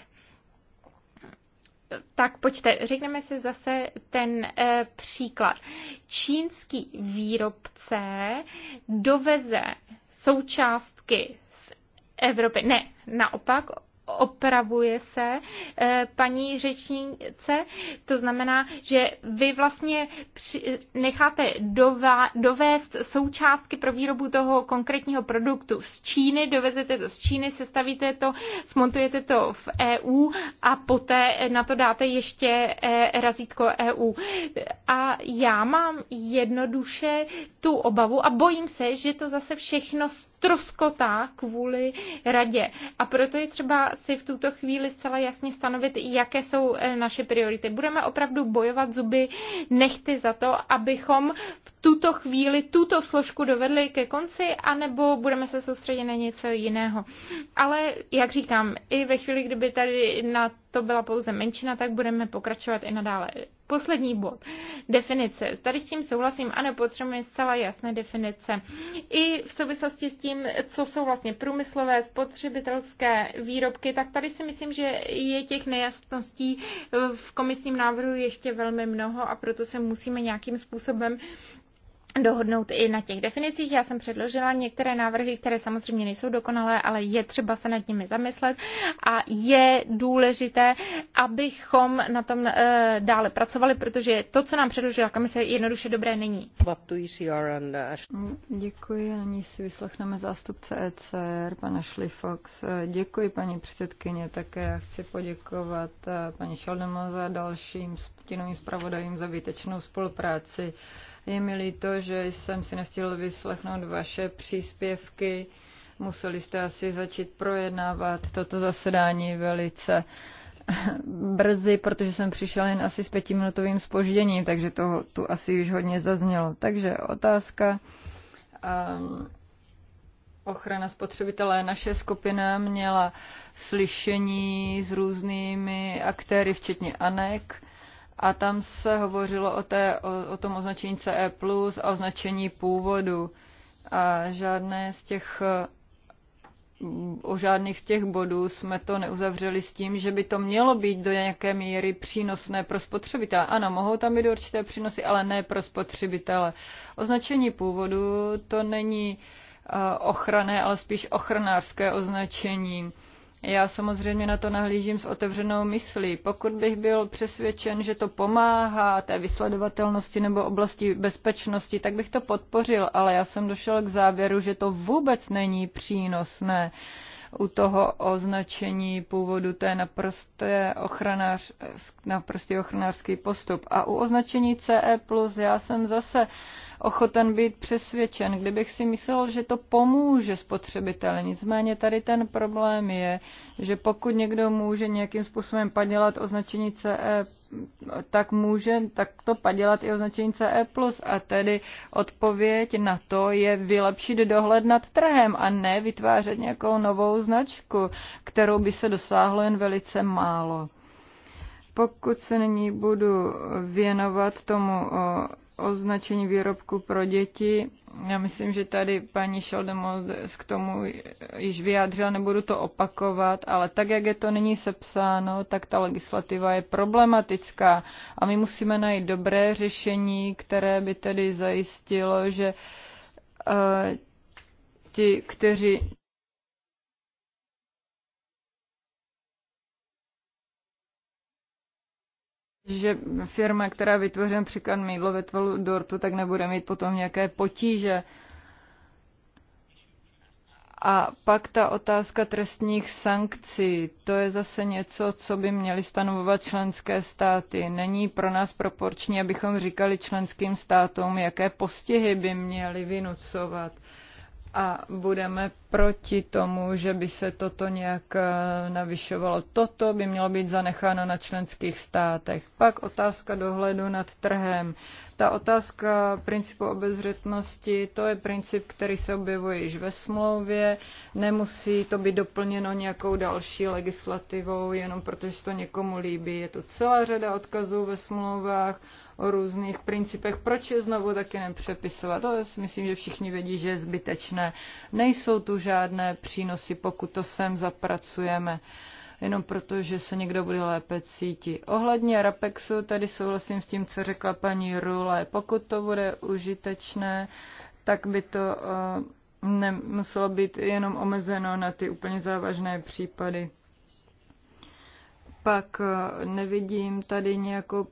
tak pojďte, řekneme si zase ten e, příklad. Čínský výrobce doveze součástky z Evropy, ne, naopak, opravuje se eh, paní řečnice. To znamená, že vy vlastně necháte dovést součástky pro výrobu toho konkrétního produktu z Číny, dovezete to z Číny, sestavíte to, smontujete to v EU a poté na to dáte ještě eh, razítko EU. A já mám jednoduše tu obavu a bojím se, že to zase všechno z troskotá kvůli radě. A proto je třeba si v tuto chvíli zcela jasně stanovit, jaké jsou eh, naše priority. Budeme opravdu bojovat zuby nechty za to, abychom v tuto chvíli tuto složku dovedli ke konci, anebo budeme se soustředit na něco jiného. Ale jak říkám, i ve chvíli, kdyby tady na to byla pouze menšina, tak budeme pokračovat i nadále. Poslední bod. Definice. Tady s tím souhlasím a nepotřebujeme zcela jasné definice. I v souvislosti s tím, co jsou vlastně průmyslové, spotřebitelské výrobky, tak tady si myslím, že je těch nejasností v komisním návrhu ještě velmi mnoho a proto se musíme nějakým způsobem dohodnout i na těch definicích. Já jsem předložila některé návrhy, které samozřejmě nejsou dokonalé, ale je třeba se nad nimi zamyslet a je důležité, abychom na tom e, dále pracovali, protože to, co nám předložila komise, jednoduše dobré není. Mm, děkuji, Nyní si vyslechneme zástupce ECR, pana Šlifox. Eh, děkuji, paní předsedkyně, také chci poděkovat eh, paní Šaldemo za dalším stínovým zpravodajům za výtečnou spolupráci. Je mi líto, že jsem si nestihl vyslechnout vaše příspěvky. Museli jste asi začít projednávat toto zasedání velice brzy, protože jsem přišel jen asi s pětiminutovým spožděním, takže toho tu asi již hodně zaznělo. Takže otázka. Um, ochrana spotřebitele. Naše skupina měla slyšení s různými aktéry, včetně ANEK, a tam se hovořilo o, té, o, o tom označení CE+, a označení původu. A žádné z těch, o žádných z těch bodů jsme to neuzavřeli s tím, že by to mělo být do nějaké míry přínosné pro spotřebitele. Ano, mohou tam být určité přínosy, ale ne pro spotřebitele. Označení původu to není eh, ochranné, ale spíš ochranářské označení já samozřejmě na to nahlížím s otevřenou myslí. Pokud bych byl přesvědčen, že to pomáhá té vysledovatelnosti nebo oblasti bezpečnosti, tak bych to podpořil, ale já jsem došel k závěru, že to vůbec není přínosné u toho označení původu, to je naprosté ochranář, naprostý ochranářský postup. A u označení CE+, já jsem zase uh, ochoten být přesvědčen, kdybych si myslel, že to pomůže spotřebiteli. Nicméně tady ten problém je, že pokud někdo může nějakým způsobem padělat označení CE, tak může takto padělat i označení CE+. A tedy odpověď na to je vylepšit dohled nad trhem a ne vytvářet nějakou novou značku, kterou by se dosáhlo jen velice málo pokud se nyní budu věnovat tomu označení výrobku pro děti. Já myslím, že tady paní Šaldemold k tomu již vyjádřila, nebudu to opakovat, ale tak, jak je to nyní sepsáno, tak ta legislativa je problematická a my musíme najít dobré řešení, které by tedy zajistilo, že eh, ti, kteří že firma, která vytvoří například mýdlo ve tvalu dortu, tak nebude mít potom nějaké potíže. A pak ta otázka trestních sankcí, to je zase něco, co by měly stanovovat členské státy. Není pro nás proporční, abychom říkali členským státům, jaké postihy by měly vynucovat a budeme proti tomu, že by se toto nějak eh, navyšovalo. Toto by mělo být zanecháno na členských státech. Pak otázka dohledu nad trhem. Ta otázka principu obezřetnosti, to je princip, který se objevuje již ve smlouvě. Nemusí to být doplněno nějakou další legislativou, jenom protože to někomu líbí. Je tu celá řada odkazů ve smlouvách o různých principech, proč je znovu taky nepřepisovat. To si myslím, že všichni vědí, že je zbytečné. Nejsou tu žádné přínosy, pokud to sem zapracujeme jenom proto, že se někdo bude lépe cítit. Ohledně Rapexu tady souhlasím s tím, co řekla paní Rule. Pokud to bude užitečné, tak by to uh, nemuselo být jenom omezeno na ty úplně závažné případy. Pak uh, nevidím tady nějakou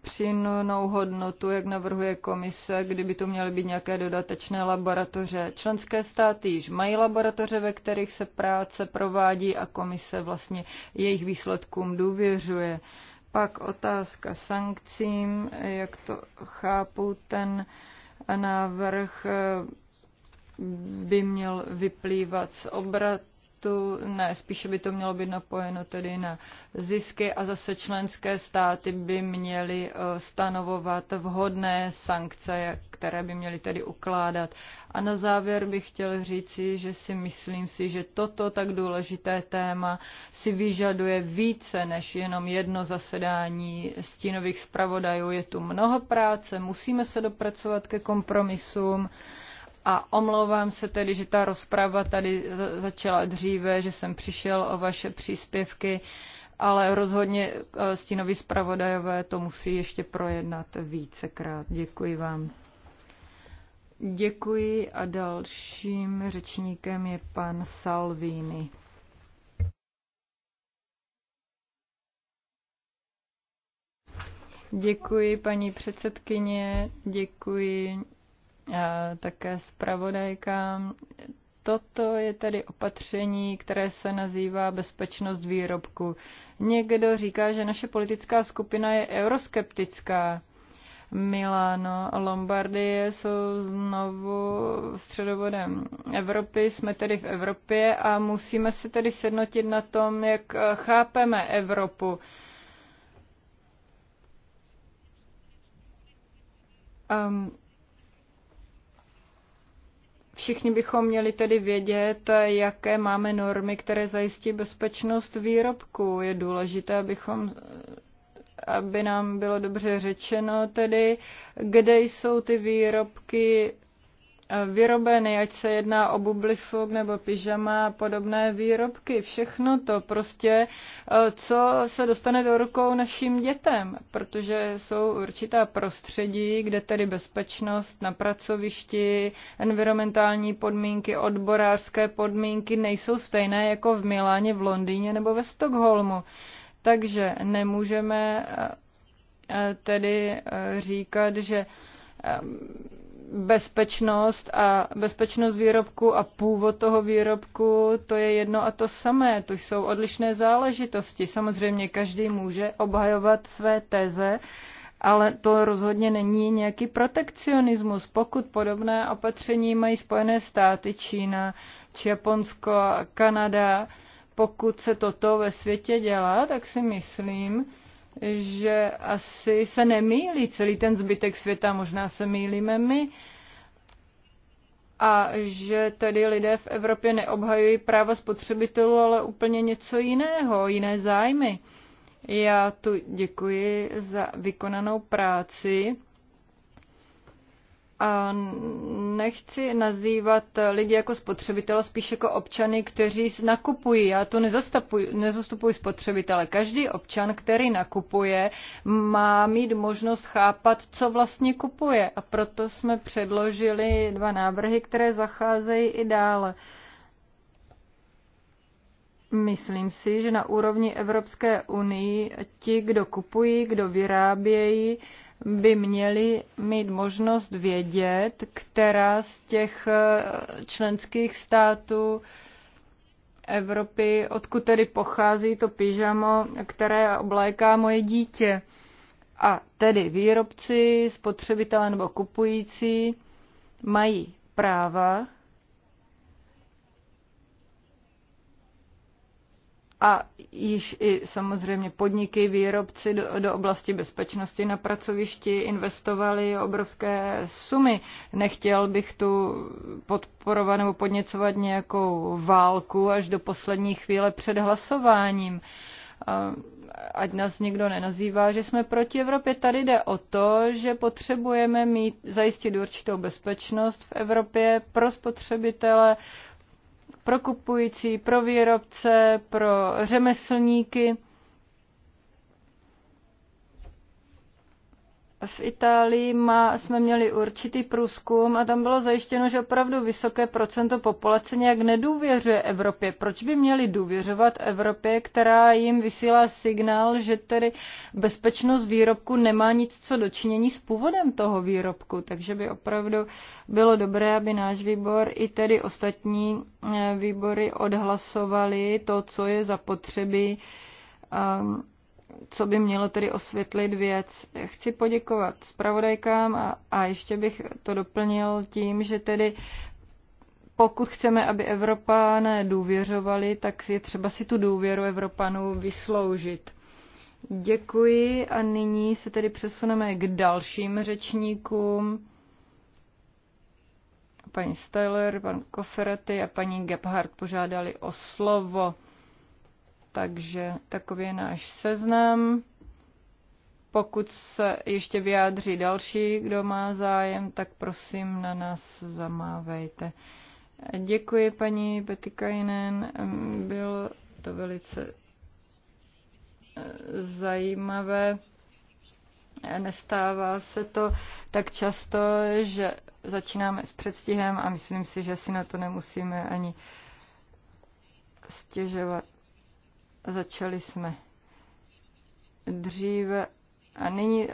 příjemnou hodnotu, jak navrhuje komise, kdyby tu měly být nějaké dodatečné laboratoře. Členské státy již mají laboratoře, ve kterých se práce provádí a komise vlastně jejich výsledkům důvěřuje. Pak otázka sankcím, jak to chápu, ten návrh eh, by měl vyplývat z obrat růstu, ne, spíše by to mělo být napojeno tedy na zisky a zase členské státy by měly eh, stanovovat vhodné sankce, které by měly tedy ukládat. A na závěr bych chtěl říci, že si myslím si, že toto tak důležité téma si vyžaduje více než jenom jedno zasedání stínových zpravodajů. Je tu mnoho práce, musíme se dopracovat ke kompromisům. A omlouvám se tedy, že ta rozprava tady začala dříve, že jsem přišel o vaše příspěvky, ale rozhodně eh, stínoví zpravodajové to musí ještě projednat vícekrát. Děkuji vám. Děkuji a dalším řečníkem je pan Salvini. Děkuji, paní předsedkyně, děkuji také zpravodajka. Toto je tedy opatření, které se nazývá bezpečnost výrobku. Někdo říká, že naše politická skupina je euroskeptická. Miláno a Lombardie jsou znovu středovodem Evropy, jsme tedy v Evropě a musíme se tedy sjednotit na tom, jak chápeme Evropu. Um, Všichni bychom měli tedy vědět, jaké máme normy, které zajistí bezpečnost výrobku. Je důležité, abychom aby nám bylo dobře řečeno tedy, kde jsou ty výrobky, Eh, vyrobeny, ať se jedná o bublifuk nebo pyžama a podobné výrobky. Všechno to prostě, eh, co se dostane do rukou našim dětem, protože jsou určitá prostředí, kde tedy bezpečnost na pracovišti, environmentální podmínky, odborářské podmínky nejsou stejné jako v Miláně, v Londýně nebo ve Stockholmu. Takže nemůžeme eh, tedy říkat, že bezpečnost a bezpečnost výrobku a původ toho výrobku, to je jedno a to samé. To jsou odlišné záležitosti. Samozřejmě každý může obhajovat své teze, ale to rozhodně není nějaký protekcionismus. Pokud podobné opatření mají Spojené státy, Čína, či Japonsko, Kanada, pokud se toto ve světě dělá, tak si myslím, že asi se nemýlí celý ten zbytek světa, možná se mýlíme my, a že tedy lidé v Evropě neobhajují práva spotřebitelů, ale úplně něco jiného, jiné zájmy. Já tu děkuji za vykonanou práci a nechci nazývat lidi jako spotřebitele, spíš jako občany, kteří nakupují. Já to nezastupuji spotřebitele. Každý občan, který nakupuje, má mít možnost chápat, co vlastně kupuje. A proto jsme předložili dva návrhy, které zacházejí i dále. Myslím si, že na úrovni Evropské unii ti, kdo kupují, kdo vyrábějí, by měli mít možnost vědět, která z těch eh, členských států Evropy, odkud tedy pochází to pyžamo, které obléká moje dítě. A tedy výrobci, spotřebitelé nebo kupující mají práva a již i samozřejmě podniky, výrobci do, do oblasti bezpečnosti na pracovišti investovali obrovské sumy. Nechtěl bych tu podporovat nebo podněcovat nějakou válku až do poslední chvíle před hlasováním. Ať nás někdo nenazývá, že jsme proti Evropě. Tady jde o to, že potřebujeme mít, zajistit určitou bezpečnost v Evropě pro spotřebitele, pro kupující, pro výrobce, pro řemeslníky. v Itálii má, jsme měli určitý průzkum a tam bylo zajištěno, že opravdu vysoké procento populace nějak nedůvěřuje Evropě. Proč by měli důvěřovat Evropě, která jim vysílá signál, že tedy bezpečnost výrobku nemá nic co dočinění s původem toho výrobku? Takže by opravdu bylo dobré, aby náš výbor i tedy ostatní eh, výbory odhlasovali to, co je zapotřebí. Um, co by mělo tedy osvětlit věc. Chci poděkovat zpravodajkám a, a ještě bych to doplnil tím, že tedy pokud chceme, aby Evropané důvěřovali, tak je třeba si tu důvěru Evropanů vysloužit. Děkuji a nyní se tedy přesuneme k dalším řečníkům. Paní Styler, pan Koferety a paní Gebhardt požádali o slovo. Takže takový je náš seznam. Pokud se ještě vyjádří další, kdo má zájem, tak prosím na nás zamávejte. Děkuji paní Kajnen. bylo to velice eh, zajímavé. Nestává se to tak často, že začínáme s předstihem a myslím si, že si na to nemusíme ani stěžovat. Začali jsme dříve a nyní,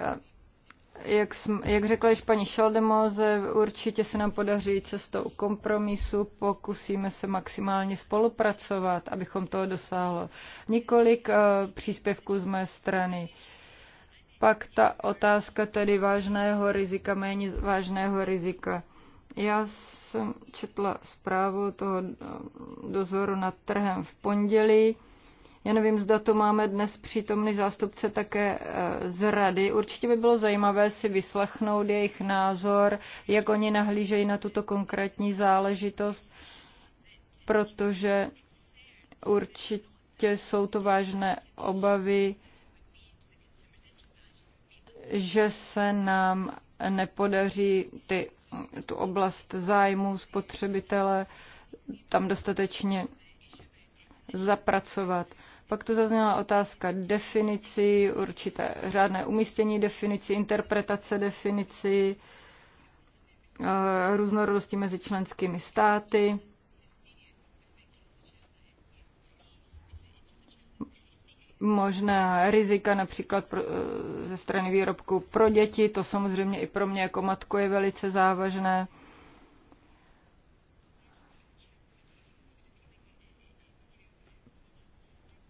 jak, jsme, jak řekla již paní Šaldemoze, určitě se nám podaří cestou kompromisu, pokusíme se maximálně spolupracovat, abychom toho dosáhlo. Několik uh, příspěvků z mé strany. Pak ta otázka tedy vážného rizika, méně vážného rizika. Já jsem četla zprávu toho dozoru nad trhem v pondělí. Já nevím, zda to máme dnes přítomný zástupce také eh, z rady. Určitě by bylo zajímavé si vyslechnout jejich názor, jak oni nahlížejí na tuto konkrétní záležitost, protože určitě jsou to vážné obavy, že se nám nepodaří ty, tu oblast zájmu spotřebitele tam dostatečně zapracovat. Pak tu zazněla otázka definici, určité řádné umístění definici, interpretace definici, eh, různorodosti mezi členskými státy. možná rizika například pro, eh, ze strany výrobků pro děti, to samozřejmě i pro mě jako matku je velice závažné.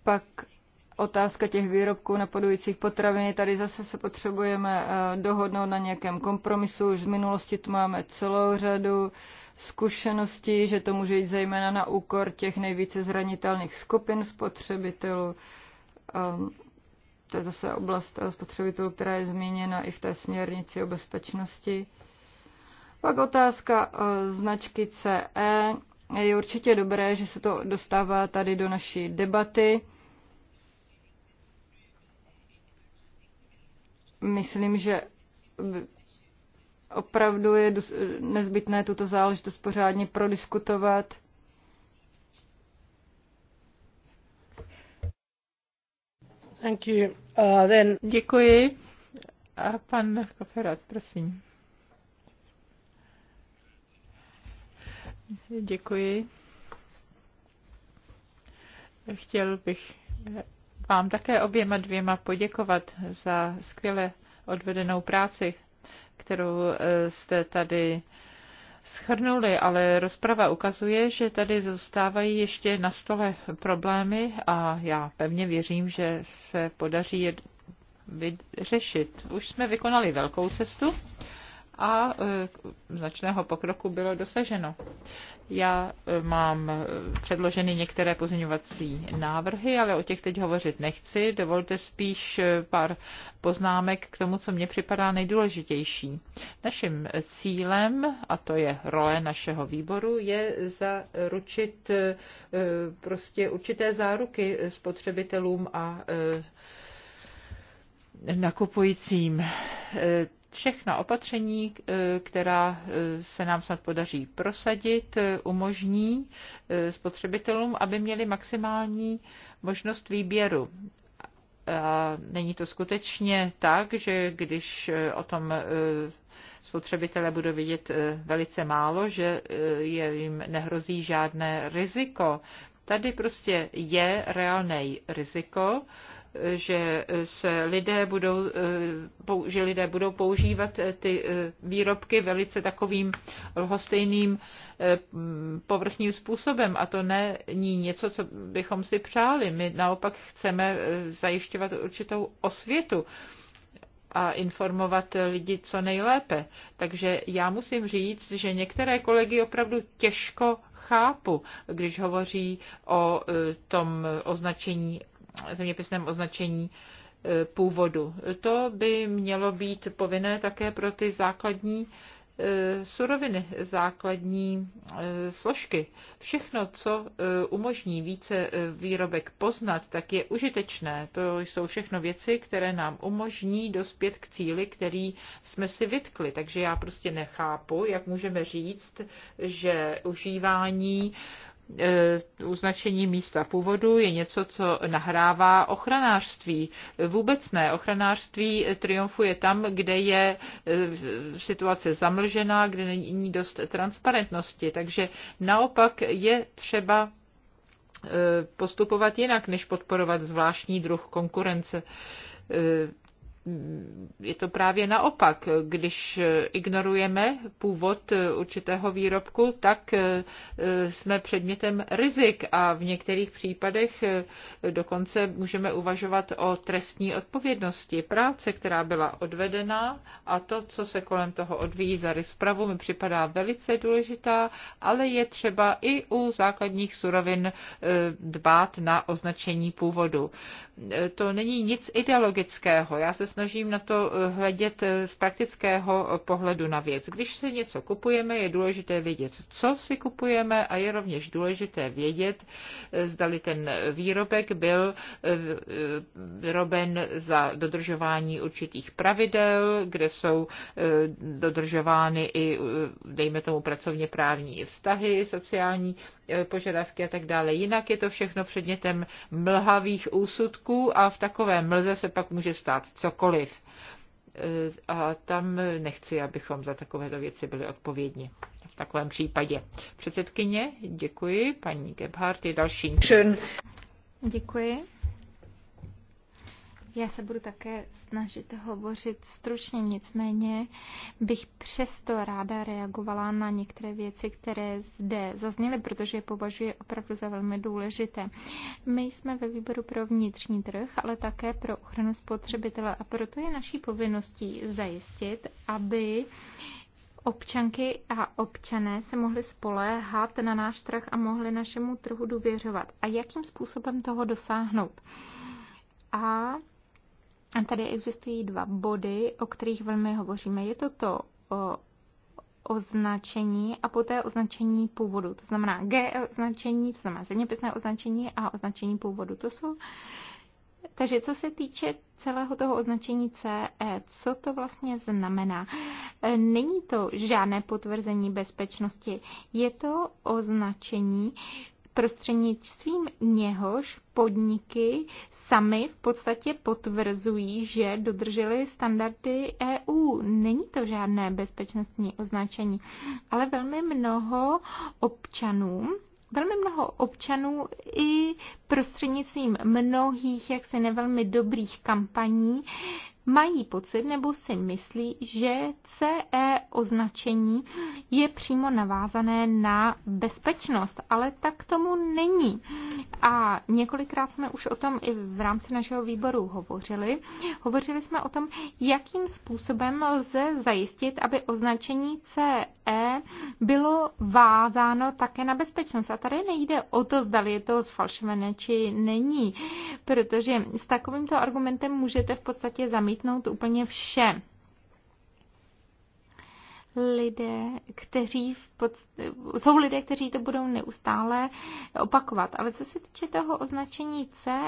Pak otázka těch výrobků napodujících potraviny. Tady zase se potřebujeme eh, dohodnout na nějakém kompromisu. Už z minulosti tu máme celou řadu zkušeností, že to může jít zejména na úkor těch nejvíce zranitelných skupin spotřebitelů. Ehm, to je zase oblast eh, spotřebitelů, která je zmíněna i v té směrnici o bezpečnosti. Pak otázka eh, značky CE. Je určitě dobré, že se to dostává tady do naší debaty myslím, že opravdu je nezbytné tuto záležitost pořádně prodiskutovat. Thank you. Uh, then... Děkuji. A pan Koferat, prosím. Děkuji. Chtěl bych vám také oběma dvěma poděkovat za skvěle odvedenou práci, kterou eh, jste tady schrnuli, ale rozprava ukazuje, že tady zůstávají ještě na stole problémy a já pevně věřím, že se podaří je vyřešit. Už jsme vykonali velkou cestu a e, značného pokroku bylo dosaženo. Já e, mám e, předloženy některé pozměňovací návrhy, ale o těch teď hovořit nechci. Dovolte spíš pár poznámek k tomu, co mně připadá nejdůležitější. Naším cílem, a to je role našeho výboru, je zaručit prostě určité záruky spotřebitelům a nakupujícím všechna opatření, eh, která eh, se nám snad podaří prosadit, eh, umožní spotřebitelům, aby měli maximální možnost výběru. A není to skutečně tak, že když o tom spotřebitelé budou vidět velice málo, že jim nehrozí žádné riziko. Tady prostě je reálné riziko, že se lidé budou, eh, že lidé budou používat eh, ty eh, výrobky velice takovým lhostejným povrchním způsobem a to není něco, co bychom si přáli. My naopak chceme zajišťovat určitou osvětu a informovat lidi co nejlépe. Takže já musím říct, že některé kolegy opravdu těžko chápu, když hovoří o tom označení zeměpisném označení e, původu. To by mělo být povinné také pro ty základní e, suroviny, základní e, složky. Všechno, co umožní více výrobek poznat, tak je užitečné. To jsou všechno věci, které nám umožní dospět k cíli, který jsme si vytkli. Takže já prostě nechápu, jak můžeme říct, že užívání Uznačení eh, místa původu je něco, co nahrává ochranářství. Vůbec ne. Ochranářství triumfuje tam, kde je eh, situace zamlžená, kde není dost transparentnosti. Takže naopak je třeba eh, postupovat jinak, než podporovat zvláštní druh konkurence je to právě naopak. Když ignorujeme původ určitého výrobku, tak eh, jsme předmětem rizik a v některých případech eh, dokonce můžeme uvažovat o trestní odpovědnosti. Práce, která byla odvedena a to, co se kolem toho odvíjí za rozpravu, mi připadá velice důležitá, ale je třeba i u základních surovin eh, dbát na označení původu. To není nic ideologického. Já se snažím na to eh, hledět eh, z praktického eh, pohledu na věc. Když si něco kupujeme, je důležité vědět, co si kupujeme a je rovněž důležité vědět, zdali ten výrobek byl vyroben za dodržování určitých pravidel, kde jsou dodržovány i, dejme tomu, pracovně právní vztahy, sociální požadavky a tak dále. Jinak je to všechno předmětem mlhavých úsudků a v takové mlze se pak může stát cokoliv cokoliv. Eh, a tam nechci, abychom za takovéto věci byli odpovědní. V takovém případě. Předsedkyně, děkuji. Paní Gebhardt je další. Děkuji. Já se budu také snažit hovořit stručně, nicméně bych přesto ráda reagovala na některé věci, které zde zazněly, protože je považuji opravdu za velmi důležité. My jsme ve výboru pro vnitřní trh, ale také pro ochranu spotřebitele a proto je naší povinností zajistit, aby občanky a občané se mohli spoléhat na náš trh a mohli našemu trhu důvěřovat. A jakým způsobem toho dosáhnout? A a tady existují dva body, o kterých velmi hovoříme. Je to to o označení a poté označení původu. To znamená G označení, to znamená zeměpisné označení a označení původu. To jsou takže co se týče celého toho označení CE, co to vlastně znamená? E, není to žádné potvrzení bezpečnosti, je to označení, prostřednictvím něhož podniky sami v podstatě potvrzují, že dodrželi standardy EU. Není to žádné bezpečnostní označení, ale velmi mnoho občanů velmi mnoho občanů i prostřednictvím mnohých jaksi nevelmi dobrých kampaní mají pocit nebo si myslí, že CE označení je přímo navázané na bezpečnost, ale tak tomu není. A několikrát jsme už o tom i v rámci našeho výboru hovořili. Hovořili jsme o tom, jakým způsobem lze zajistit, aby označení CE bylo vázáno také na bezpečnost. A tady nejde o to, zda je to zfalšované či není, protože s takovýmto argumentem můžete v podstatě zamít promítnout úplně vše. Lidé, kteří v pod... jsou lidé, kteří to budou neustále opakovat. Ale co se týče toho označení CE+,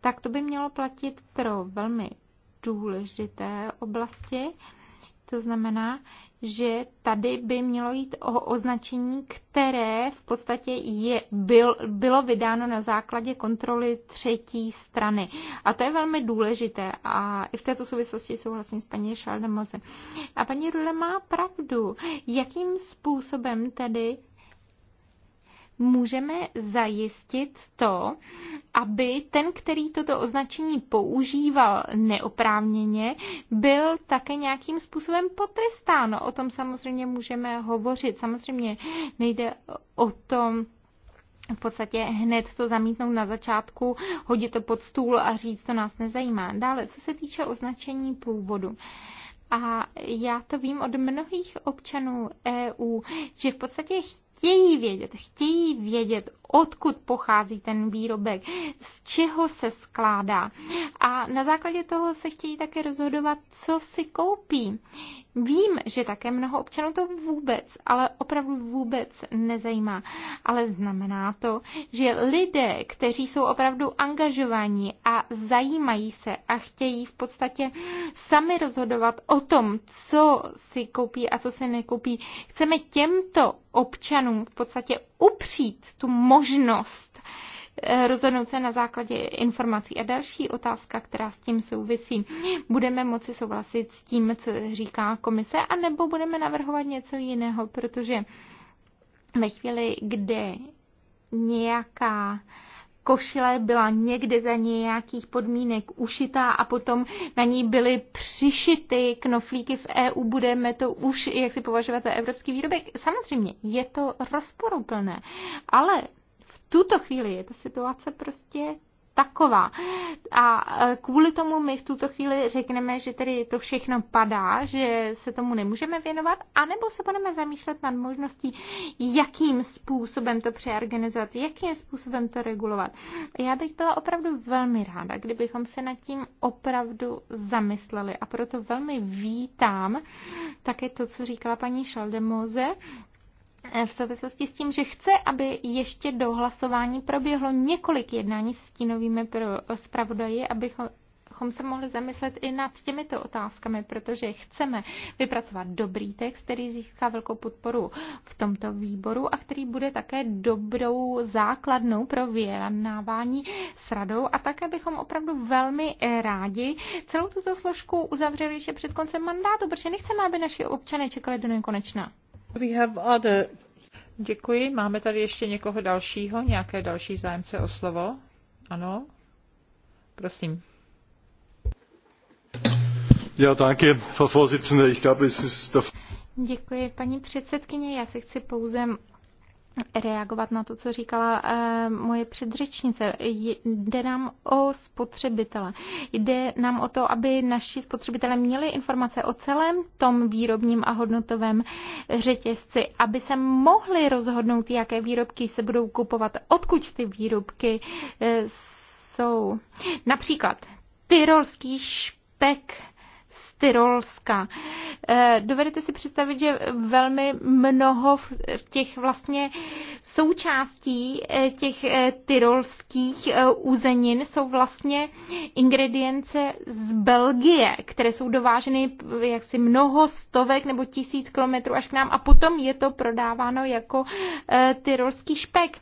tak to by mělo platit pro velmi důležité oblasti to znamená, že tady by mělo jít o označení, které v podstatě je, byl, bylo vydáno na základě kontroly třetí strany. A to je velmi důležité a i v této souvislosti souhlasím s paní Šaldemoze. A paní Rule má pravdu. Jakým způsobem tedy můžeme zajistit to, aby ten, který toto označení používal neoprávněně, byl také nějakým způsobem potrestán. O tom samozřejmě můžeme hovořit. Samozřejmě nejde o tom, v podstatě hned to zamítnout na začátku, hodit to pod stůl a říct, to nás nezajímá. Dále, co se týče označení původu. A já to vím od mnohých občanů EU, že v podstatě chtějí vědět, chtějí vědět, odkud pochází ten výrobek, z čeho se skládá. A na základě toho se chtějí také rozhodovat, co si koupí. Vím, že také mnoho občanů to vůbec, ale opravdu vůbec nezajímá. Ale znamená to, že lidé, kteří jsou opravdu angažovaní a zajímají se a chtějí v podstatě sami rozhodovat o tom, co si koupí a co si nekoupí, chceme těmto občanům v podstatě upřít tu možnost eh, rozhodnout se na základě informací. A další otázka, která s tím souvisí. Budeme moci souhlasit s tím, co říká komise, anebo budeme navrhovat něco jiného, protože ve chvíli, kdy nějaká košile byla někde za nějakých podmínek ušitá a potom na ní byly přišity knoflíky v EU, budeme to už jak si považovat za evropský výrobek. Samozřejmě je to rozporuplné, ale v tuto chvíli je ta situace prostě taková. A e, kvůli tomu my v tuto chvíli řekneme, že tedy to všechno padá, že se tomu nemůžeme věnovat, anebo se budeme zamýšlet nad možností, jakým způsobem to přeorganizovat, jakým způsobem to regulovat. Já bych byla opravdu velmi ráda, kdybychom se nad tím opravdu zamysleli a proto velmi vítám také to, co říkala paní Šaldemoze, Eh, v souvislosti s tím, že chce, aby ještě do hlasování proběhlo několik jednání s stínovými pro zpravodaji, abychom bychom se mohli zamyslet i nad těmito otázkami, protože chceme vypracovat dobrý text, který získá velkou podporu v tomto výboru a který bude také dobrou základnou pro vyjednávání s radou a také bychom opravdu velmi eh, rádi celou tuto složku uzavřeli ještě před koncem mandátu, protože nechceme, aby naši občané čekali do nekonečna. Děkuji. Máme tady ještě někoho dalšího, nějaké další zájemce o slovo? Ano? Prosím. Ja, danke, Frau Vorsitzende. Ich glaube, es ist Děkuji, paní předsedkyně. Já se chci pouze reagovat na to, co říkala eh, moje předřečnice. Jde nám o spotřebitele. Jde nám o to, aby naši spotřebitele měli informace o celém tom výrobním a hodnotovém řetězci, aby se mohli rozhodnout, jaké výrobky se budou kupovat, odkud ty výrobky eh, jsou. Například tyrolský špek Tyrolska. Eh, dovedete si představit, že velmi mnoho těch vlastně součástí eh, těch eh, tyrolských úzenin jsou vlastně ingredience z Belgie, které jsou dováženy jaksi mnoho stovek nebo tisíc kilometrů až k nám a potom je to prodáváno jako tyrolský špek.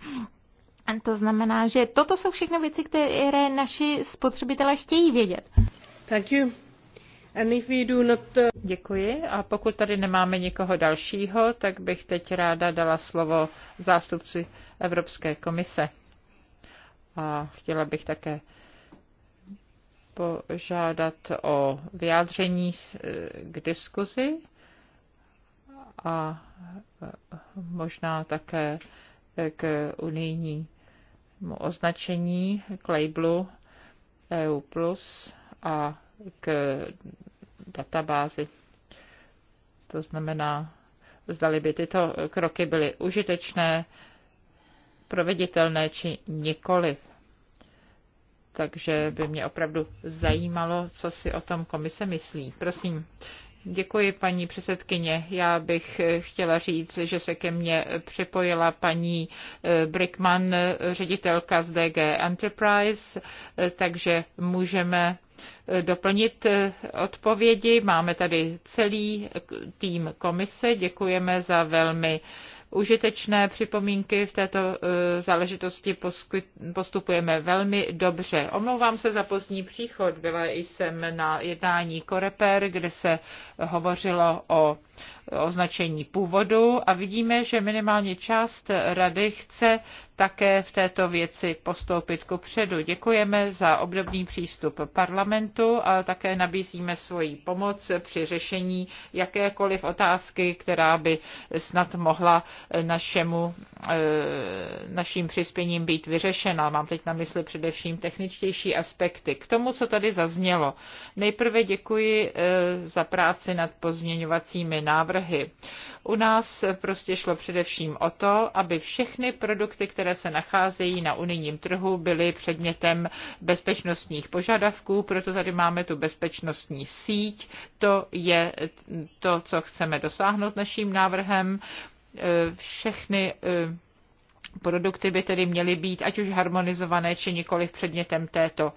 To znamená, že toto jsou všechno věci, které naši spotřebitelé chtějí vědět. Thank you. Uh, Děkuji. A pokud tady nemáme nikoho dalšího, tak bych teď ráda dala slovo zástupci Evropské komise. A chtěla bych také požádat o vyjádření eh, k diskuzi a eh, možná také eh, k unijnímu označení, k labelu EU+, a k databázi. To znamená, zdali by tyto kroky byly užitečné, proveditelné či nikoliv. Takže by mě opravdu zajímalo, co si o tom komise myslí. Prosím. Děkuji, paní předsedkyně. Já bych chtěla říct, že se ke mně připojila paní eh, Brickman, eh, ředitelka z DG Enterprise, eh, takže můžeme Eh, doplnit eh, odpovědi. Máme tady celý eh, tým komise. Děkujeme za velmi užitečné připomínky v této záležitosti postupujeme velmi dobře. Omlouvám se za pozdní příchod. Byla jsem na jednání Koreper, kde se hovořilo o označení původu a vidíme, že minimálně část rady chce také v této věci postoupit ku předu. Děkujeme za obdobný přístup parlamentu a také nabízíme svoji pomoc při řešení jakékoliv otázky, která by snad mohla našemu, eh, naším přispěním být vyřešena. Mám teď na mysli především techničtější aspekty. K tomu, co tady zaznělo. Nejprve děkuji eh, za práci nad pozměňovacími návrhy. U nás prostě šlo především o to, aby všechny produkty, které se nacházejí na unijním trhu, byly předmětem bezpečnostních požadavků, proto tady máme tu bezpečnostní síť. To je to, co chceme dosáhnout naším návrhem. Všechny eh, produkty by tedy měly být, ať už harmonizované, či nikoliv předmětem této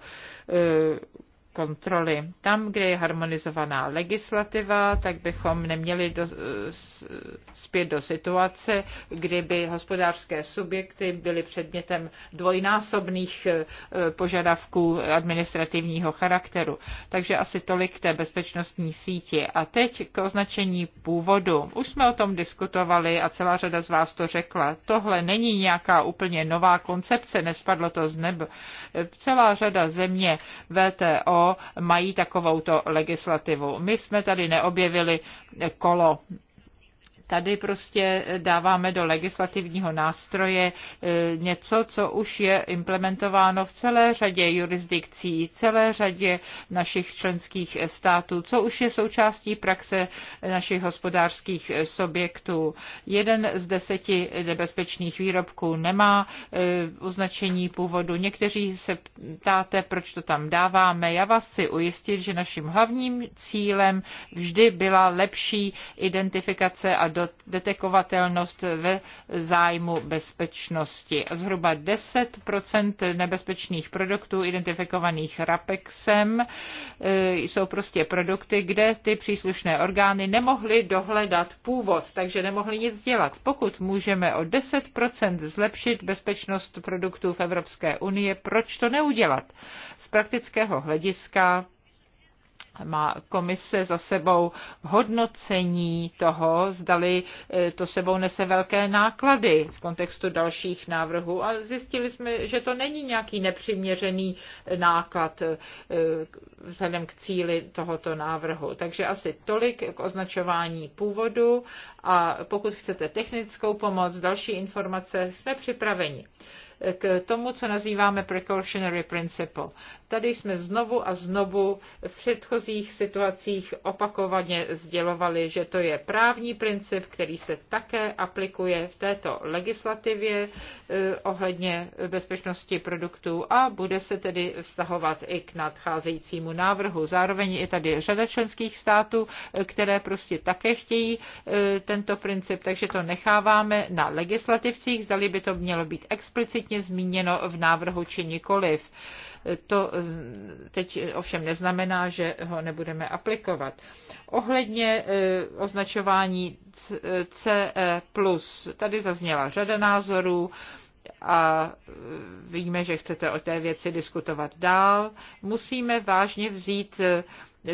eh, kontroly. Tam, kde je harmonizovaná legislativa, tak bychom neměli do, zpět do situace, kdyby hospodářské subjekty byly předmětem dvojnásobných eh, požadavků administrativního charakteru. Takže asi tolik té bezpečnostní síti. A teď k označení původu. Už jsme o tom diskutovali a celá řada z vás to řekla. Tohle není nějaká úplně nová koncepce, nespadlo to z nebe. Celá řada země VTO mají takovouto legislativu. My jsme tady neobjevili kolo Tady prostě dáváme do legislativního nástroje e, něco, co už je implementováno v celé řadě jurisdikcí, celé řadě našich členských států, co už je součástí praxe našich hospodářských subjektů. Jeden z deseti nebezpečných výrobků nemá e, označení původu. Někteří se ptáte, proč to tam dáváme. Já vás chci ujistit, že naším hlavním cílem vždy byla lepší identifikace a do detekovatelnost ve zájmu bezpečnosti. Zhruba 10 nebezpečných produktů identifikovaných RAPEXem eh, jsou prostě produkty, kde ty příslušné orgány nemohly dohledat původ, takže nemohly nic dělat. Pokud můžeme o 10 zlepšit bezpečnost produktů v Evropské unii, proč to neudělat? Z praktického hlediska má komise za sebou hodnocení toho, zdali e, to sebou nese velké náklady v kontextu dalších návrhů. A zjistili jsme, že to není nějaký nepřiměřený náklad e, vzhledem k cíli tohoto návrhu. Takže asi tolik k označování původu a pokud chcete technickou pomoc, další informace, jsme připraveni k tomu, co nazýváme precautionary principle. Tady jsme znovu a znovu v předchozích situacích opakovaně sdělovali, že to je právní princip, který se také aplikuje v této legislativě eh, ohledně bezpečnosti produktů a bude se tedy vztahovat i k nadcházejícímu návrhu. Zároveň je tady řada členských států, eh, které prostě také chtějí eh, tento princip, takže to necháváme na legislativcích, zdali by to mělo být explicitní explicitně zmíněno v návrhu či nikoliv. To teď ovšem neznamená, že ho nebudeme aplikovat. Ohledně e, označování CE+, tady zazněla řada názorů a e, víme, že chcete o té věci diskutovat dál. Musíme vážně vzít e,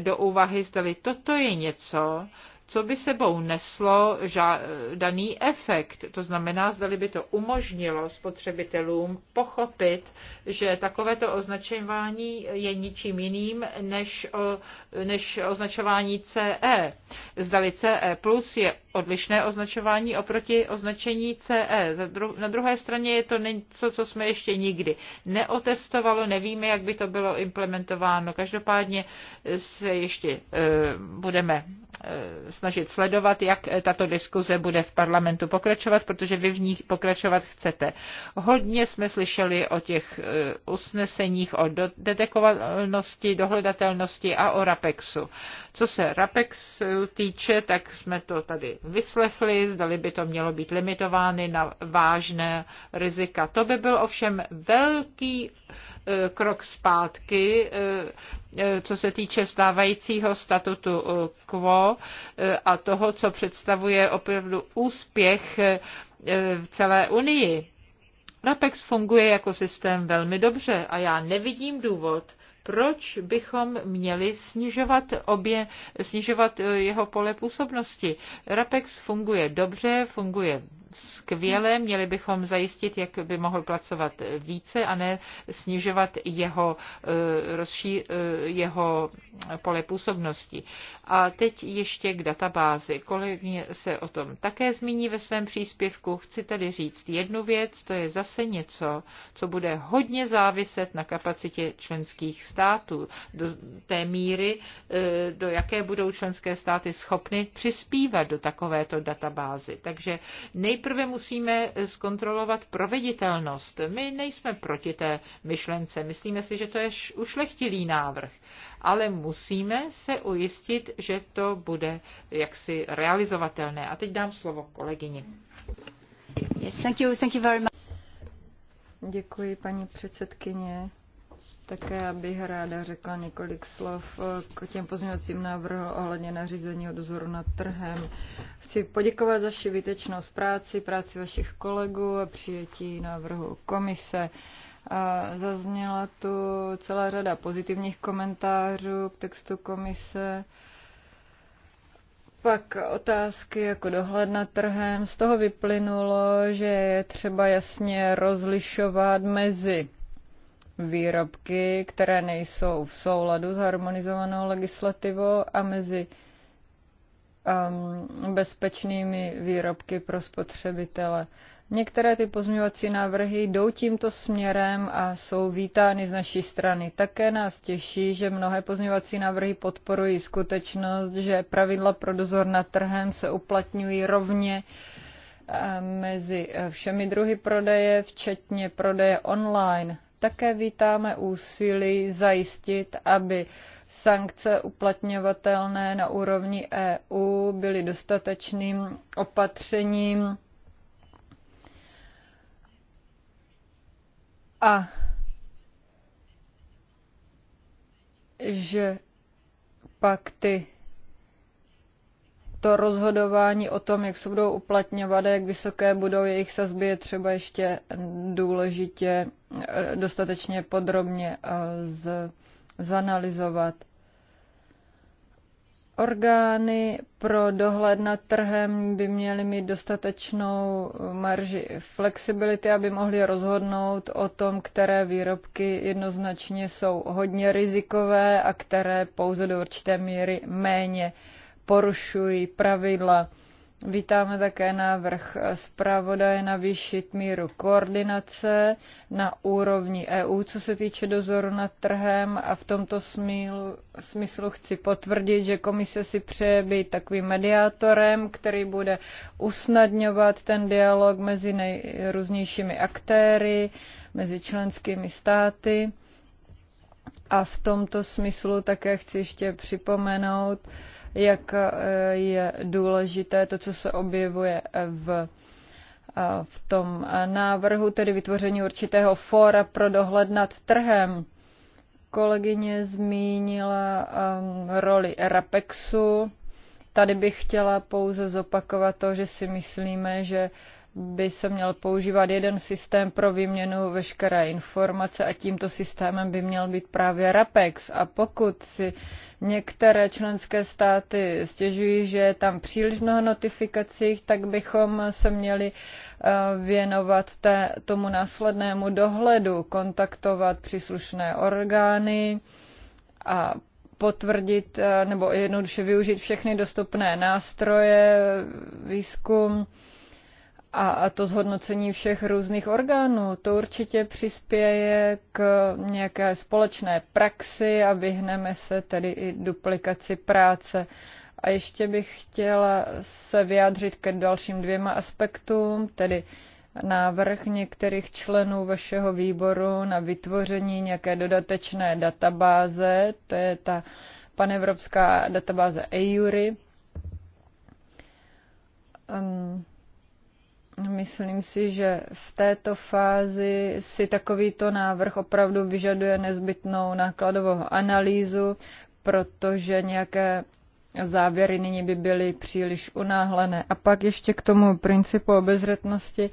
do úvahy, zda toto je něco, co by sebou neslo daný efekt. To znamená, zda by to umožnilo spotřebitelům pochopit, že takovéto označování je ničím jiným než, o, než označování CE. Zdali CE plus je odlišné označování oproti označení CE. Na druhé straně je to něco, co jsme ještě nikdy neotestovalo, nevíme, jak by to bylo implementováno. Každopádně se ještě eh, budeme eh, snažit sledovat, jak eh, tato diskuze bude v parlamentu pokračovat, protože vy v ní pokračovat chcete. Hodně jsme slyšeli o těch eh, usneseních, o detekovanosti, dohledatelnosti a o RAPEXu. Co se RAPEX týče, tak jsme to tady vyslechli, zdali by to mělo být limitovány na vážné rizika. To by byl ovšem velký Eh, krok zpátky, eh, eh, co se týče stávajícího statutu quo a toho, co představuje opravdu úspěch v celé Unii. RAPEX funguje jako systém velmi dobře a já nevidím důvod, proč bychom měli snižovat, obě, snižovat jeho pole působnosti. RAPEX funguje dobře, funguje skvěle, měli bychom zajistit, jak by mohl pracovat více a ne snižovat jeho, eh, rozší, eh, jeho pole působnosti. A teď ještě k databázi. Kolegyně se o tom také zmíní ve svém příspěvku. Chci tedy říct jednu věc, to je zase něco, co bude hodně záviset na kapacitě členských států, do té míry, eh, do jaké budou členské státy schopny přispívat do takovéto databázy. Takže nej nejprve musíme zkontrolovat proveditelnost. My nejsme proti té myšlence, myslíme si, že to je ušlechtilý návrh, ale musíme se ujistit, že to bude jaksi realizovatelné. A teď dám slovo kolegyni. Yes, thank you, thank you very much. Děkuji, paní předsedkyně. Také bych ráda řekla několik slov k těm pozměňovacím návrhům ohledně nařízení o dozoru nad trhem. Chci poděkovat za vaši výtečnost práci, práci vašich kolegů a přijetí návrhu komise. Zazněla tu celá řada pozitivních komentářů k textu komise pak otázky jako dohled nad trhem. Z toho vyplynulo, že je třeba jasně rozlišovat mezi výrobky, které nejsou v souladu s harmonizovanou legislativou a mezi um, bezpečnými výrobky pro spotřebitele. Některé ty pozměňovací návrhy jdou tímto směrem a jsou vítány z naší strany. Také nás těší, že mnohé pozměňovací návrhy podporují skutečnost, že pravidla pro dozor nad trhem se uplatňují rovně eh, mezi eh, všemi druhy prodeje, včetně prodeje online. Také vítáme úsilí zajistit, aby sankce uplatňovatelné na úrovni EU byly dostatečným opatřením a že pak ty to rozhodování o tom, jak se budou uplatňovat a jak vysoké budou jejich sazby, je třeba ještě důležitě eh, dostatečně podrobně eh, z, zanalizovat. Orgány pro dohled nad trhem by měly mít dostatečnou eh, marži flexibility, aby mohly rozhodnout o tom, které výrobky jednoznačně jsou hodně rizikové a které pouze do určité míry méně porušují pravidla. Vítáme také návrh zpravodaje navýšit míru koordinace na úrovni EU, co se týče dozoru nad trhem a v tomto smílu, smyslu chci potvrdit, že komise si přeje být takovým mediátorem, který bude usnadňovat ten dialog mezi nejrůznějšími aktéry, mezi členskými státy. A v tomto smyslu také chci ještě připomenout, jak eh, je důležité to, co se objevuje eh, v eh, v tom návrhu, tedy vytvoření určitého fora pro dohled nad trhem. Kolegyně zmínila um, roli RAPEXu. Tady bych chtěla pouze zopakovat to, že si myslíme, že uh, by se měl používat jeden systém pro výměnu veškeré informace a tímto systémem by měl být právě RAPEX. A pokud si některé členské státy stěžují, že je tam příliš mnoho notifikací, tak bychom se měli eh, věnovat té, tomu následnému dohledu, kontaktovat příslušné orgány a potvrdit eh, nebo jednoduše využít všechny dostupné nástroje, výzkum, a to zhodnocení všech různých orgánů. To určitě přispěje k nějaké společné praxi a vyhneme se tedy i duplikaci práce. A ještě bych chtěla se vyjádřit ke dalším dvěma aspektům, tedy návrh některých členů vašeho výboru na vytvoření nějaké dodatečné databáze, to je ta panevropská databáze EURI. Um, ehm, Myslím si, že v této fázi si takovýto návrh opravdu vyžaduje nezbytnou nákladovou analýzu, protože nějaké závěry nyní by byly příliš unáhlené. A pak ještě k tomu principu obezřetnosti.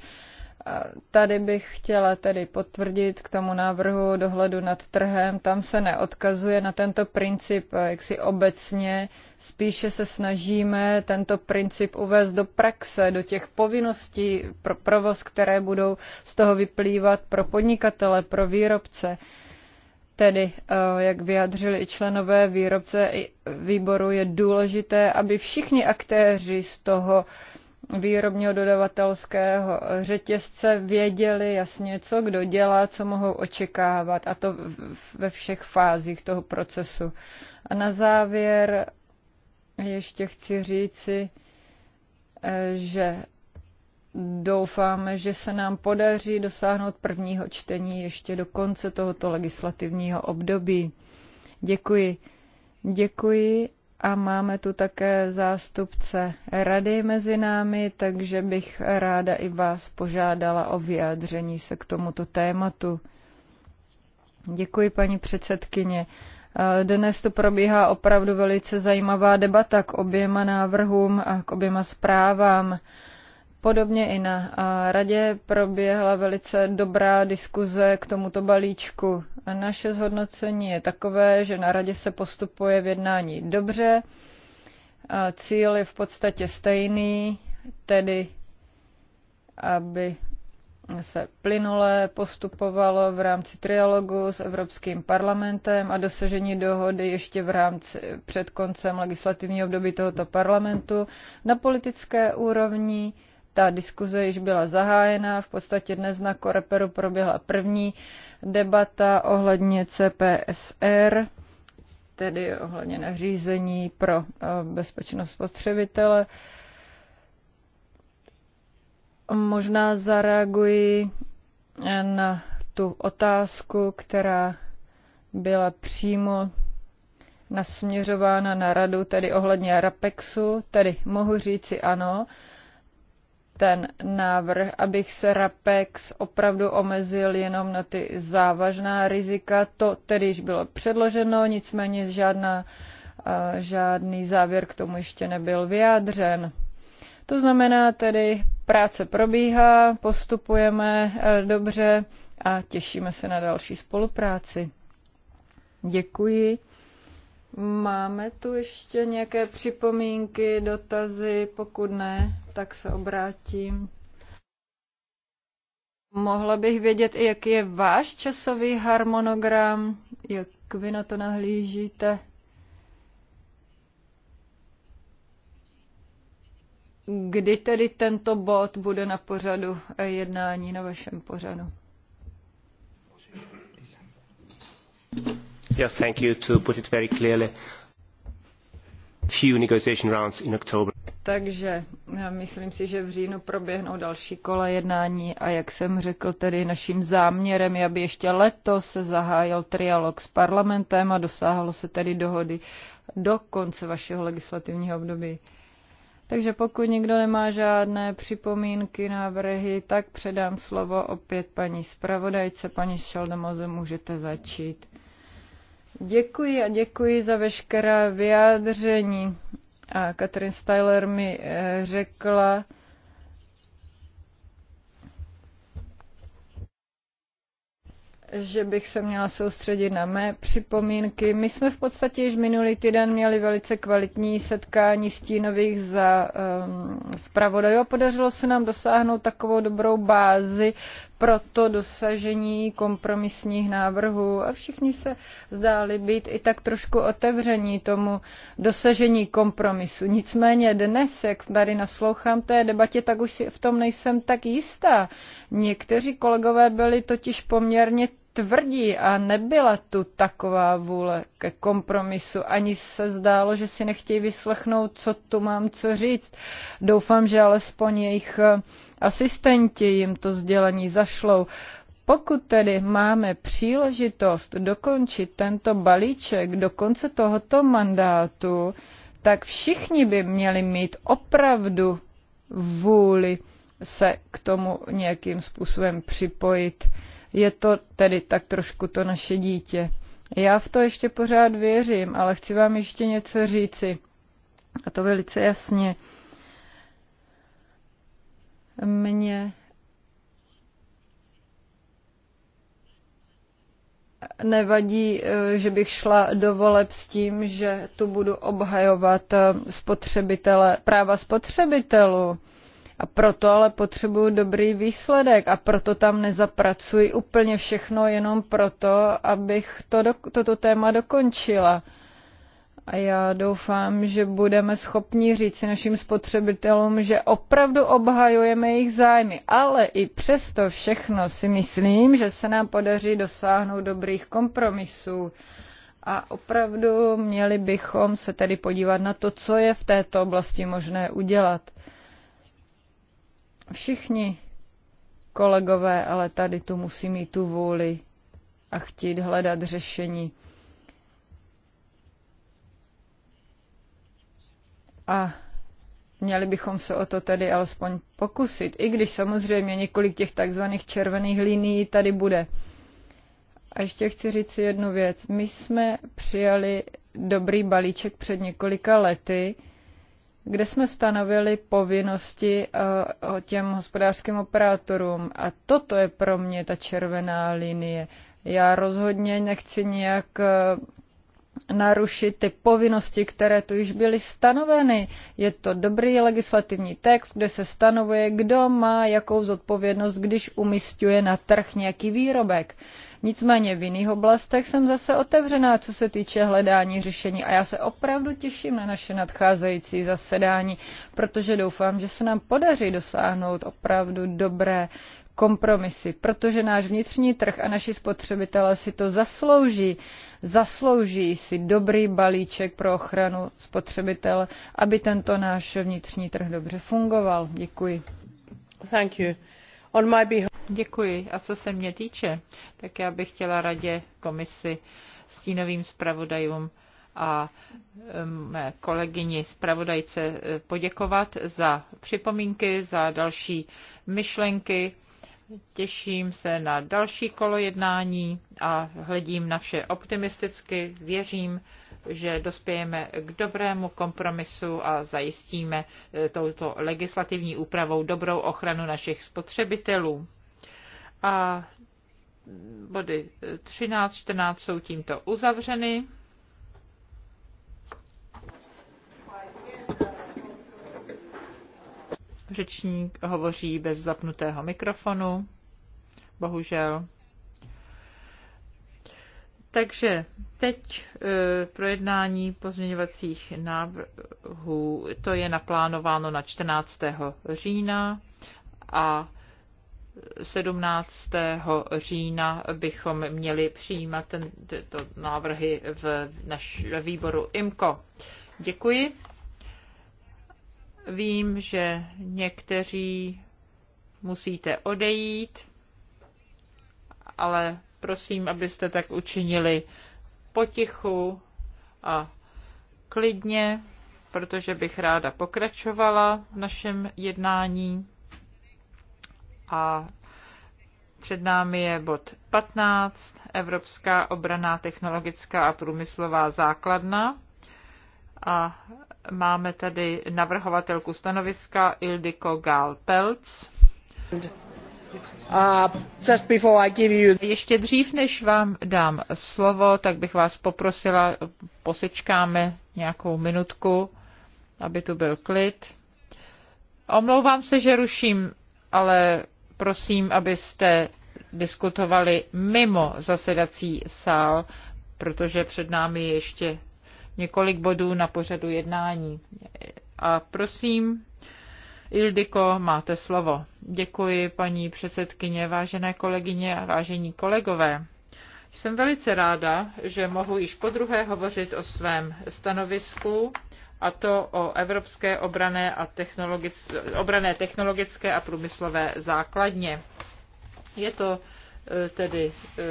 Tady bych chtěla tedy potvrdit k tomu návrhu dohledu nad trhem. Tam se neodkazuje na tento princip jaksi obecně. Spíše se snažíme tento princip uvést do praxe, do těch povinností pro provoz, které budou z toho vyplývat pro podnikatele, pro výrobce. Tedy, eh, jak vyjadřili i členové výrobce i výboru, je důležité, aby všichni aktéři z toho výrobního dodavatelského řetězce věděli jasně, co kdo dělá, co mohou očekávat a to ve všech fázích toho procesu. A na závěr ještě chci říci, eh, že doufáme, že se nám podaří dosáhnout prvního čtení ještě do konce tohoto legislativního období. Děkuji. Děkuji a máme tu také zástupce rady mezi námi, takže bych ráda i vás požádala o vyjádření se k tomuto tématu. Děkuji, paní předsedkyně. Dnes to probíhá opravdu velice zajímavá debata k oběma návrhům a k oběma zprávám. Podobně i na radě proběhla velice dobrá diskuze k tomuto balíčku. Naše zhodnocení je takové, že na radě se postupuje v jednání dobře, cíl je v podstatě stejný, tedy aby se plynule postupovalo v rámci trialogu s Evropským parlamentem a dosažení dohody ještě v rámci před koncem legislativního období tohoto parlamentu na politické úrovni ta diskuze již byla zahájena, v podstatě dnes na Koreperu proběhla první debata ohledně CPSR, tedy ohledně nařízení pro eh, bezpečnost spotřebitele. Možná zareaguji eh, na tu otázku, která byla přímo nasměřována na radu, tedy ohledně RAPEXu, tedy mohu říci ano, ten návrh, abych se RAPEX opravdu omezil jenom na ty závažná rizika. To tedy již bylo předloženo, nicméně žádná, žádný závěr k tomu ještě nebyl vyjádřen. To znamená tedy, práce probíhá, postupujeme e, dobře a těšíme se na další spolupráci. Děkuji. Máme tu ještě nějaké připomínky, dotazy? Pokud ne, tak se obrátím. Mohla bych vědět i, jaký je váš časový harmonogram, jak vy na to nahlížíte. Kdy tedy tento bod bude na pořadu jednání, na vašem pořadu? Thank you to Takže myslím si, že v říjnu proběhnou další kola jednání a jak jsem řekl, tedy naším záměrem je, aby ještě letos se zahájil trialog s parlamentem a dosáhlo se tedy dohody do konce vašeho legislativního období. Takže pokud nikdo nemá žádné připomínky, návrhy, tak předám slovo opět paní zpravodajce, paní Šaldemoze, můžete začít. Děkuji a děkuji za veškerá vyjádření. A Katrin Styler mi eh, řekla, že bych se měla soustředit na mé připomínky. My jsme v podstatě již minulý týden měli velice kvalitní setkání stínových za um, zpravodajů a podařilo se nám dosáhnout takovou dobrou bázi proto dosažení kompromisních návrhů a všichni se zdáli být i tak trošku otevření tomu dosažení kompromisu. Nicméně dnes, jak tady naslouchám té debatě, tak už si v tom nejsem tak jistá. Někteří kolegové byli totiž poměrně tvrdí a nebyla tu taková vůle ke kompromisu. Ani se zdálo, že si nechtějí vyslechnout, co tu mám co říct. Doufám, že alespoň jejich eh, asistenti jim to sdělení zašlou. Pokud tedy máme příležitost dokončit tento balíček do konce tohoto mandátu, tak všichni by měli mít opravdu vůli se k tomu nějakým způsobem připojit. Je to tedy tak trošku to naše dítě. Já v to ještě pořád věřím, ale chci vám ještě něco říci. A to velice jasně. Mně nevadí, eh, že bych šla do voleb s tím, že tu budu obhajovat eh, spotřebitele, práva spotřebitelů. A proto ale potřebuju dobrý výsledek a proto tam nezapracuji úplně všechno jenom proto, abych to, toto téma dokončila. A já doufám, že budeme schopni říci našim spotřebitelům, že opravdu obhajujeme jejich zájmy. Ale i přesto všechno si myslím, že se nám podaří dosáhnout dobrých kompromisů. A opravdu měli bychom se tedy podívat na to, co je v této oblasti možné udělat. Všichni kolegové, ale tady tu musí mít tu vůli a chtít hledat řešení. A měli bychom se o to tedy alespoň pokusit, i když samozřejmě několik těch takzvaných červených linií tady bude. A ještě chci říct si jednu věc. My jsme přijali dobrý balíček před několika lety, kde jsme stanovili povinnosti eh, o těm hospodářským operátorům. A toto je pro mě ta červená linie. Já rozhodně nechci nějak eh, narušit ty povinnosti, které tu již byly stanoveny. Je to dobrý legislativní text, kde se stanovuje, kdo má jakou zodpovědnost, když umistuje na trh nějaký výrobek. Nicméně v jiných oblastech jsem zase otevřená, co se týče hledání řešení a já se opravdu těším na naše nadcházející zasedání, protože doufám, že se nám podaří dosáhnout opravdu dobré kompromisy, protože náš vnitřní trh a naši spotřebitelé si to zaslouží. Zaslouží si dobrý balíček pro ochranu spotřebitel, aby tento náš vnitřní trh dobře fungoval. Děkuji. Thank you. On my behalf... Děkuji. A co se mě týče, tak já bych chtěla radě komisi stínovým zpravodajům a mé kolegyni zpravodajce eh, poděkovat za připomínky, za další myšlenky. Těším se na další kolo jednání a hledím na vše optimisticky. Věřím, že dospějeme k dobrému kompromisu a zajistíme eh, touto legislativní úpravou dobrou ochranu našich spotřebitelů a body 13, 14 jsou tímto uzavřeny. Řečník hovoří bez zapnutého mikrofonu, bohužel. Takže teď e, projednání pozměňovacích návrhů, to je naplánováno na 14. října a 17. října bychom měli přijímat ten, tyto návrhy v naš, ve výboru IMCO. Děkuji. Vím, že někteří musíte odejít, ale prosím, abyste tak učinili potichu a klidně, protože bych ráda pokračovala v našem jednání a před námi je bod 15, Evropská obraná technologická a průmyslová základna. A máme tady navrhovatelku stanoviska Ildiko Gál-Pelc. Uh, you... Ještě dřív, než vám dám slovo, tak bych vás poprosila, posečkáme nějakou minutku, aby tu byl klid. Omlouvám se, že ruším, ale prosím, abyste diskutovali mimo zasedací sál, protože před námi je ještě několik bodů na pořadu jednání. A prosím, Ildiko, máte slovo. Děkuji, paní předsedkyně, vážené kolegyně a vážení kolegové. Jsem velice ráda, že mohu již po druhé hovořit o svém stanovisku a to o evropské obrané, a technologické, obrané technologické a průmyslové základně. Je to e, tedy e,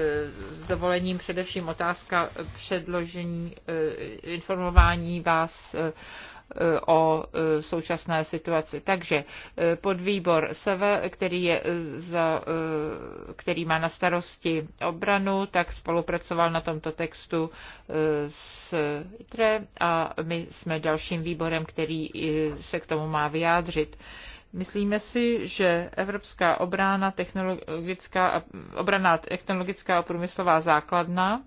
s dovolením především otázka předložení e, informování vás Eh, o eh, současné situaci. Takže eh, podvýbor SEVE, který, je za, který má na starosti obranu, tak spolupracoval na tomto textu s ITRE a my jsme dalším výborem, který se k tomu má vyjádřit. Myslíme si, že evropská obrana technologická, obrana technologická a průmyslová základna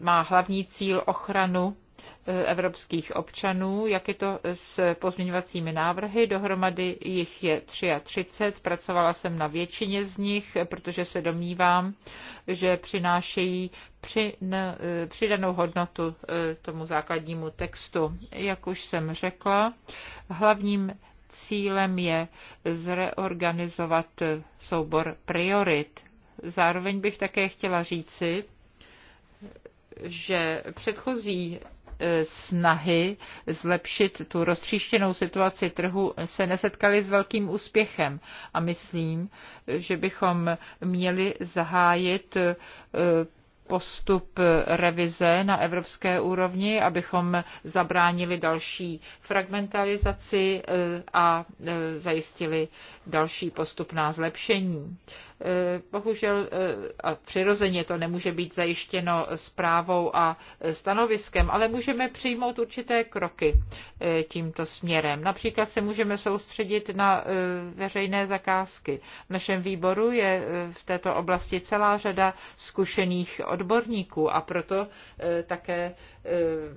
má hlavní cíl ochranu Eh, evropských občanů. Jak je to s pozměňovacími návrhy? Dohromady jich je 33. Pracovala jsem na většině z nich, protože se domnívám, že přinášejí při, ne, eh, přidanou hodnotu eh, tomu základnímu textu. Jak už jsem řekla, hlavním cílem je zreorganizovat soubor priorit. Zároveň bych také chtěla říci, že předchozí E, snahy zlepšit tu roztříštěnou situaci trhu se nesetkaly s velkým úspěchem. A myslím, že bychom měli zahájit e, postup revize na evropské úrovni, abychom zabránili další fragmentalizaci e, a zajistili další postupná zlepšení. Bohužel eh, a přirozeně to nemůže být zajištěno zprávou a stanoviskem, ale můžeme přijmout určité kroky eh, tímto směrem. Například se můžeme soustředit na eh, veřejné zakázky. V našem výboru je v této oblasti celá řada zkušených odborníků a proto také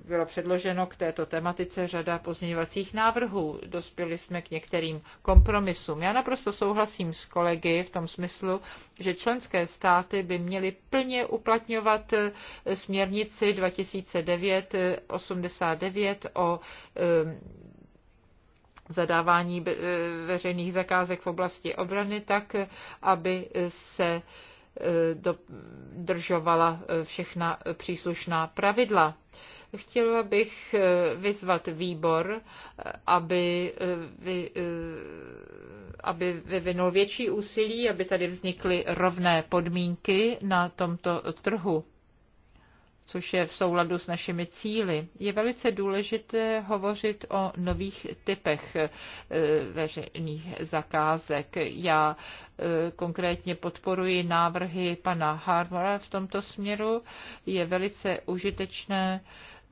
bylo předloženo k této tematice řada pozměňovacích návrhů. Dospěli jsme k některým kompromisům. Já naprosto souhlasím s kolegy v tom smyslu, názoru, že členské státy by měly plně uplatňovat eh, směrnici 2009-89 eh, o ehm, zadávání eh, veřejných zakázek v oblasti obrany tak, aby se dodržovala všechna příslušná pravidla. Chtěla bych eh, vyzvat výbor, eh, aby, eh, vy, aby vyvinul větší úsilí, aby tady vznikly rovné podmínky na tomto trhu což je v souladu s našimi cíly. Je velice důležité hovořit o nových typech veřejných zakázek. Já konkrétně podporuji návrhy pana Harvora v tomto směru. Je velice užitečné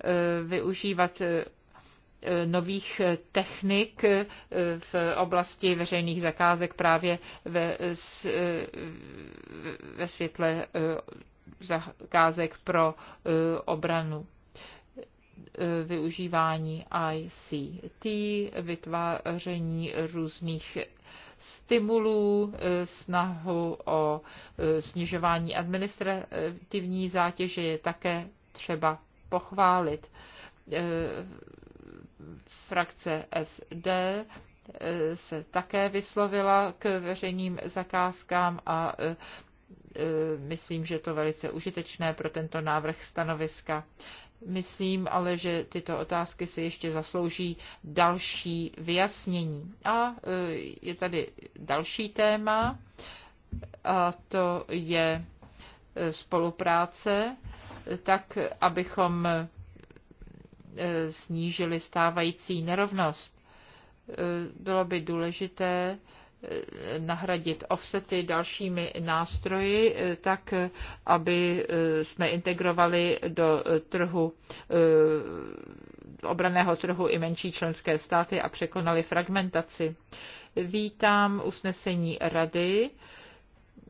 Eh, využívat eh, eh, nových technik v oblasti veřejných zakázek právě ve, ve světle zakázek pro obranu využívání ICT, vytváření různých stimulů, snahu o snižování administrativní zátěže je také třeba pochválit. Eh, frakce SD eh, se také vyslovila k veřejným zakázkám a eh, myslím, že to velice užitečné pro tento návrh stanoviska. Myslím ale, že tyto otázky si ještě zaslouží další vyjasnění. A je tady další téma, a to je spolupráce tak abychom e, snížili stávající nerovnost. E, bylo by důležité e, nahradit offsety dalšími nástroji, tak aby jsme integrovali do trhu obraného trhu i menší členské státy a překonali fragmentaci. Vítám usnesení Rady,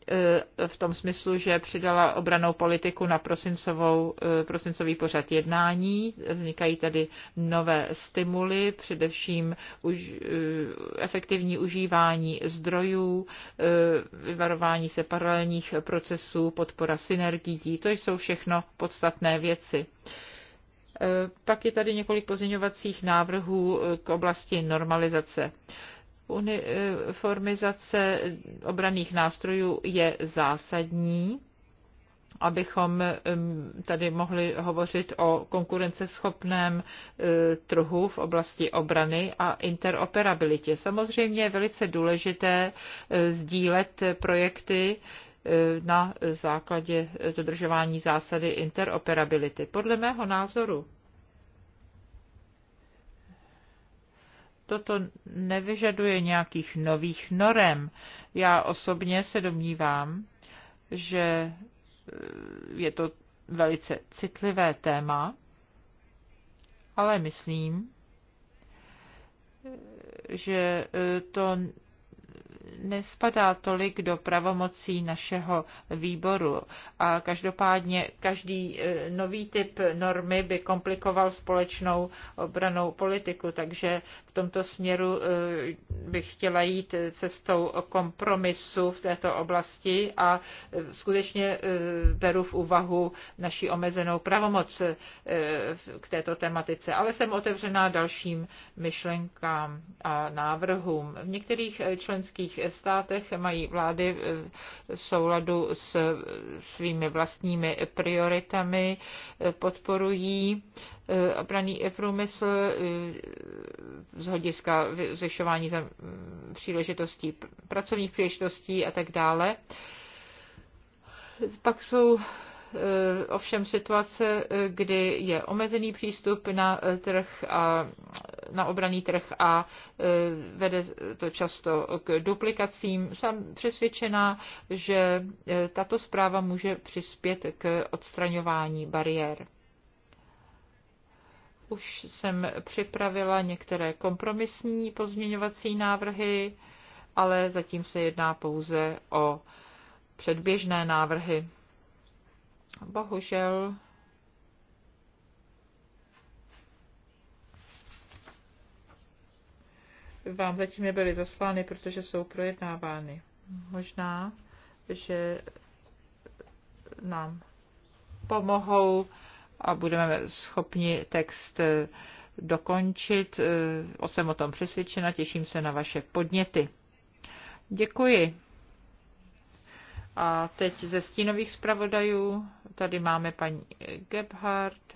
E, v tom smyslu, že přidala obranou politiku na prosincovou, e, prosincový pořad jednání. Vznikají tady nové stimuly, především už, e, efektivní užívání zdrojů, vyvarování se paralelních procesů, podpora synergií. To jsou všechno podstatné věci. Pak je tady několik pozměňovacích návrhů k oblasti normalizace uniformizace obraných nástrojů je zásadní, abychom um, tady mohli hovořit o konkurenceschopném uh, trhu v oblasti obrany a interoperabilitě. Samozřejmě je velice důležité uh, sdílet projekty, uh, na základě dodržování zásady interoperability. Podle mého názoru toto nevyžaduje nějakých nových norem. Já osobně se domnívám, že eh, je to velice citlivé téma, ale myslím, eh, že eh, to nespadá tolik do pravomocí našeho výboru. A každopádně každý nový typ normy by komplikoval společnou obranou politiku, takže v tomto směru eh, bych chtěla jít cestou kompromisu v této oblasti a eh, skutečně eh, beru v úvahu naši omezenou pravomoc k této tematice. Ale jsem otevřená dalším myšlenkám a návrhům. V některých členských státech mají vlády v souladu s svými vlastními prioritami, podporují obraný eh, průmysl eh, z hlediska zvyšování příležitostí, pracovních příležitostí a tak dále. Pak jsou eh, ovšem situace, kdy je omezený přístup na trh a na obraný trh a vede to často k duplikacím. Jsem přesvědčená, že tato zpráva může přispět k odstraňování bariér. Už jsem připravila některé kompromisní pozměňovací návrhy, ale zatím se jedná pouze o předběžné návrhy. Bohužel vám zatím nebyly zaslány, protože jsou projednávány. Možná, že nám pomohou a budeme schopni text eh, dokončit. O eh, jsem o tom přesvědčena, těším se na vaše podněty. Děkuji. A teď ze stínových zpravodajů tady máme paní Gebhardt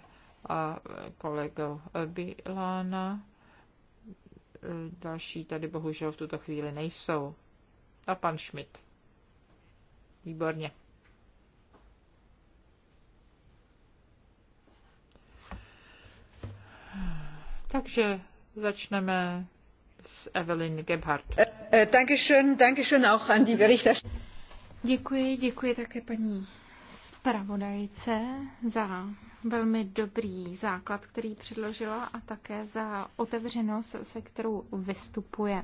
a kolego Bilána. Další tady bohužel v tuto chvíli nejsou. A pan Schmidt. Výborně. Takže začneme s Evelyn Gebhardt. Eh, eh, děkuji, děkuji také paní zpravodajce za velmi dobrý základ, který předložila a také za otevřenost, se kterou vystupuje.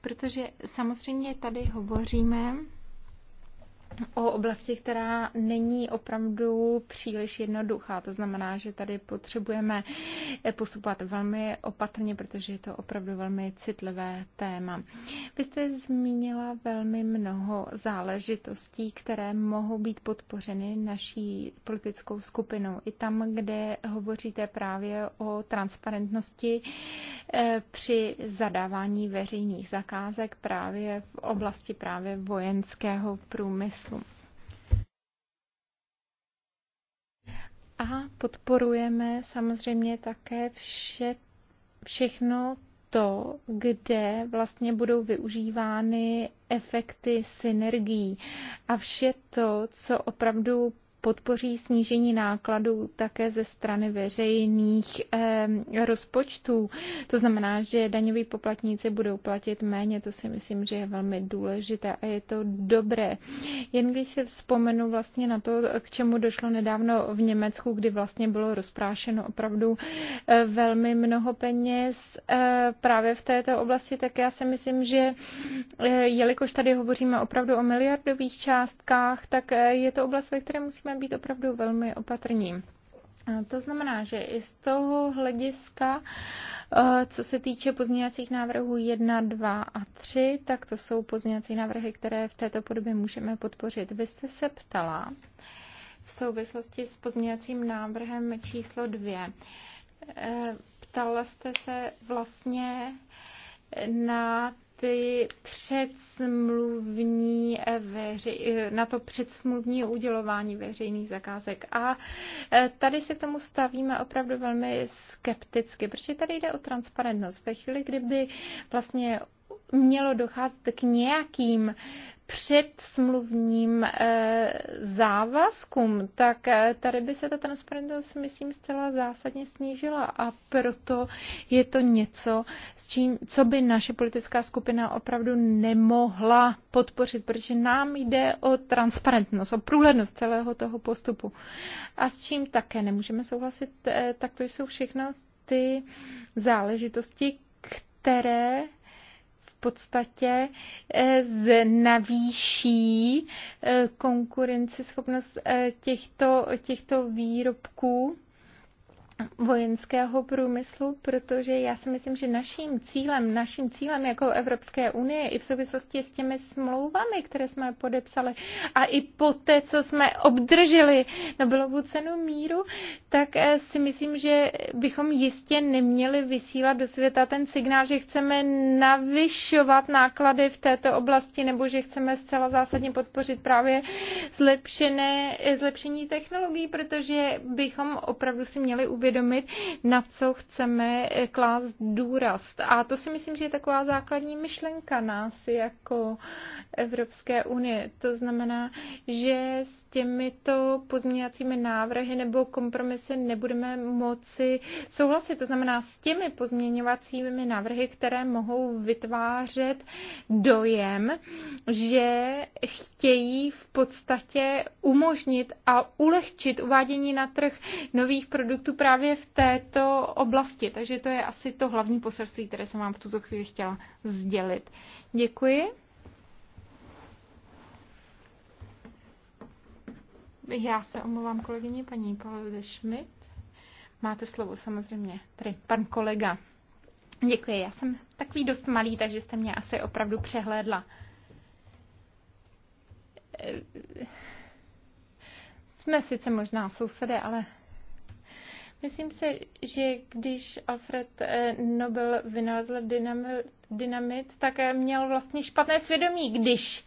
Protože samozřejmě tady hovoříme o oblasti, která není opravdu příliš jednoduchá. To znamená, že tady potřebujeme postupovat velmi opatrně, protože je to opravdu velmi citlivé téma. Vy jste zmínila velmi mnoho záležitostí, které mohou být podpořeny naší politickou skupinou. I tam, kde hovoříte právě o transparentnosti eh, při zadávání veřejných zakázek právě v oblasti právě vojenského průmyslu smyslům. A podporujeme samozřejmě také vše, všechno to, kde vlastně budou využívány efekty synergií a vše to, co opravdu podpoří snížení nákladů také ze strany veřejných rozpočtů. To znamená, že daňoví poplatníci budou platit méně, to si myslím, že je velmi důležité a je to dobré. Jen když se vzpomenu vlastně na to, k čemu došlo nedávno v Německu, kdy vlastně bylo rozprášeno opravdu eh, velmi mnoho peněz eh, právě v této oblasti, tak já si myslím, že eh, jelikož tady hovoříme opravdu o miliardových částkách, tak je to oblast, ve které musíme být opravdu velmi opatrní. To znamená, že i z toho hlediska, e, co se týče pozměňovacích návrhů 1, 2 a 3, tak to jsou pozměňovací návrhy, které v této podobě můžeme podpořit. Vy jste se ptala v souvislosti s pozměňovacím návrhem číslo 2. E, ptala jste se vlastně na ty předsmluvní eh, veři, eh, na to předsmluvní udělování veřejných zakázek. A eh, tady se k tomu stavíme opravdu velmi skepticky, protože tady jde o transparentnost. Ve chvíli, kdyby vlastně mělo docházet k nějakým předsmluvním eh, závazkům, tak eh, tady by se ta transparentnost, myslím, zcela zásadně snížila a proto je to něco, s čím, co by naše politická skupina opravdu nemohla podpořit, protože nám jde o transparentnost, o průhlednost celého toho postupu. A s čím také nemůžeme souhlasit, eh, tak to jsou všechno ty záležitosti, které podstatě eh, navýší eh, konkurenceschopnost eh, těchto, těchto výrobků vojenského průmyslu, protože já si myslím, že naším cílem, naším cílem jako Evropské unie i v souvislosti s těmi smlouvami, které jsme podepsali a i po té, co jsme obdrželi Nobelovu cenu míru, tak eh, si myslím, že bychom jistě neměli vysílat do světa ten signál, že chceme navyšovat náklady v této oblasti nebo že chceme zcela zásadně podpořit právě zlepšené, eh, zlepšení technologií, protože bychom opravdu si měli uvědomit, uvědomit, na co chceme klást důraz. A to si myslím, že je taková základní myšlenka nás jako Evropské unie. To znamená, že těmito pozměňovacími návrhy nebo kompromisy nebudeme moci souhlasit. To znamená s těmi pozměňovacími návrhy, které mohou vytvářet dojem, že chtějí v podstatě umožnit a ulehčit uvádění na trh nových produktů právě v této oblasti. Takže to je asi to hlavní poselství, které jsem vám v tuto chvíli chtěla sdělit. Děkuji. Já se omlouvám kolegyně paní Pavle Schmidt. Máte slovo samozřejmě. Tady pan kolega. Děkuji, já jsem takový dost malý, takže jste mě asi opravdu přehlédla. Eh, jsme sice možná sousedé, ale myslím si, že když Alfred eh, Nobel vynalezl dynamit, tak eh, měl vlastně špatné svědomí, když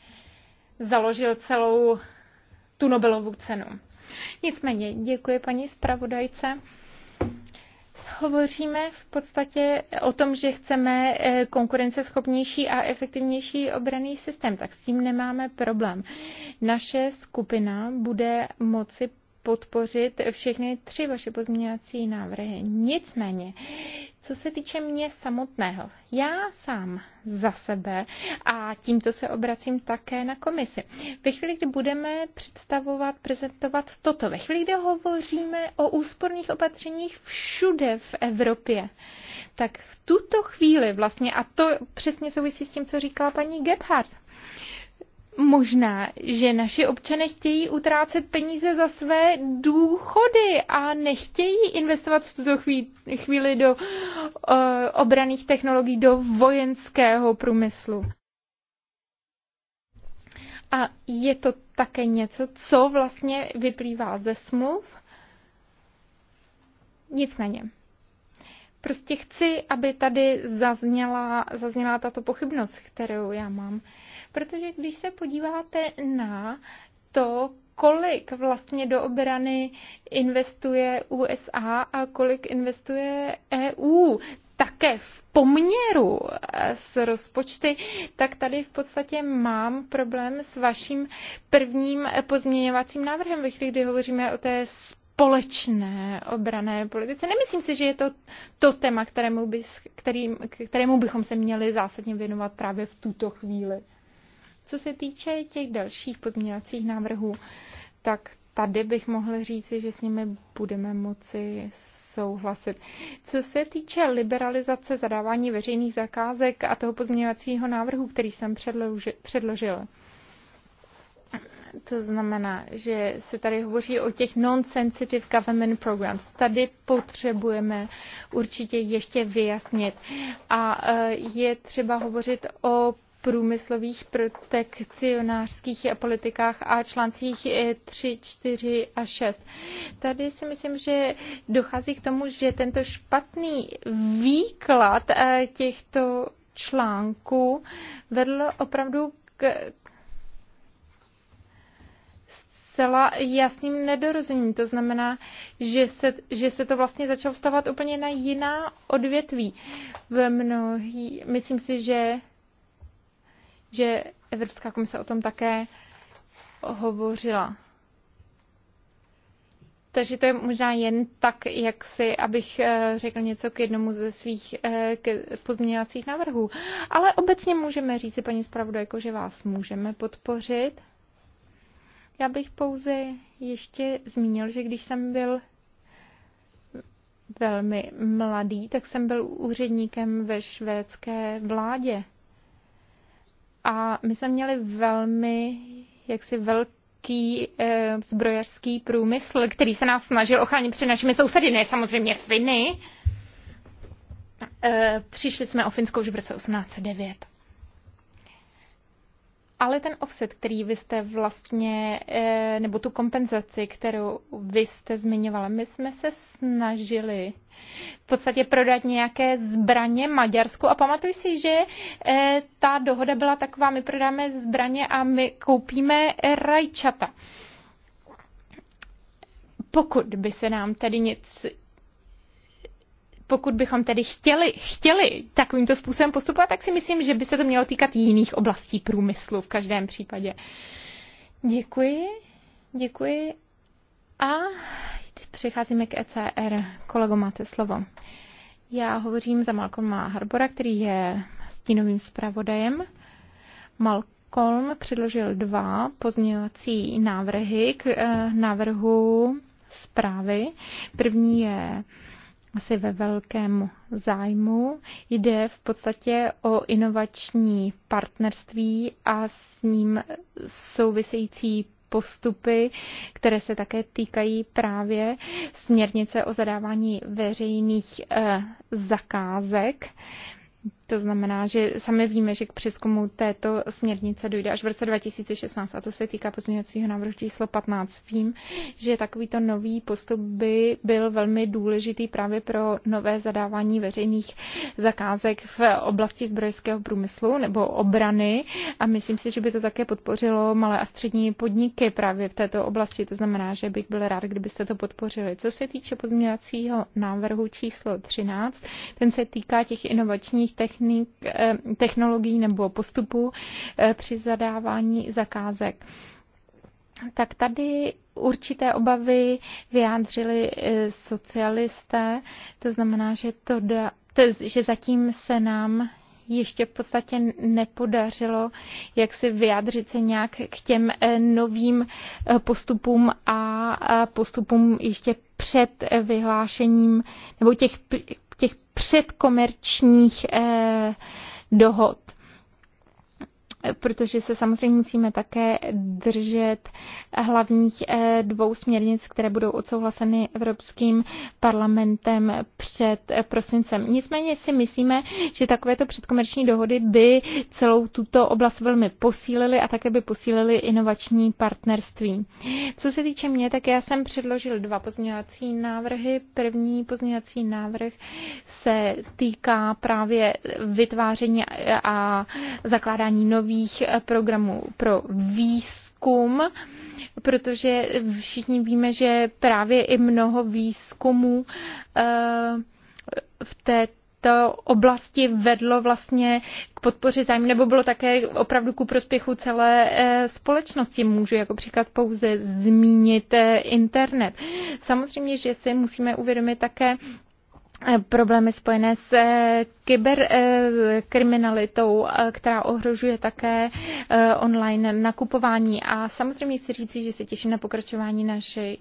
založil celou tu Nobelovu cenu. Nicméně děkuji paní zpravodajce hovoříme v podstatě o tom, že chceme eh, konkurenceschopnější a efektivnější obraný systém, tak s tím nemáme problém. Naše skupina bude moci podpořit všechny tři vaše pozměňovací návrhy. Nicméně, co se týče mě samotného, já sám za sebe a tímto se obracím také na komisi. Ve chvíli, kdy budeme představovat, prezentovat toto, ve chvíli, kdy hovoříme o úsporných opatřeních všude v Evropě, tak v tuto chvíli vlastně, a to přesně souvisí s tím, co říkala paní Gebhardt, možná, že naši občané chtějí utrácet peníze za své důchody a nechtějí investovat v tuto chvíli do eh, obraných technologií, do vojenského průmyslu. A je to také něco, co vlastně vyplývá ze smluv. Nicméně. Prostě chci, aby tady zazněla, zazněla tato pochybnost, kterou já mám. Uh, Protože když se podíváte na to, kolik vlastně do obrany investuje USA a kolik investuje EU, také v poměru eh, s rozpočty, tak tady v podstatě mám problém s vaším prvním eh, pozměňovacím návrhem, ve chvíli, kdy hovoříme o té společné obrané politice. Nemyslím si, že je to to téma, kterému, bys, kterým, kterému bychom se měli zásadně věnovat právě v tuto chvíli. Co se týče těch dalších pozměňovacích návrhů, tak tady bych mohl říci, že s nimi budeme moci souhlasit. Co se týče liberalizace zadávání veřejných zakázek a toho pozměňovacího návrhu, který jsem předložil, to znamená, že se tady hovoří o těch non-sensitive government programs. Tady potřebujeme určitě ještě vyjasnit. A e, je třeba hovořit o průmyslových protekcionářských politikách a článcích 3, 4 a 6. Tady si myslím, že dochází k tomu, že tento špatný výklad eh, těchto článků vedl opravdu k zcela jasným nedorozením. To znamená, že se, že se to vlastně začalo vstávat úplně na jiná odvětví. V mnohý, myslím si, že že Evropská komise o tom také hovořila. Takže to je možná jen tak, jak si, abych eh, řekl něco k jednomu ze svých eh, pozměňovacích návrhů. Ale obecně můžeme říci, paní zpravodajko, že vás můžeme podpořit. Já bych pouze ještě zmínil, že když jsem byl velmi mladý, tak jsem byl úředníkem ve švédské vládě. A my jsme měli velmi jaksi velký e, zbrojařský průmysl, který se nás snažil ochránit před našimi sousedy, ne samozřejmě Finy. E, eh, přišli jsme o Finskou už v roce 1809 ale ten offset, který vy jste vlastně, eh, nebo tu kompenzaci, kterou vy jste zmiňovala, my jsme se snažili v podstatě prodat nějaké zbraně Maďarsku a pamatuj si, že eh, ta dohoda byla taková, my prodáme zbraně a my koupíme eh, rajčata. Pokud by se nám tedy nic pokud bychom tedy chtěli, chtěli takovýmto způsobem postupovat, tak si myslím, že by se to mělo týkat jiných oblastí průmyslu v každém případě. Děkuji, děkuji. A přecházíme k ECR. Kolego, máte slovo. Já hovořím za Malcolma Harbora, který je stínovým zpravodajem. Malcolm předložil dva pozměňovací návrhy k eh, návrhu zprávy. První je asi ve velkém zájmu. Jde v podstatě o inovační partnerství a s ním související postupy, které se také týkají právě směrnice o zadávání veřejných eh, zakázek. To znamená, že sami víme, že k přeskumu této směrnice dojde až v roce 2016 a to se týká pozměňovacího návrhu číslo 15. Vím, že takovýto nový postup by byl velmi důležitý právě pro nové zadávání veřejných zakázek v oblasti zbrojského průmyslu nebo obrany a myslím si, že by to také podpořilo malé a střední podniky právě v této oblasti. To znamená, že bych byl rád, kdybyste to podpořili. Co se týče pozměňovacího návrhu číslo 13, ten se týká těch inovačních technik technik, eh, technologií nebo postupů eh, při zadávání zakázek. Tak tady určité obavy vyjádřili eh, socialisté, to znamená, že, to da, to, že zatím se nám ještě v podstatě nepodařilo, jak si vyjádřit se nějak k těm novým postupům a postupům ještě před vyhlášením, nebo těch těch předkomerčních eh, dohod protože se samozřejmě musíme také držet hlavních eh, dvou směrnic, které budou odsouhlaseny Evropským parlamentem před eh, prosincem. Nicméně si myslíme, že takovéto předkomerční dohody by celou tuto oblast velmi posílily a také by posílily inovační partnerství. Co se týče mě, tak já jsem předložil dva pozměňovací návrhy. První pozměňovací návrh se týká právě vytváření a zakládání nových nových eh, programů pro výzkum, protože všichni víme, že právě i mnoho výzkumů eh, v této oblasti vedlo vlastně k podpoře zájmu, nebo bylo také opravdu ku prospěchu celé eh, společnosti. Můžu jako příklad pouze zmínit internet. Samozřejmě, že si musíme uvědomit také Eh, problémy spojené s eh, kyberkriminalitou, eh, která ohrožuje také online nakupování. A samozřejmě chci říci, že se těším na pokračování naši,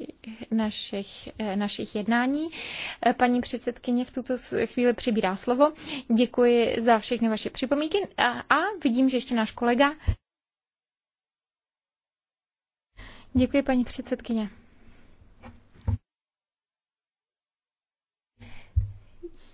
našich, našich jednání. Paní předsedkyně v tuto chvíli přibírá slovo. Děkuji za všechny vaše připomínky a vidím, že ještě náš kolega. Děkuji, paní předsedkyně.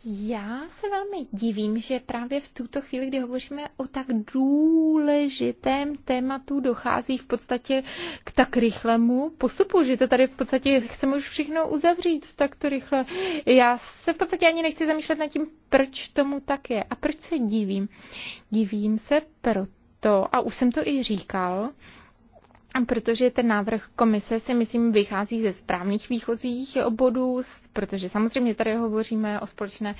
Já se velmi divím, že právě v tuto chvíli, kdy hovoříme o tak důležitém tématu, dochází v podstatě k tak rychlému postupu, že to tady v podstatě chceme už všechno uzavřít takto rychle. Já se v podstatě ani nechci zamýšlet nad tím, proč tomu tak je a proč se divím. Divím se proto, a už jsem to i říkal, protože ten návrh komise si myslím vychází ze správných výchozích obodů, protože samozřejmě tady hovoříme o společné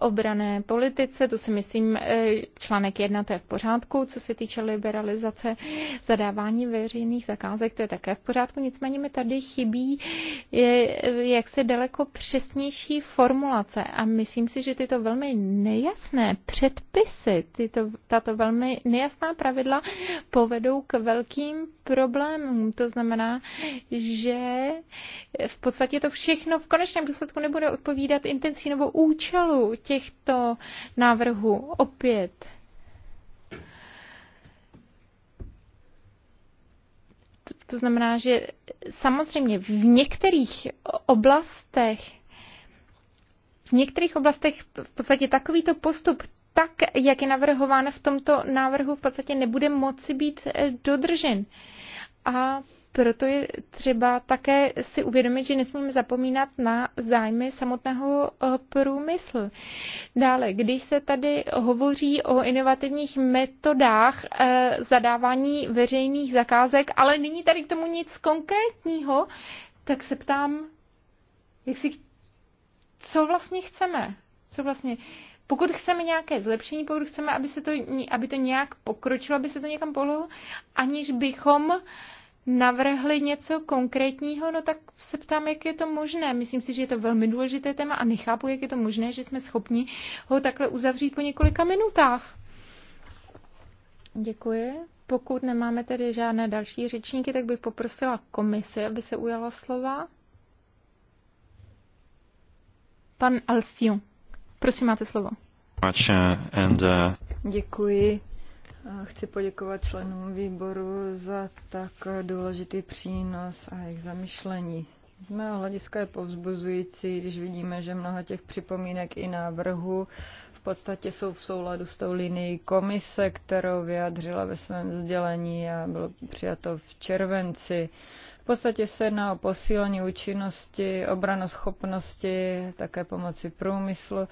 obrané politice, to si myslím e, článek jedna to je v pořádku, co se týče liberalizace zadávání veřejných zakázek, to je také v pořádku, nicméně mi tady chybí je, jak se daleko přesnější formulace a myslím si, že tyto velmi nejasné předpisy, tyto, tato velmi nejasná pravidla povedou k velkým problémům problémům. To znamená, že v podstatě to všechno v konečném důsledku nebude odpovídat intenci nebo účelu těchto návrhů. Opět To znamená, že samozřejmě v některých oblastech, v některých oblastech v podstatě takovýto postup, tak jak je navrhován v tomto návrhu, v podstatě nebude moci být eh, dodržen a proto je třeba také si uvědomit, že nesmíme zapomínat na zájmy samotného eh, průmyslu. Dále, když se tady hovoří o inovativních metodách eh, zadávání veřejných zakázek, ale není tady k tomu nic konkrétního, tak se ptám, jak si, co vlastně chceme? Co vlastně, pokud chceme nějaké zlepšení, pokud chceme, aby, se to, aby to nějak pokročilo, aby se to někam pohlo, aniž bychom uh, navrhli něco konkrétního, no tak se ptám, jak je to možné. Myslím si, že je to velmi důležité téma a nechápu, jak je to možné, že jsme schopni ho takhle uzavřít po několika minutách. Děkuji. Pokud nemáme tedy žádné další řečníky, tak bych poprosila komisi, aby se ujala slova. Pan Alciu, prosím, máte slovo. Uh, uh, Děkuji. Chci poděkovat členům výboru za tak důležitý přínos a jejich zamyšlení. Z mého hlediska je povzbuzující, když vidíme, že mnoho těch připomínek i návrhů v podstatě jsou v souladu s tou linií komise, kterou vyjadřila ve svém sdělení a bylo přijato v červenci. V podstatě se jedná o posílení účinnosti, obranoschopnosti, také pomoci průmyslu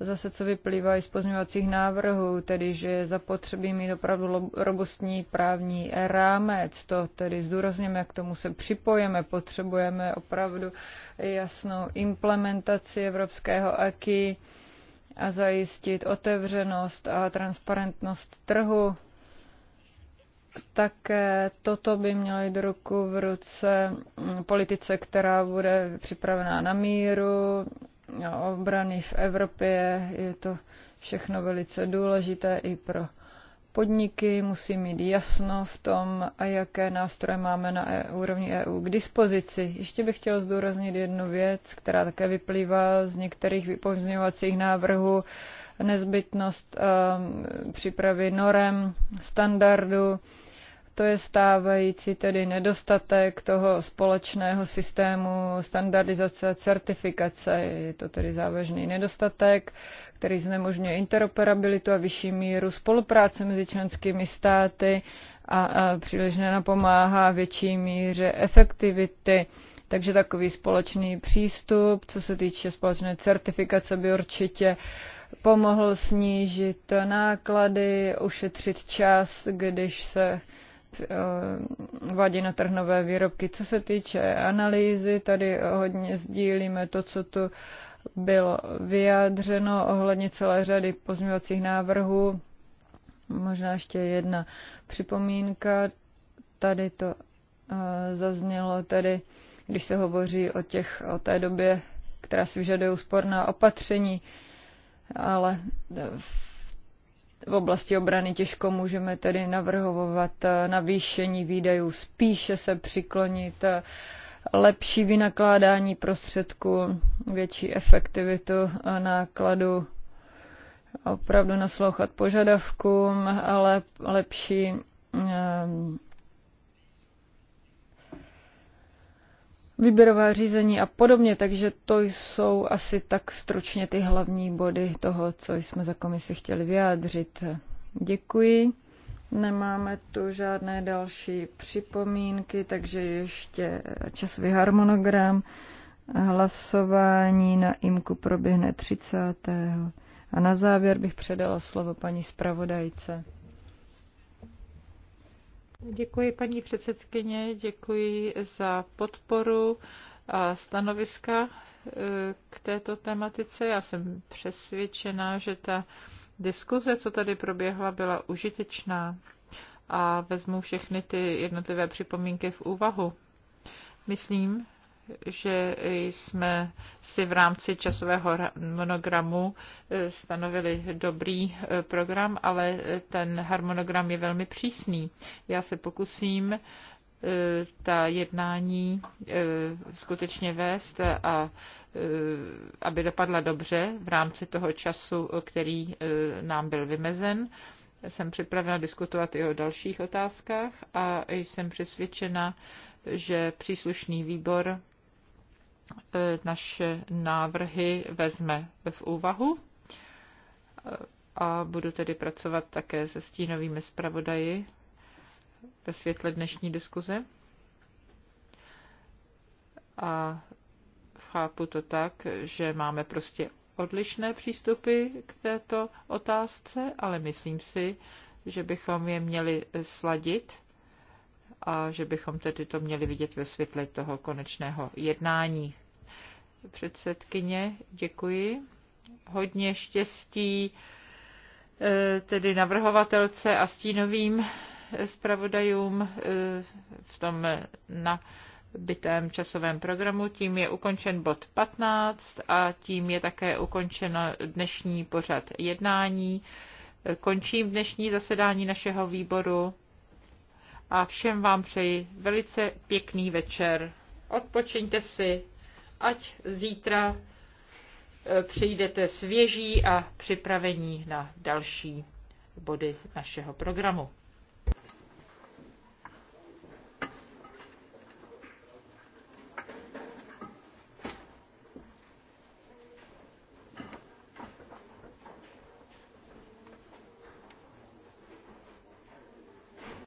zase co vyplývá i z pozměňovacích návrhů, tedy že je zapotřebí mít opravdu robustní právní rámec, to tedy zdůrazněme, k tomu se připojeme, potřebujeme opravdu jasnou implementaci evropského AKI a zajistit otevřenost a transparentnost trhu. Tak toto by mělo jít do ruku v ruce mm, politice, která bude připravená na míru, obrany v Evropě. Je to všechno velice důležité i pro podniky, musí mít jasno v tom, a jaké nástroje máme na EU, úrovni EU k dispozici. Ještě bych chtěl zdůraznit jednu věc, která také vyplývá z některých vypozňovacích návrhů, nezbytnost um, přípravy norem, standardu, to je stávající tedy nedostatek toho společného systému standardizace a certifikace. Je to tedy závažný nedostatek, který znemožňuje interoperabilitu a vyšší míru spolupráce mezi členskými státy a, a příliš nenapomáhá větší míře efektivity. Takže takový společný přístup, co se týče společné certifikace, by určitě pomohl snížit náklady, ušetřit čas, když se Eh, vadí na trhnové výrobky. Co se týče analýzy, tady hodně sdílíme to, co tu bylo vyjádřeno ohledně celé řady pozměňovacích návrhů. Možná ještě jedna připomínka. Tady to eh, zaznělo tedy, když se hovoří o, těch, o té době, která si vyžaduje úsporná opatření, ale v v oblasti obrany těžko můžeme tedy navrhovat eh, navýšení výdajů, spíše se přiklonit eh, lepší vynakládání prostředků, větší efektivitu nákladu, opravdu naslouchat požadavkům, ale lepší eh, výběrová řízení a podobně, takže to jsou asi tak stručně ty hlavní body toho, co jsme za komisi chtěli vyjádřit. Děkuji. Nemáme tu žádné další připomínky, takže ještě časový harmonogram. Hlasování na IMKU proběhne 30. A na závěr bych předala slovo paní zpravodajce. Děkuji paní předsedkyně, děkuji za podporu a stanoviska e, k této tematice. Já jsem přesvědčená, že ta diskuze, co tady proběhla, byla užitečná a vezmu všechny ty jednotlivé připomínky v úvahu. Myslím, že jsme si v rámci časového monogramu eh, stanovili dobrý eh, program, ale eh, ten harmonogram je velmi přísný. Já se pokusím ta jednání skutečně vést a aby dopadla dobře v rámci toho času, který nám byl vymezen. Jsem připravena diskutovat i o dalších otázkách a jsem přesvědčena, že příslušný výbor E, naše návrhy vezme v úvahu e, a budu tedy pracovat také se stínovými zpravodaji ve světle dnešní diskuze. A chápu to tak, že máme prostě odlišné přístupy k této otázce, ale myslím si, že bychom je měli sladit a že bychom tedy to měli vidět ve světle toho konečného jednání. Předsedkyně, děkuji. Hodně štěstí eh, tedy navrhovatelce a stínovým eh, zpravodajům eh, v tom na bytém časovém programu. Tím je ukončen bod 15 a tím je také ukončeno dnešní pořad jednání. Končím dnešní zasedání našeho výboru a všem vám přeji velice pěkný večer. Odpočiňte si, ať zítra e, přijdete svěží a připravení na další body našeho programu.